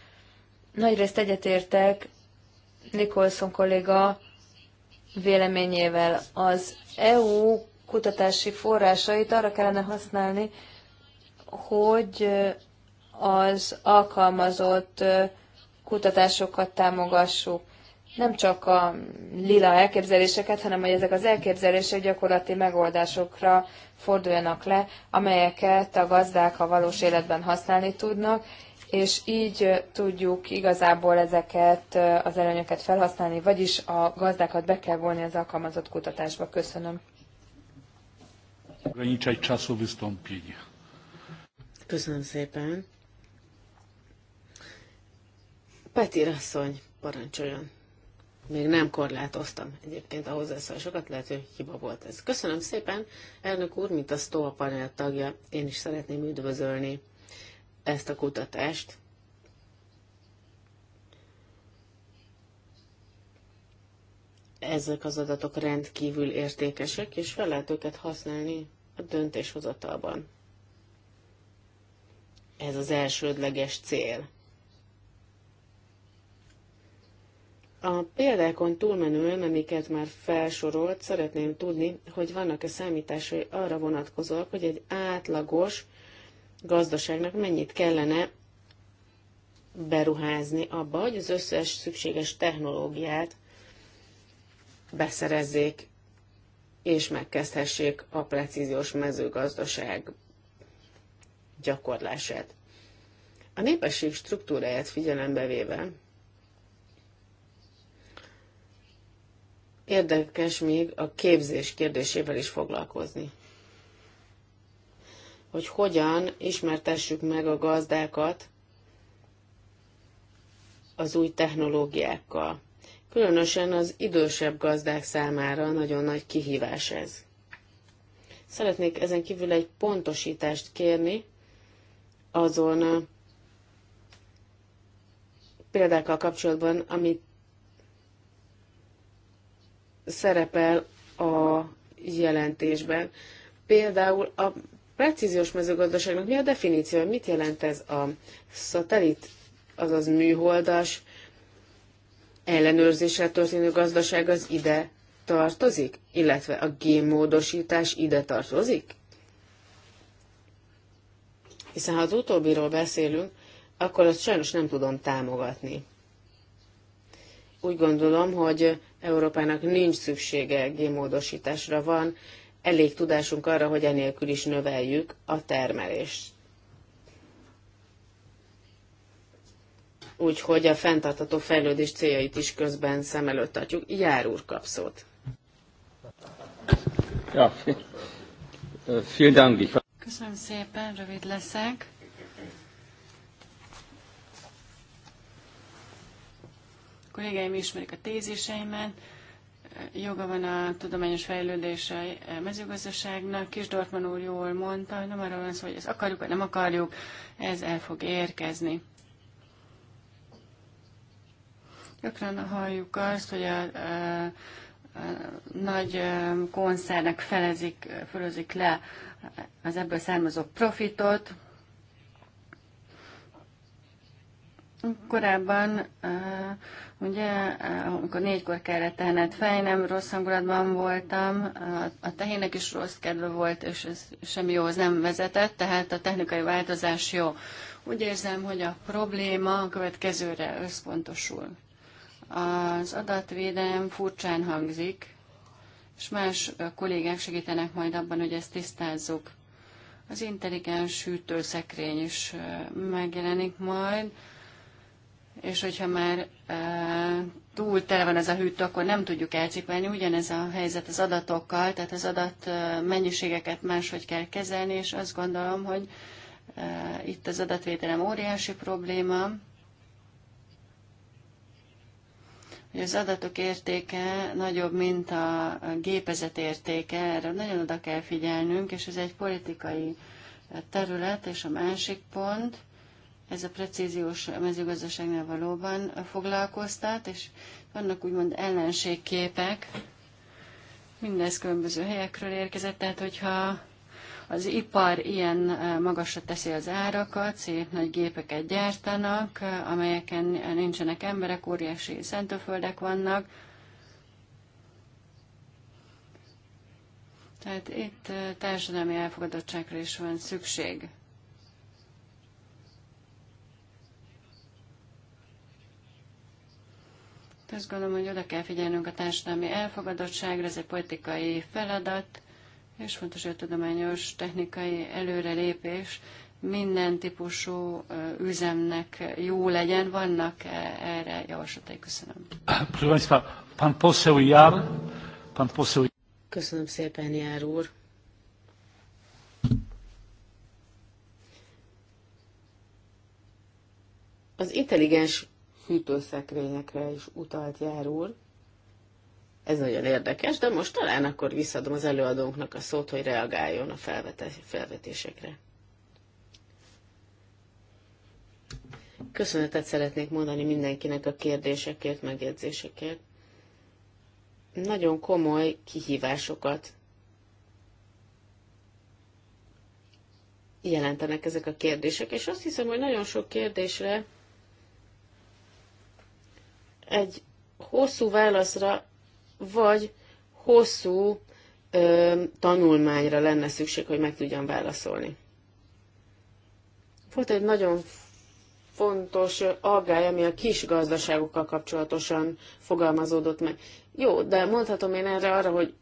Speaker 4: nagyrészt egyetértek Nicholson kolléga véleményével. Az EU kutatási forrásait arra kellene használni, hogy az alkalmazott kutatásokat támogassuk nem csak a lila elképzeléseket, hanem hogy ezek az elképzelések gyakorlati megoldásokra forduljanak le, amelyeket a gazdák a valós életben használni tudnak, és így tudjuk igazából ezeket az előnyöket felhasználni, vagyis a gazdákat be kell vonni az alkalmazott kutatásba. Köszönöm.
Speaker 2: Köszönöm szépen. Petir asszony, parancsoljon még nem korlátoztam egyébként hogy sokat lehet, hogy hiba volt ez. Köszönöm szépen, elnök úr, mint a STOA panel tagja, én is szeretném üdvözölni ezt a kutatást. Ezek az adatok rendkívül értékesek, és fel lehet őket használni a döntéshozatalban. Ez az elsődleges cél A példákon túlmenően, amiket már felsorolt, szeretném tudni, hogy vannak-e számításai arra vonatkozóak, hogy egy átlagos gazdaságnak mennyit kellene beruházni abba, hogy az összes szükséges technológiát beszerezzék és megkezdhessék a precíziós mezőgazdaság gyakorlását. A népesség struktúráját figyelembe véve Érdekes még a képzés kérdésével is foglalkozni. Hogy hogyan ismertessük meg a gazdákat az új technológiákkal. Különösen az idősebb gazdák számára nagyon nagy kihívás ez. Szeretnék ezen kívül egy pontosítást kérni azon példákkal kapcsolatban, amit szerepel a jelentésben. Például a precíziós mezőgazdaságnak mi a definíció, mit jelent ez a szatelit, azaz műholdas ellenőrzéssel történő gazdaság az ide tartozik, illetve a génmódosítás ide tartozik? Hiszen ha az utóbbiról beszélünk, akkor azt sajnos nem tudom
Speaker 3: támogatni.
Speaker 2: Úgy gondolom, hogy Európának nincs szüksége gémódosításra van, elég tudásunk arra, hogy enélkül is növeljük a termelést. Úgyhogy a fenntartható fejlődés céljait is közben szem előtt tartjuk. Jár úr kap szót.
Speaker 3: Köszönöm szépen, rövid leszek. kollégáim ismerik a téziseimet, joga van a tudományos fejlődése a mezőgazdaságnak, Kis Dortman úr jól mondta, hogy nem arról van szó, hogy ezt akarjuk, vagy nem akarjuk, ez el fog érkezni. Gyakran halljuk azt, hogy a, a, a nagy koncernek felezik, fölözik le az ebből származó profitot, Korábban, ugye, amikor négykor kellett tehenet fej, nem rossz hangulatban voltam, a tehének is rossz kedve volt, és ez semmi jóhoz nem vezetett, tehát a technikai változás jó. Úgy érzem, hogy a probléma a következőre összpontosul. Az adatvédelem furcsán hangzik, és más kollégák segítenek majd abban, hogy ezt tisztázzuk. Az intelligens hűtőszekrény is megjelenik majd, és hogyha már e, túl tele van ez a hűtő, akkor nem tudjuk elcipelni. Ugyanez a helyzet az adatokkal, tehát az adat e, mennyiségeket máshogy kell kezelni, és azt gondolom, hogy e, itt az adatvédelem óriási probléma, hogy az adatok értéke nagyobb, mint a gépezet értéke, erre nagyon oda kell figyelnünk, és ez egy politikai terület, és a másik pont, ez a precíziós mezőgazdaságnál valóban foglalkoztat, és vannak úgymond ellenségképek, mindez különböző helyekről érkezett, tehát hogyha az ipar ilyen magasra teszi az árakat, szép nagy gépeket gyártanak, amelyeken nincsenek emberek, óriási szentőföldek vannak. Tehát itt társadalmi elfogadottságra is van szükség. Azt gondolom, hogy oda kell figyelnünk a társadalmi elfogadottságra, ez egy politikai feladat, és fontos, hogy a tudományos technikai előrelépés minden típusú üzemnek jó legyen. Vannak e, erre javaslatai? Köszönöm.
Speaker 2: Köszönöm szépen, Jár úr. Az intelligens hűtőszekrényekre is utalt jár úr. Ez nagyon érdekes, de most talán akkor visszadom az előadónknak a szót, hogy reagáljon a felvetésekre. Köszönetet szeretnék mondani mindenkinek a kérdésekért, megjegyzésekért. Nagyon komoly kihívásokat jelentenek ezek a kérdések, és azt hiszem, hogy nagyon sok kérdésre egy hosszú válaszra, vagy hosszú ö, tanulmányra lenne szükség, hogy meg tudjam válaszolni. Volt egy nagyon fontos aggály, ami a kis gazdaságokkal kapcsolatosan fogalmazódott meg. Jó, de mondhatom én erre arra, hogy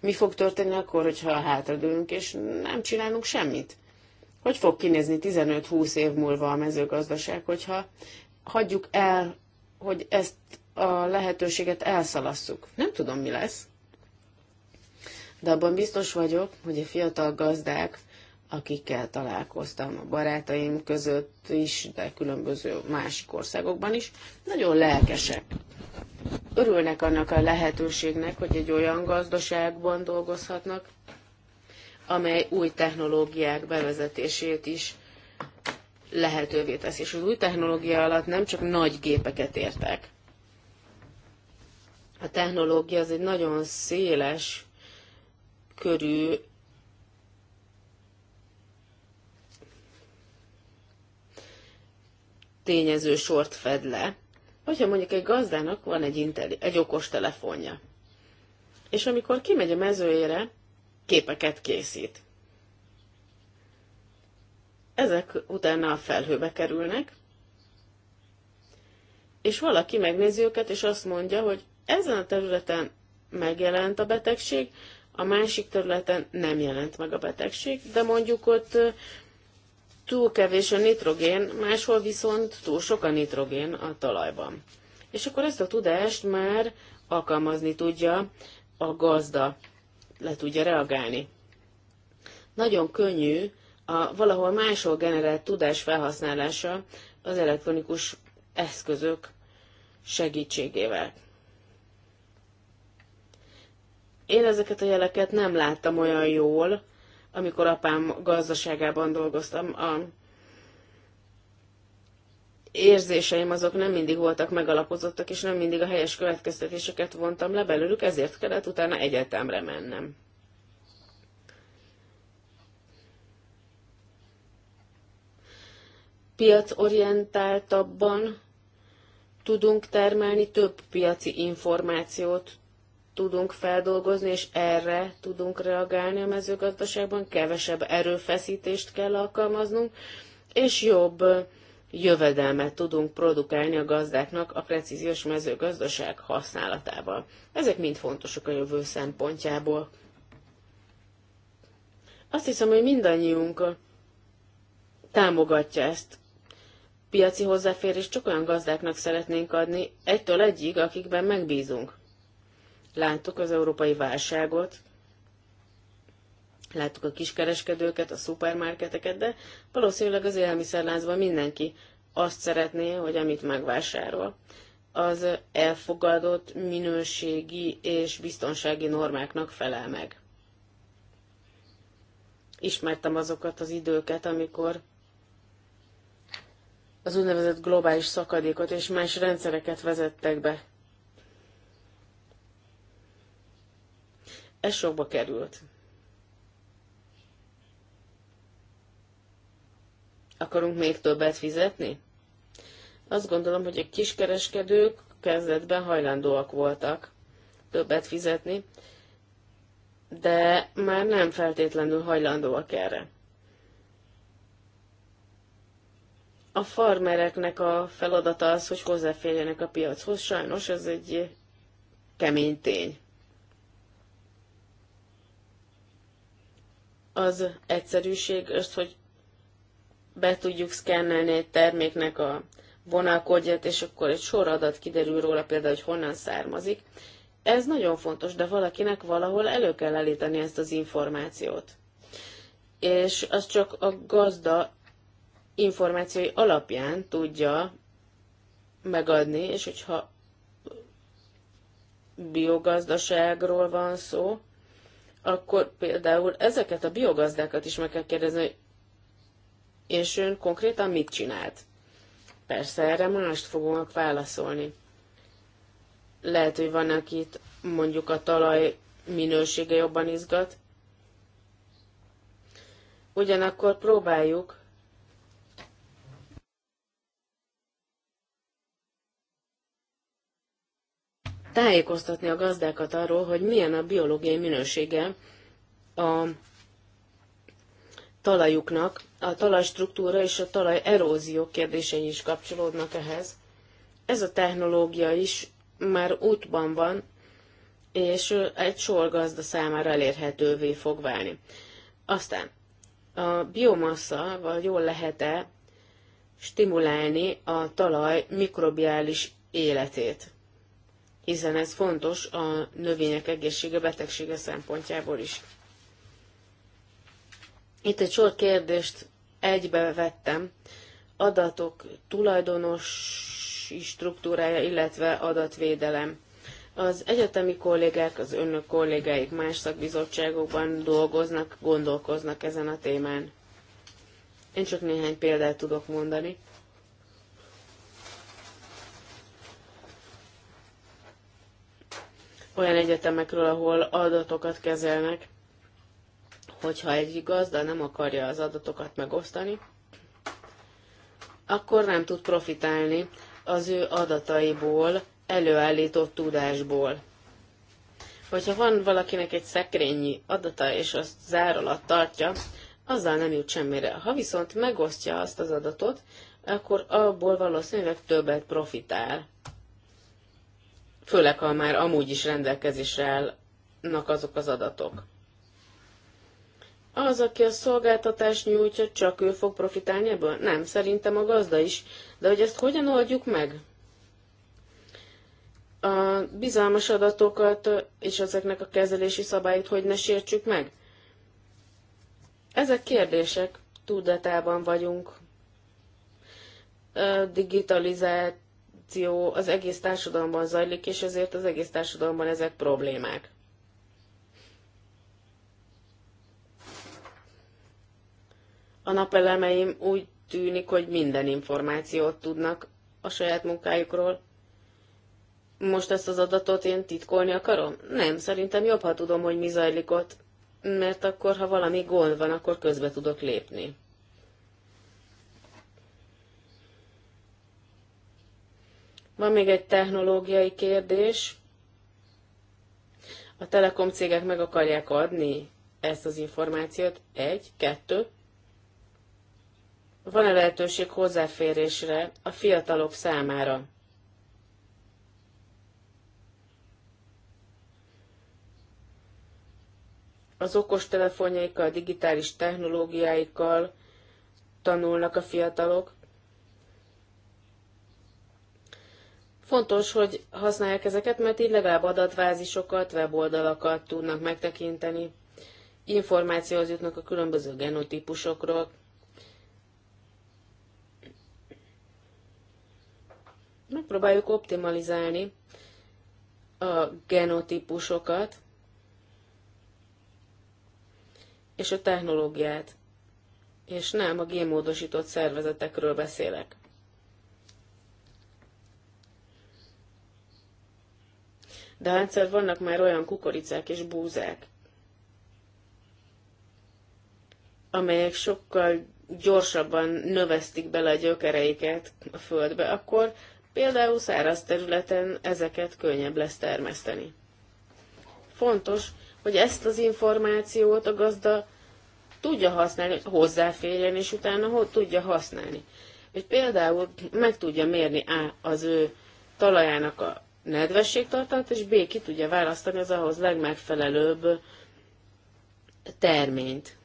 Speaker 2: mi fog történni akkor, hogyha hátradőlünk, és nem csinálunk semmit? Hogy fog kinézni 15-20 év múlva a mezőgazdaság, hogyha hagyjuk el hogy ezt a lehetőséget elszalasszuk. Nem tudom, mi lesz, de abban biztos vagyok, hogy a fiatal gazdák, akikkel találkoztam a barátaim között is, de különböző másik országokban is, nagyon lelkesek. Örülnek annak a lehetőségnek, hogy egy olyan gazdaságban dolgozhatnak, amely új technológiák bevezetését is lehetővé teszi. És az új technológia alatt nem csak nagy gépeket értek. A technológia az egy nagyon széles körű tényező sort fed le. Hogyha mondjuk egy gazdának van egy, interi- egy okos telefonja, és amikor kimegy a mezőjére, képeket készít ezek utána a felhőbe kerülnek, és valaki megnézi őket, és azt mondja, hogy ezen a területen megjelent a betegség, a másik területen nem jelent meg a betegség, de mondjuk ott túl kevés a nitrogén, máshol viszont túl sok a nitrogén a talajban. És akkor ezt a tudást már alkalmazni tudja a gazda, le tudja reagálni. Nagyon könnyű a valahol máshol generált tudás felhasználása az elektronikus eszközök segítségével. Én ezeket a jeleket nem láttam olyan jól, amikor apám gazdaságában dolgoztam. A érzéseim azok nem mindig voltak megalapozottak, és nem mindig a helyes következtetéseket vontam le belőlük, ezért kellett utána egyetemre mennem. piacorientáltabban tudunk termelni, több piaci információt tudunk feldolgozni, és erre tudunk reagálni a mezőgazdaságban, kevesebb erőfeszítést kell alkalmaznunk, és jobb jövedelmet tudunk produkálni a gazdáknak a precíziós mezőgazdaság használatával. Ezek mind fontosak a jövő szempontjából. Azt hiszem, hogy mindannyiunk támogatja ezt piaci hozzáférést csak olyan gazdáknak szeretnénk adni, egytől egyig, akikben megbízunk. Láttuk az európai válságot, láttuk a kiskereskedőket, a szupermarketeket, de valószínűleg az élelmiszerlázban mindenki azt szeretné, hogy amit megvásárol, az elfogadott minőségi és biztonsági normáknak felel meg. Ismertem azokat az időket, amikor az úgynevezett globális szakadékot és más rendszereket vezettek be. Ez sokba került. Akarunk még többet fizetni? Azt gondolom, hogy a kiskereskedők kezdetben hajlandóak voltak többet fizetni, de már nem feltétlenül hajlandóak erre. a farmereknek a feladata az, hogy hozzáférjenek a piachoz. Sajnos ez egy kemény tény. Az egyszerűség az, hogy be tudjuk szkennelni egy terméknek a vonalkodját, és akkor egy sor adat kiderül róla, például, hogy honnan származik. Ez nagyon fontos, de valakinek valahol elő kell állítani ezt az információt. És az csak a gazda információi alapján tudja megadni, és hogyha biogazdaságról van szó, akkor például ezeket a biogazdákat is meg kell kérdezni, hogy és ön konkrétan mit csinált? Persze erre mást fogunk válaszolni. Lehet, hogy van, akit mondjuk a talaj minősége jobban izgat. Ugyanakkor próbáljuk tájékoztatni a gazdákat arról, hogy milyen a biológiai minősége a talajuknak, a talajstruktúra és a talaj erózió kérdései is kapcsolódnak ehhez. Ez a technológia is már útban van, és egy sor gazda számára elérhetővé fog válni. Aztán a biomassa, vagy jól lehet-e stimulálni a talaj mikrobiális életét? hiszen ez fontos a növények egészsége, betegsége szempontjából is. Itt egy sor kérdést egybe vettem. Adatok tulajdonosi struktúrája, illetve adatvédelem. Az egyetemi kollégák, az önök kollégáik más szakbizottságokban dolgoznak, gondolkoznak ezen a témán. Én csak néhány példát tudok mondani. olyan egyetemekről, ahol adatokat kezelnek, hogyha egy gazda nem akarja az adatokat megosztani, akkor nem tud profitálni az ő adataiból, előállított tudásból. Hogyha van valakinek egy szekrényi adata, és azt zár alatt tartja, azzal nem jut semmire. Ha viszont megosztja azt az adatot, akkor abból valószínűleg többet profitál főleg ha már amúgy is rendelkezésre állnak azok az adatok. Az, aki a szolgáltatást nyújtja, csak ő fog profitálni ebből? Nem, szerintem a gazda is. De hogy ezt hogyan oldjuk meg? A bizalmas adatokat és ezeknek a kezelési szabályt hogy ne sértsük meg? Ezek kérdések, tudatában vagyunk. Digitalizált korrupció az egész társadalomban zajlik, és ezért az egész társadalomban ezek problémák. A napelemeim úgy tűnik, hogy minden információt tudnak a saját munkájukról. Most ezt az adatot én titkolni akarom? Nem, szerintem jobb, ha tudom, hogy mi zajlik ott, mert akkor, ha valami gond van, akkor közbe tudok lépni. Van még egy technológiai kérdés. A telekom cégek meg akarják adni ezt az információt. Egy, kettő. Van-e lehetőség hozzáférésre a fiatalok számára? az okostelefonjaikkal, digitális technológiáikkal tanulnak a fiatalok, Fontos, hogy használják ezeket, mert így legalább adatvázisokat, weboldalakat tudnak megtekinteni, információhoz jutnak a különböző genotípusokról. Megpróbáljuk optimalizálni a genotípusokat és a technológiát, és nem a génmódosított szervezetekről beszélek. de egyszer vannak már olyan kukoricák és búzák, amelyek sokkal gyorsabban növesztik bele a gyökereiket a földbe, akkor például száraz területen ezeket könnyebb lesz termeszteni. Fontos, hogy ezt az információt a gazda tudja használni, hogy hozzáférjen, és utána hogy tudja használni. És például meg tudja mérni á, az ő talajának a nedvességtartalmat, és B ki tudja választani az ahhoz legmegfelelőbb terményt.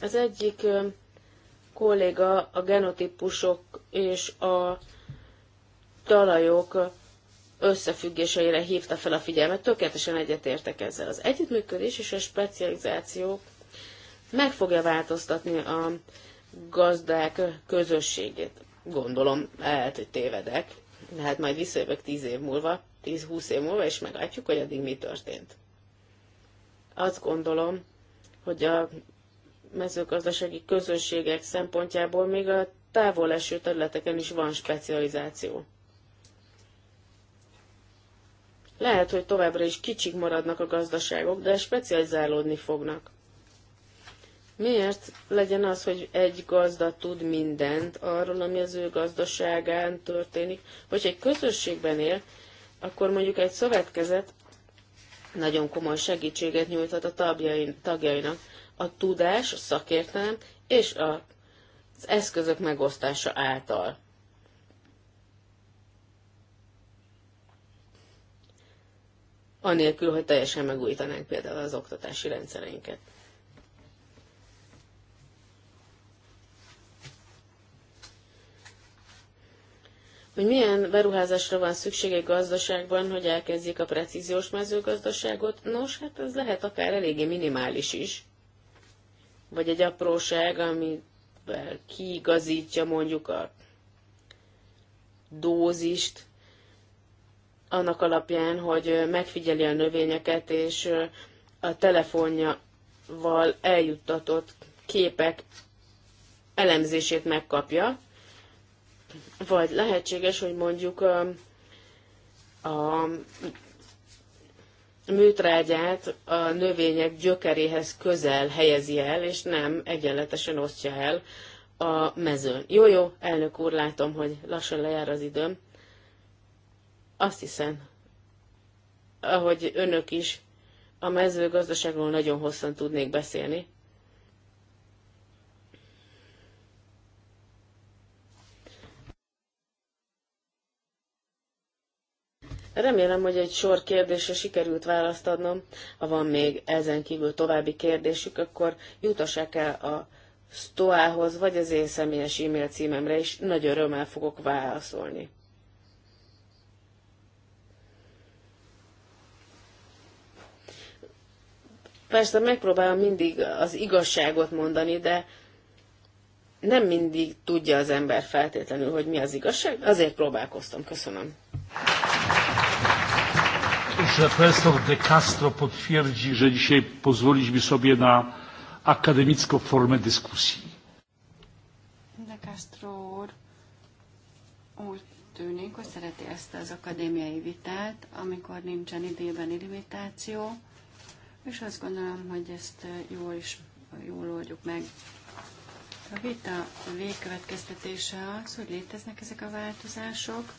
Speaker 2: Az egyik kolléga a genotípusok és a talajok összefüggéseire hívta fel a figyelmet, tökéletesen egyetértek ezzel. Az együttműködés és a specializáció meg fogja változtatni a gazdák közösségét. Gondolom, lehet, hogy tévedek, de hát majd visszajövök tíz év múlva, tíz húsz év múlva, és meglátjuk, hogy addig mi történt. Azt gondolom, hogy a mezőgazdasági közösségek szempontjából még a távol eső területeken is van specializáció. Lehet, hogy továbbra is kicsik maradnak a gazdaságok, de specializálódni fognak. Miért legyen az, hogy egy gazda tud mindent arról, ami az ő gazdaságán történik? Hogyha egy közösségben él, akkor mondjuk egy szövetkezet nagyon komoly segítséget nyújthat a tagjainak. A tudás, a szakértelem és a, az eszközök megosztása által. Anélkül, hogy teljesen megújítanánk például az oktatási rendszereinket. hogy milyen beruházásra van szüksége gazdaságban, hogy elkezdjék a precíziós mezőgazdaságot. Nos, hát ez lehet akár eléggé minimális is. Vagy egy apróság, amivel kiigazítja mondjuk a dózist, annak alapján, hogy megfigyeli a növényeket, és a telefonjával eljuttatott képek elemzését megkapja, vagy lehetséges, hogy mondjuk a műtrágyát a növények gyökeréhez közel helyezi el, és nem egyenletesen osztja el a mezőn. Jó, jó, elnök úr, látom, hogy lassan lejár az időm. Azt hiszem, ahogy önök is, a mezőgazdaságról nagyon hosszan tudnék beszélni, Remélem, hogy egy sor kérdésre sikerült választ adnom. Ha van még ezen kívül további kérdésük, akkor jutassák el a Stoához, vagy az én személyes e-mail címemre is. Nagy örömmel fogok válaszolni. Persze megpróbálom mindig az igazságot mondani, de nem mindig tudja az ember feltétlenül, hogy mi az igazság. Azért próbálkoztam. Köszönöm
Speaker 1: że profesor De Castro potwierdzi, że dzisiaj pozwoliliśmy sobie na akademicką formę dyskusji.
Speaker 3: De Castro úr úgy tűnik, hogy szereti ezt az akadémiai vitát, amikor nincsen időben limitáció, és azt gondolom, hogy ezt jól is jól oldjuk meg. A vita végkövetkeztetése az, hogy léteznek ezek a változások,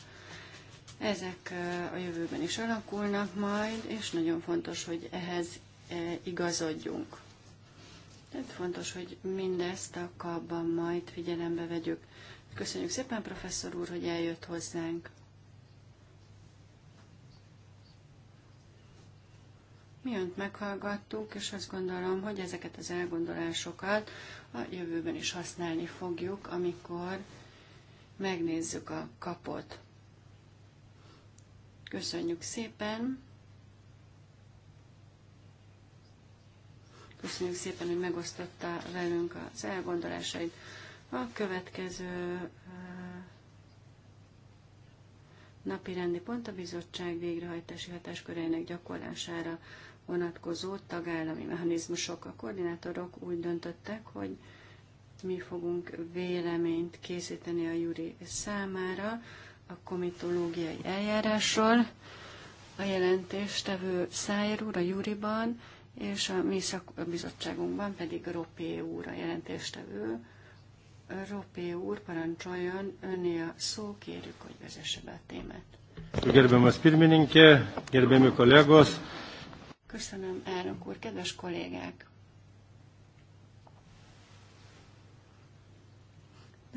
Speaker 3: ezek a jövőben is alakulnak majd, és nagyon fontos, hogy ehhez e, igazodjunk. Tehát fontos, hogy mindezt a kapban majd figyelembe vegyük. Köszönjük szépen, professzor úr, hogy eljött hozzánk. Mi önt meghallgattuk, és azt gondolom, hogy ezeket az elgondolásokat a jövőben is használni fogjuk, amikor megnézzük a kapot. Köszönjük szépen! Köszönjük szépen, hogy megosztotta velünk az elgondolásait. A következő eh, napi rendi pont a bizottság végrehajtási hatáskörének gyakorlására vonatkozó tagállami mechanizmusok. A koordinátorok úgy döntöttek, hogy mi fogunk véleményt készíteni a Juri számára a komitológiai eljárásról. A jelentéstevő Szájer úr a Júriban, és a mi szakbizottságunkban pedig Ropé úr a jelentéstevő. Ropé úr, parancsoljon, önné a szó, kérjük, hogy vezesse be a témát.
Speaker 1: Gerbemas pirmininke, gerbemi kollégos.
Speaker 3: Köszönöm, elnök úr, kedves kollégák!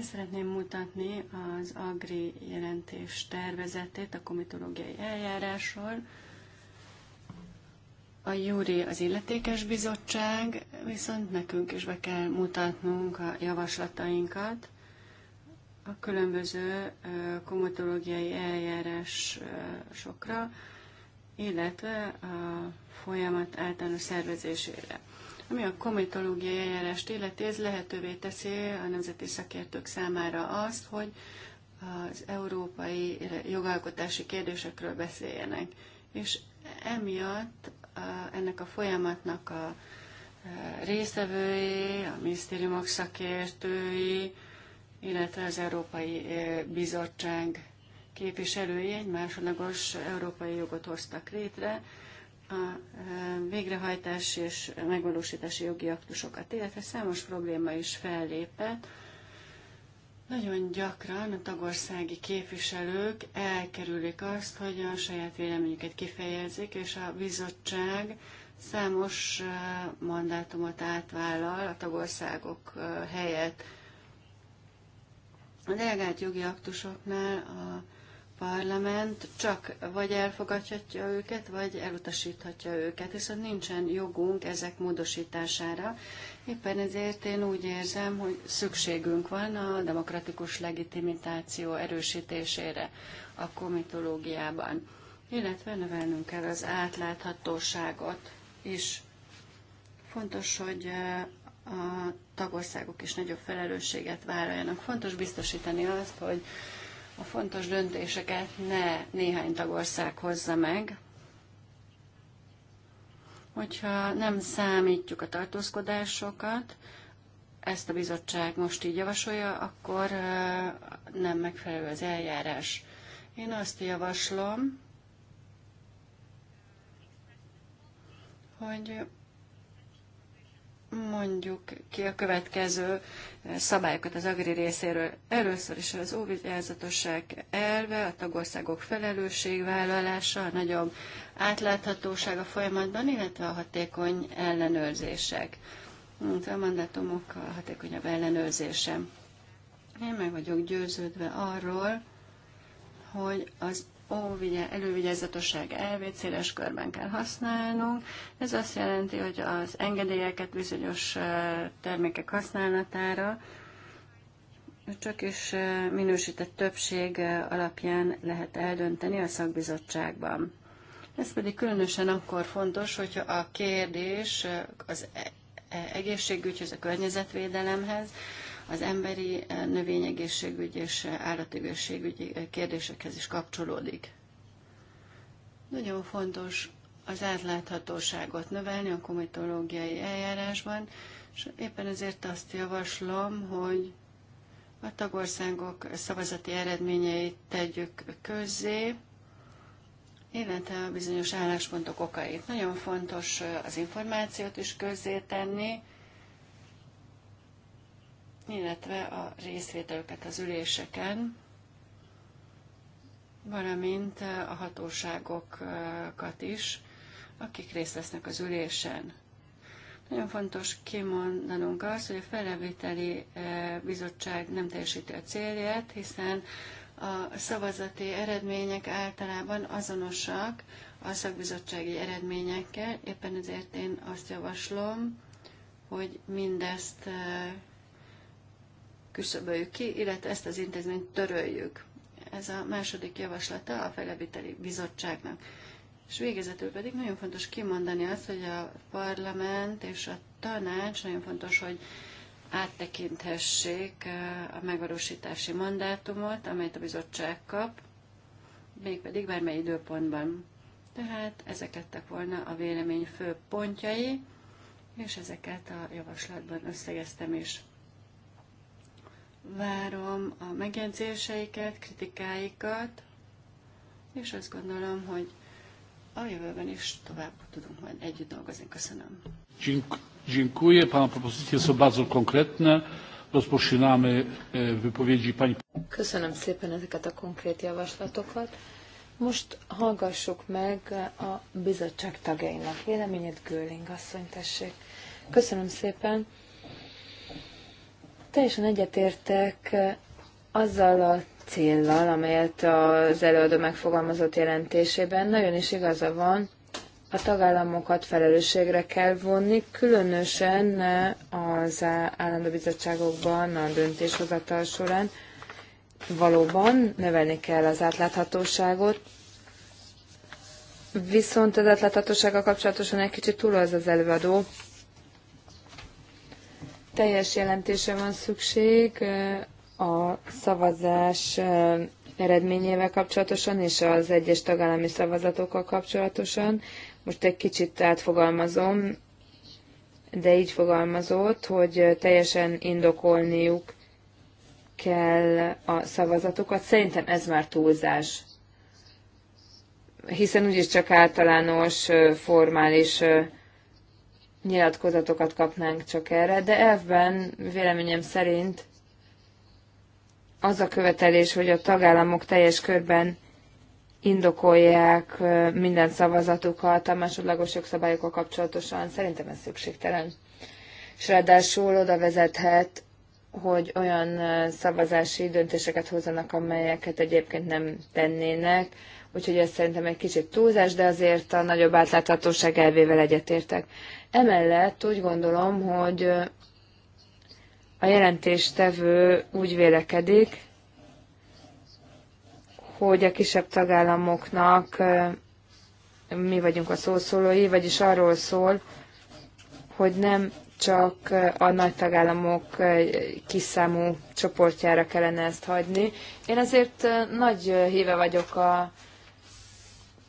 Speaker 3: Szeretném mutatni az Agri jelentés tervezetét a komitológiai eljárásról. A Júri az illetékes bizottság, viszont nekünk is be kell mutatnunk a javaslatainkat. A különböző komitológiai eljárásokra, illetve a folyamat általános szervezésére. Ami a komitológiai eljárást illeti, ez lehetővé teszi a nemzeti szakértők számára azt, hogy az európai jogalkotási kérdésekről beszéljenek. És emiatt ennek a folyamatnak a e, résztvevői, a minisztériumok szakértői, illetve az Európai e, Bizottság képviselői egy másodlagos európai jogot hoztak létre, a e, végrehajtási és megvalósítási jogi aktusokat, illetve számos probléma is fellépett. Nagyon gyakran a tagországi képviselők elkerülik azt, hogy a saját véleményüket kifejezzék, és a bizottság számos e, mandátumot átvállal a tagországok e, helyett. A delegált jogi aktusoknál a parlament csak vagy elfogadhatja őket, vagy elutasíthatja őket, viszont nincsen jogunk ezek módosítására. Éppen ezért én úgy érzem, hogy szükségünk van a demokratikus legitimitáció erősítésére a komitológiában, illetve növelnünk kell az átláthatóságot is. Fontos, hogy eh, a tagországok is nagyobb felelősséget vállaljanak. Fontos biztosítani azt, hogy a fontos döntéseket ne néhány tagország hozza meg, hogyha nem számítjuk a tartózkodásokat, ezt a bizottság most így javasolja, akkor nem megfelelő az eljárás. Én azt javaslom, hogy mondjuk ki a következő eh, szabályokat az agri részéről. Először is az óvigyázatosság elve, a tagországok felelősségvállalása, a nagyobb átláthatóság a folyamatban, illetve a hatékony ellenőrzések. A mandátumok a hatékonyabb ellenőrzése. Én meg vagyok győződve arról, hogy az óvigye, elővigyázatosság elvét széles körben kell használnunk. Ez azt jelenti, hogy az engedélyeket bizonyos termékek használatára csak is minősített többség alapján lehet eldönteni a szakbizottságban. Ez pedig különösen akkor fontos, hogyha a kérdés az e-, e-, egészségügyhöz, a környezetvédelemhez, az emberi eh, növényegészségügy és eh, állategészségügyi eh, kérdésekhez is kapcsolódik. Nagyon fontos az átláthatóságot növelni a komitológiai eljárásban, és éppen ezért azt javaslom, hogy a tagországok szavazati eredményeit tegyük közzé, illetve a bizonyos álláspontok okait. Nagyon fontos az információt is közzétenni, illetve a részvételüket az üléseken, valamint a hatóságokat is, akik részt vesznek az ülésen. Nagyon fontos kimondanunk azt, hogy a felelvételi bizottság nem teljesíti a célját, hiszen a szavazati eredmények általában azonosak a szakbizottsági eredményekkel, éppen ezért én azt javaslom, hogy mindezt küszöböljük ki, illetve ezt az intézményt töröljük. Ez a második javaslata a Fejlebiteli Bizottságnak. És végezetül pedig nagyon fontos kimondani azt, hogy a parlament és a tanács nagyon fontos, hogy áttekinthessék eh, a megvalósítási mandátumot, amelyet a bizottság kap, mégpedig bármely időpontban. Tehát ezek lettek volna a vélemény fő pontjai, és ezeket a javaslatban összegeztem is várom a megjegyzéseiket, kritikáikat, és azt gondolom, hogy a jövőben is tovább tudunk majd együtt dolgozni. Köszönöm.
Speaker 1: Dziękuję. Pana propozycje są bardzo konkretne. Rozpoczynamy e, wypowiedzi pani.
Speaker 4: Köszönöm szépen ezeket a konkrét javaslatokat. Most hallgassuk meg a bizottság tagjainak véleményét, Göling asszony, tessék. Köszönöm szépen. Teljesen egyetértek azzal a céllal, amelyet az előadó megfogalmazott jelentésében nagyon is igaza van, a tagállamokat felelősségre kell vonni, különösen az állandó bizottságokban a döntéshozatal során valóban növelni kell az átláthatóságot, viszont az átláthatósággal kapcsolatosan egy kicsit túl az az előadó, teljes jelentése van szükség a szavazás eredményével kapcsolatosan és az egyes tagállami szavazatokkal kapcsolatosan. Most egy kicsit átfogalmazom, de így fogalmazott, hogy teljesen indokolniuk kell a szavazatokat. Szerintem ez már túlzás. Hiszen úgyis csak általános, formális nyilatkozatokat kapnánk csak erre, de elvben véleményem szerint az a követelés, hogy a tagállamok teljes körben indokolják minden szavazatukat a másodlagos jogszabályokkal kapcsolatosan, szerintem ez szükségtelen. És ráadásul oda vezethet, hogy olyan szavazási döntéseket hozzanak, amelyeket egyébként nem tennének, úgyhogy ez szerintem egy kicsit túlzás, de azért a nagyobb átláthatóság elvével egyetértek. Emellett úgy gondolom, hogy a jelentéstevő úgy vélekedik, hogy a kisebb tagállamoknak mi vagyunk a szószólói, vagyis arról szól, hogy nem csak a nagy tagállamok kiszámú csoportjára kellene ezt hagyni. Én azért nagy híve vagyok a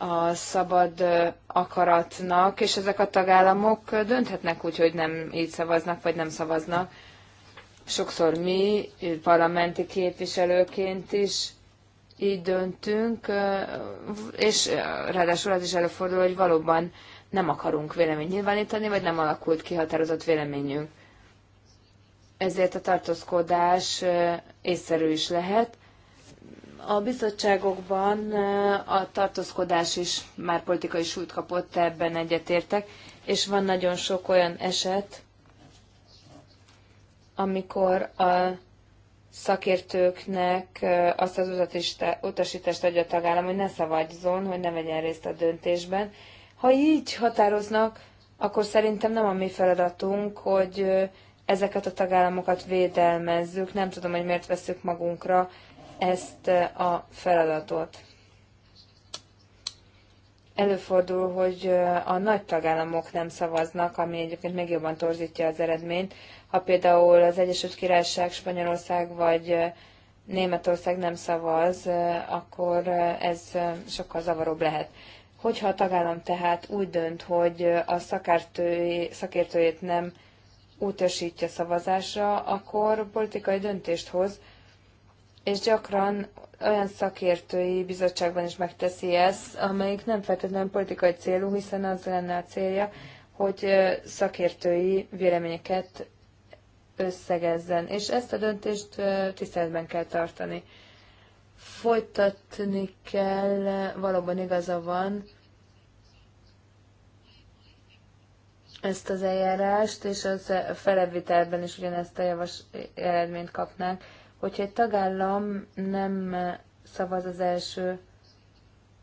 Speaker 4: a szabad akaratnak, és ezek a tagállamok dönthetnek úgy, hogy nem így szavaznak, vagy nem szavaznak. Sokszor mi parlamenti képviselőként is így döntünk, és ráadásul az is előfordul, hogy valóban nem akarunk véleményt nyilvánítani, vagy nem alakult ki határozott véleményünk. Ezért a tartózkodás észszerű is lehet, a bizottságokban a tartózkodás is már politikai súlyt kapott, ebben egyetértek, és van nagyon sok olyan eset, amikor a szakértőknek azt az utasítást adja a tagállam, hogy ne szavazzon, hogy ne vegyen részt a döntésben. Ha így határoznak, akkor szerintem nem a mi feladatunk, hogy ezeket a tagállamokat védelmezzük. Nem tudom, hogy miért veszük magunkra ezt eh, a feladatot. Előfordul, hogy eh, a nagy tagállamok nem szavaznak, ami egyébként még jobban torzítja az eredményt. Ha például az Egyesült Királyság, Spanyolország vagy eh, Németország nem szavaz, akkor ez sokkal zavaróbb lehet. Hogyha a tagállam tehát úgy dönt, hogy a szakértőjét nem utasítja szavazásra, akkor politikai döntést hoz, és gyakran olyan szakértői bizottságban is megteszi ezt, amelyik nem feltétlenül politikai célú, hiszen az lenne a célja, hogy szakértői véleményeket összegezzen, és ezt a döntést tiszteletben kell tartani. Folytatni kell, valóban igaza van, ezt az eljárást, és az felevitelben is ugyanezt a javas eredményt kapnák Hogyha egy tagállam nem eh, szavaz az első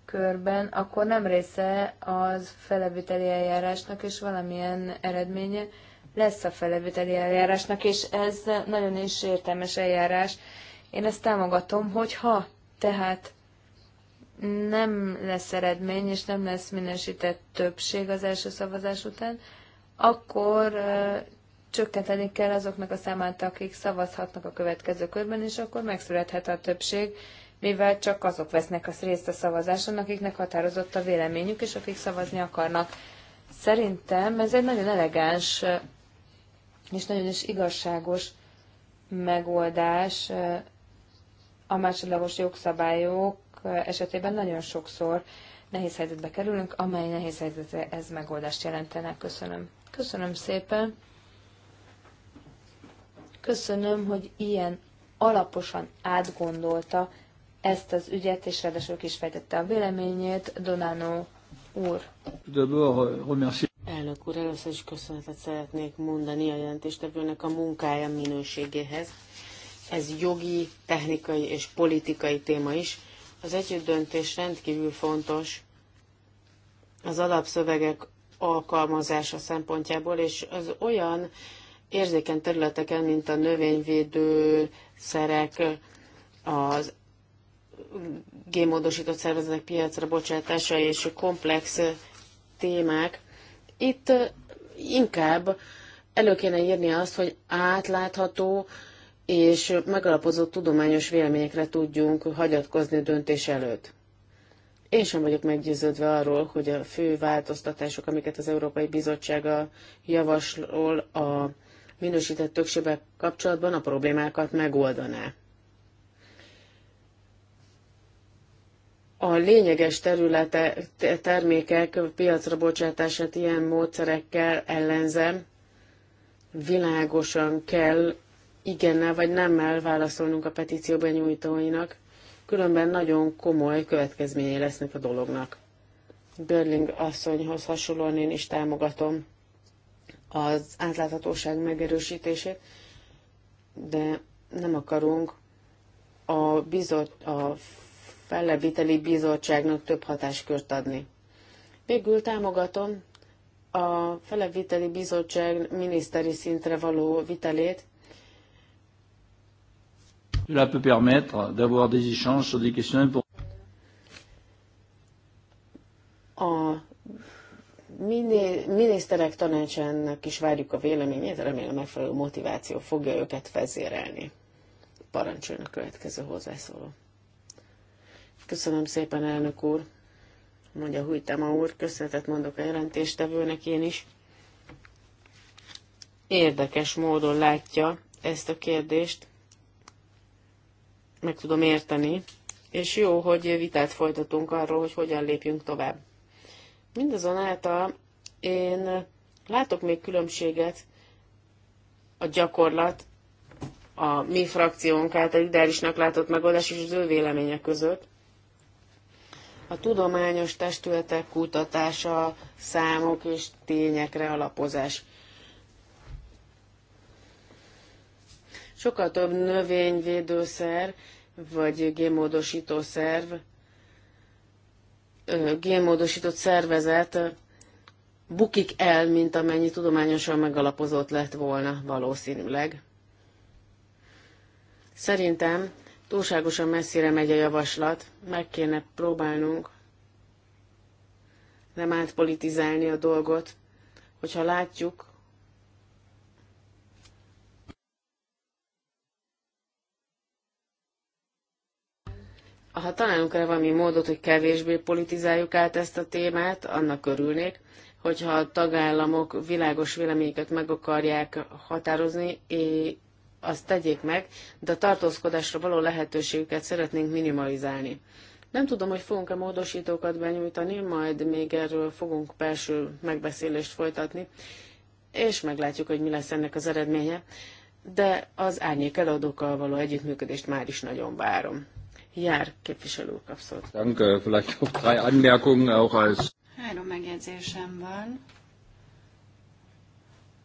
Speaker 4: körben, akkor nem része az feleviteli eljárásnak, és valamilyen eredménye lesz a feleviteli eljárásnak, és ez nagyon is értelmes eljárás. Én ezt támogatom, hogyha tehát nem lesz eredmény, és nem lesz minősített többség az első szavazás után, akkor eh, csökkenteni kell azoknak a számát, akik szavazhatnak a következő körben, és akkor megszülethet a többség, mivel csak azok vesznek az részt a szavazáson, akiknek határozott a véleményük, és akik szavazni akarnak. Szerintem ez egy nagyon elegáns eh, és nagyon is igazságos megoldás eh, a másodlagos jogszabályok eh, esetében nagyon sokszor nehéz helyzetbe kerülünk, amely nehéz helyzetre ez megoldást jelentene. Köszönöm. Köszönöm szépen. Köszönöm, hogy ilyen alaposan átgondolta ezt az ügyet, és ráadásul is fejtette a véleményét
Speaker 2: Donano úr. Euh, Elnök úr, először is köszönetet szeretnék mondani a jelentéstevőnek a munkája minőségéhez. Ez jogi, technikai és politikai téma is. Az együttdöntés rendkívül fontos az alapszövegek alkalmazása szempontjából, és az olyan érzékeny területeken, mint a növényvédő szerek, az gémódosított szervezetek piacra bocsátása és komplex témák. Itt inkább elő kéne írni azt, hogy átlátható és megalapozott tudományos véleményekre tudjunk hagyatkozni döntés előtt. Én sem vagyok meggyőződve arról, hogy a fő változtatások, amiket az Európai Bizottsága javasol a minősített többségben kapcsolatban a problémákat megoldaná. A lényeges területe, termékek piacra bocsátását ilyen módszerekkel ellenzem, világosan kell igennel vagy nemmel válaszolnunk a petíció benyújtóinak, különben nagyon komoly következményei lesznek a dolognak. Börling asszonyhoz hasonlóan én is támogatom az átláthatóság megerősítését, de nem akarunk a, bizot, a felleviteli bizottságnak több hatáskört adni. Végül támogatom a fellebiteli bizottság miniszteri szintre való vitelét.
Speaker 1: Cela peut permettre d'avoir des échanges sur des questions importantes
Speaker 2: miniszterek tanácsának is várjuk a véleményét, remélem megfelelő motiváció fogja őket vezérelni. Parancsoljon a következő hozzászóló. Köszönöm szépen, elnök úr, mondja Hújtama úr, köszönetet mondok a jelentéstevőnek én is. Érdekes módon látja ezt a kérdést, meg tudom érteni, és jó, hogy vitát folytatunk arról, hogy hogyan lépjünk tovább. Mindazonáltal én látok még különbséget a gyakorlat, a mi frakciónk által ideálisnak látott megoldás és az ő vélemények között. A tudományos testületek kutatása, számok és tényekre alapozás. Sokkal több növényvédőszer vagy gémódosítószerv szerv génmódosított szervezet bukik el, mint amennyi tudományosan megalapozott lett volna valószínűleg. Szerintem túlságosan messzire megy a javaslat, meg kéne próbálnunk nem átpolitizálni a dolgot, hogyha látjuk, Ha találunk erre valami módot, hogy kevésbé politizáljuk át ezt a témát, annak örülnék, hogyha a tagállamok világos véleményeket meg akarják határozni, és azt tegyék meg, de a tartózkodásra való lehetőségüket szeretnénk minimalizálni. Nem tudom, hogy fogunk-e módosítókat benyújtani, majd még erről fogunk belső megbeszélést folytatni, és meglátjuk, hogy mi lesz ennek az eredménye, de az árnyék eladókkal való együttműködést már is nagyon várom.
Speaker 3: Jár képviselő kapszolt.
Speaker 1: Danke, vielleicht auch drei Anmerkungen auch als...
Speaker 3: Három megjegyzésem van.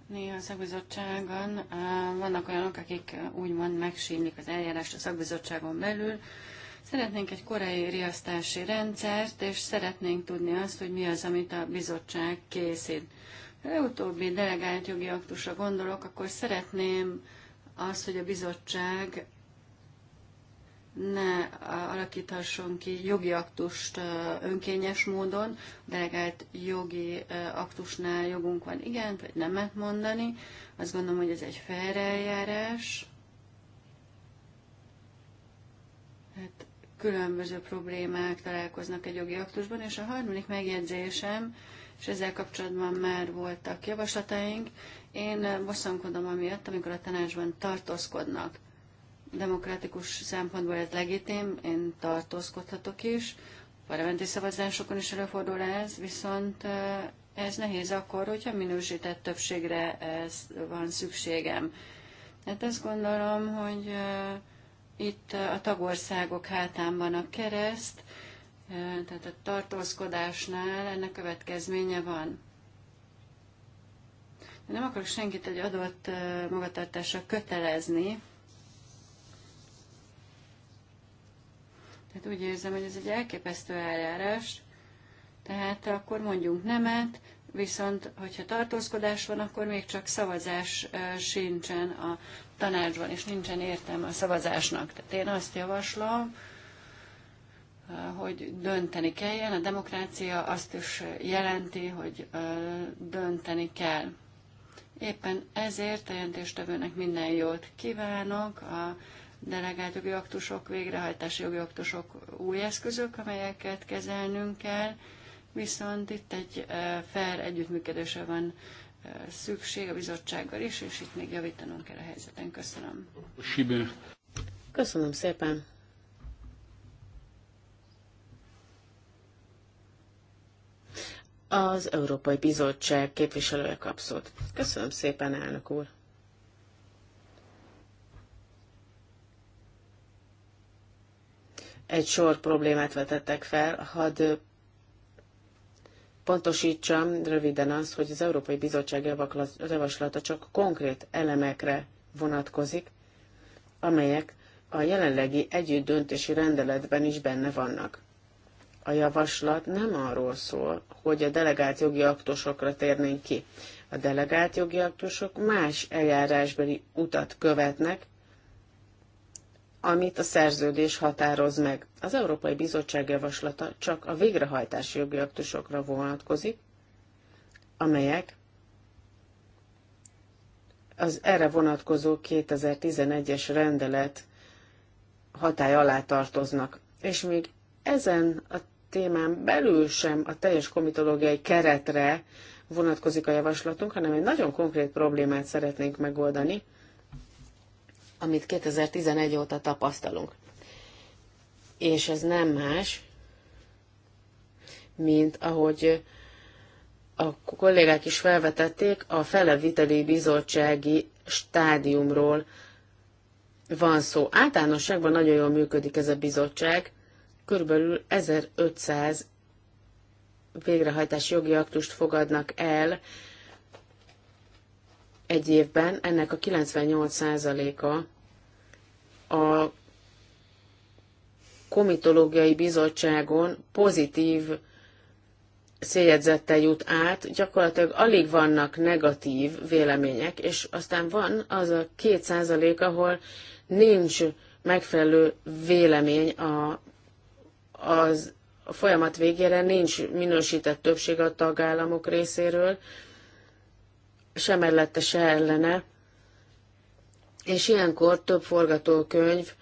Speaker 3: Néha a szakbizottságon vannak olyanok, akik úgymond megsínlik az eljárást a szakbizottságon belül. Szeretnénk egy korai riasztási rendszert, és szeretnénk tudni azt, hogy mi az, amit a bizottság készít. Ha a utóbbi delegált jogi aktusra gondolok, akkor szeretném azt, hogy a bizottság ne alakíthasson ki jogi aktust önkényes módon, delegált jogi aktusnál jogunk van igen, vagy nemet mondani. Azt gondolom, hogy ez egy feljárás. Hát különböző problémák találkoznak egy jogi aktusban, és a harmadik megjegyzésem, és ezzel kapcsolatban már voltak javaslataink, én bosszankodom amiatt, amikor a tanácsban tartózkodnak demokratikus szempontból ez legitim, én tartózkodhatok is, parlamenti szavazásokon is előfordul ez, viszont ez nehéz akkor, hogyha minősített többségre ez van szükségem. Hát azt gondolom, hogy itt a tagországok hátán van a kereszt, tehát a tartózkodásnál ennek következménye van. De nem akarok senkit egy adott magatartásra kötelezni, Tehát úgy érzem, hogy ez egy elképesztő eljárás, tehát akkor mondjunk nemet, viszont hogyha tartózkodás van, akkor még csak szavazás sincsen a tanácsban, és nincsen értelme a szavazásnak. Tehát én azt javaslom, hogy dönteni kelljen. A demokrácia azt is jelenti, hogy dönteni kell. Éppen ezért a jelentéstevőnek minden jót kívánok. A delegált jogi aktusok, végrehajtási jogi aktusok új eszközök, amelyeket kezelnünk kell, viszont itt egy fair együttműködése van szükség a bizottsággal is, és itt még javítanunk kell a helyzeten. Köszönöm. Köszönöm szépen.
Speaker 2: Az Európai Bizottság képviselője kapszott. Köszönöm szépen, elnök úr. egy sor problémát vetettek fel, hadd pontosítsam röviden azt, hogy az Európai Bizottság javaslata csak konkrét elemekre vonatkozik, amelyek a jelenlegi együtt döntési rendeletben is benne vannak. A javaslat nem arról szól, hogy a delegált jogi aktusokra térnénk ki. A delegált jogi aktusok más eljárásbeli utat követnek, amit a szerződés határoz meg. Az Európai Bizottság javaslata csak a végrehajtási jogi aktusokra vonatkozik, amelyek az erre vonatkozó 2011-es rendelet hatály alá tartoznak. És még ezen a témán belül sem a teljes komitológiai keretre vonatkozik a javaslatunk, hanem egy nagyon konkrét problémát szeretnénk megoldani, amit 2011 óta tapasztalunk. És ez nem más, mint ahogy a kollégák is felvetették, a feleviteli bizottsági stádiumról van szó. Általánosságban nagyon jól működik ez a bizottság, körülbelül 1500 végrehajtási jogi aktust fogadnak el egy évben ennek a 98%-a a komitológiai bizottságon pozitív széjegyzettel jut át, gyakorlatilag alig vannak negatív vélemények, és aztán van az a két százalék, ahol nincs megfelelő vélemény a, az a folyamat végére, nincs minősített többség a tagállamok részéről, se mellette, se ellene, és ilyenkor több forgatókönyv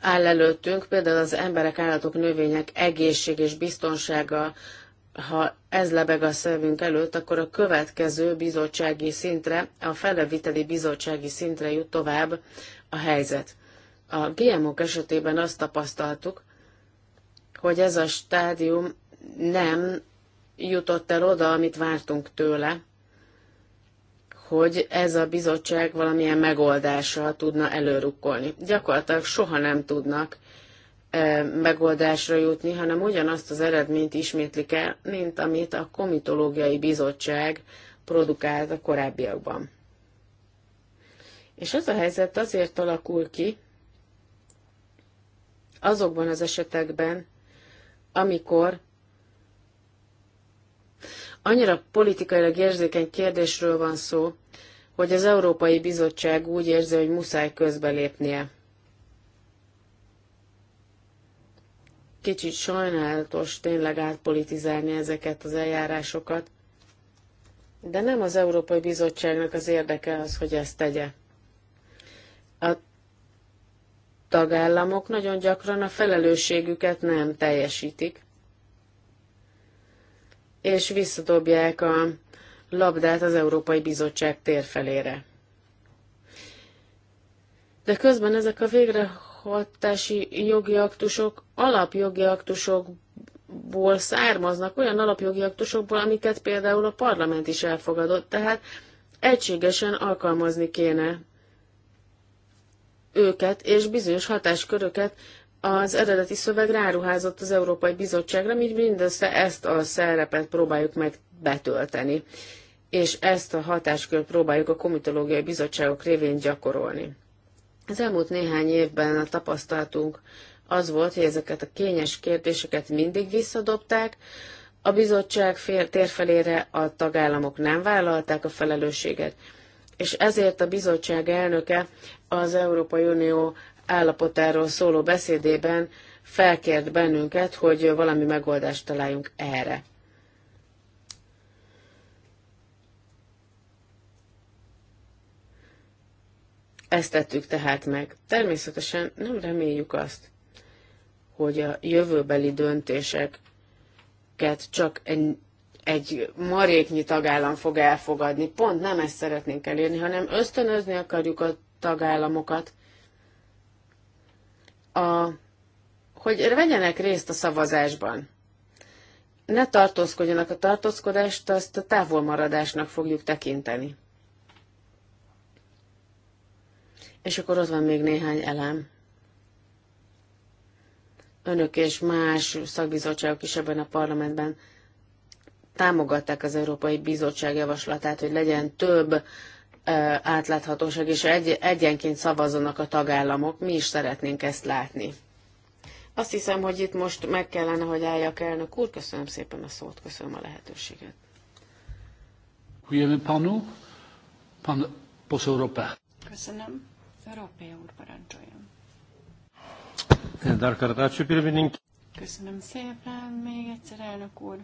Speaker 2: áll előttünk, például az emberek, állatok, növények egészség és biztonsága, ha ez lebeg a szemünk előtt, akkor a következő bizottsági szintre, a feleviteli bizottsági szintre jut tovább a helyzet. A GMO-k esetében azt tapasztaltuk, hogy ez a stádium nem jutott el oda, amit vártunk tőle, hogy ez a bizottság valamilyen megoldással tudna előrukkolni. Gyakorlatilag soha nem tudnak e, megoldásra jutni, hanem ugyanazt az eredményt ismétlik el, mint amit a komitológiai bizottság produkált a korábbiakban. És ez a helyzet azért alakul ki, azokban az esetekben, amikor Annyira politikailag érzékeny kérdésről van szó, hogy az Európai Bizottság úgy érzi, hogy muszáj közbelépnie. Kicsit sajnálatos tényleg átpolitizálni ezeket az eljárásokat, de nem az Európai Bizottságnak az érdeke az, hogy ezt tegye. A tagállamok nagyon gyakran a felelősségüket nem teljesítik, és visszadobják a labdát az Európai Bizottság térfelére. De közben ezek a végrehajtási jogi aktusok alapjogi aktusokból származnak, olyan alapjogi aktusokból, amiket például a parlament is elfogadott, tehát egységesen alkalmazni kéne őket és bizonyos hatásköröket az eredeti szöveg ráruházott az Európai Bizottságra, mi mindössze ezt a szerepet próbáljuk meg betölteni, és ezt a hatáskört próbáljuk a komitológiai bizottságok révén gyakorolni. Az elmúlt néhány évben a tapasztalatunk az volt, hogy ezeket a kényes kérdéseket mindig visszadobták, a bizottság fél, térfelére a tagállamok nem vállalták a felelősséget, és ezért a bizottság elnöke az Európai Unió állapotáról szóló beszédében felkért bennünket, hogy valami megoldást találjunk erre. Ezt tettük tehát meg. Természetesen nem reméljük azt, hogy a jövőbeli döntéseket csak egy, egy maréknyi tagállam fog elfogadni. Pont nem ezt szeretnénk elérni, hanem ösztönözni akarjuk a tagállamokat, a, hogy vegyenek részt a szavazásban. Ne tartózkodjanak a tartózkodást, azt a távolmaradásnak fogjuk tekinteni. És akkor ott van még néhány elem. Önök és más szakbizottságok is ebben a parlamentben támogatták az Európai Bizottság javaslatát, hogy legyen több átláthatóság, és egy, egyenként szavazzanak a tagállamok. Mi is szeretnénk ezt látni. Azt hiszem, hogy itt most meg kellene, hogy álljak elnök úr. Köszönöm szépen a szót, köszönöm a lehetőséget.
Speaker 1: Köszönöm.
Speaker 3: Európai úr parancsoljon. Köszönöm szépen, még egyszer elnök úr.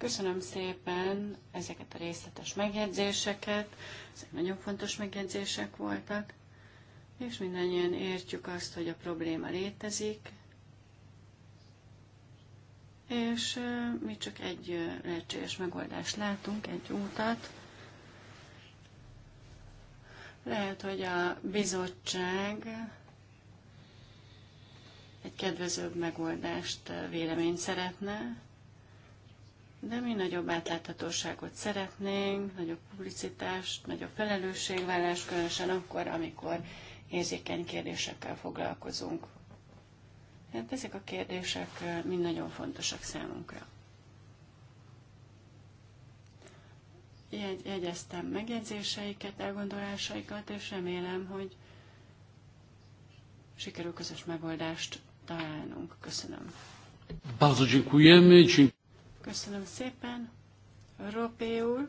Speaker 3: Köszönöm szépen ezeket a részletes megjegyzéseket, ezek nagyon fontos megjegyzések voltak, és mindannyian értjük azt, hogy a probléma létezik, és mi csak egy lehetséges megoldást látunk, egy útat. Lehet, hogy a bizottság egy kedvezőbb megoldást, vélemény szeretne, de mi nagyobb átláthatóságot szeretnénk, nagyobb publicitást, nagyobb felelősségvállás, különösen akkor, amikor érzékeny kérdésekkel foglalkozunk. Hát ezek a kérdések mind nagyon fontosak számunkra. jegyeztem megjegyzéseiket, elgondolásaikat, és remélem, hogy sikerül közös megoldást találnunk. Köszönöm.
Speaker 1: Bardzo dziękujemy.
Speaker 3: Köszönöm szépen. Ropé úr.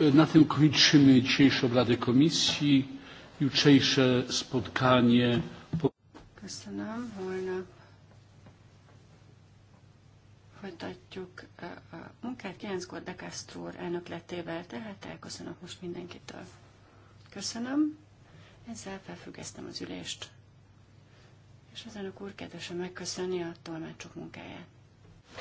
Speaker 1: E, na tym kończymy dzisiejsze obrady komisji. Jutrzejsze spotkanie.
Speaker 3: Köszönöm, holnap folytatjuk e, a munkát 9-kor Dekasztúr elnökletével, tehát elköszönök most mindenkitől. Köszönöm. Ezzel felfüggesztem az ülést, és az elnök úr kedvesen megköszöni a tolmácsok munkáját.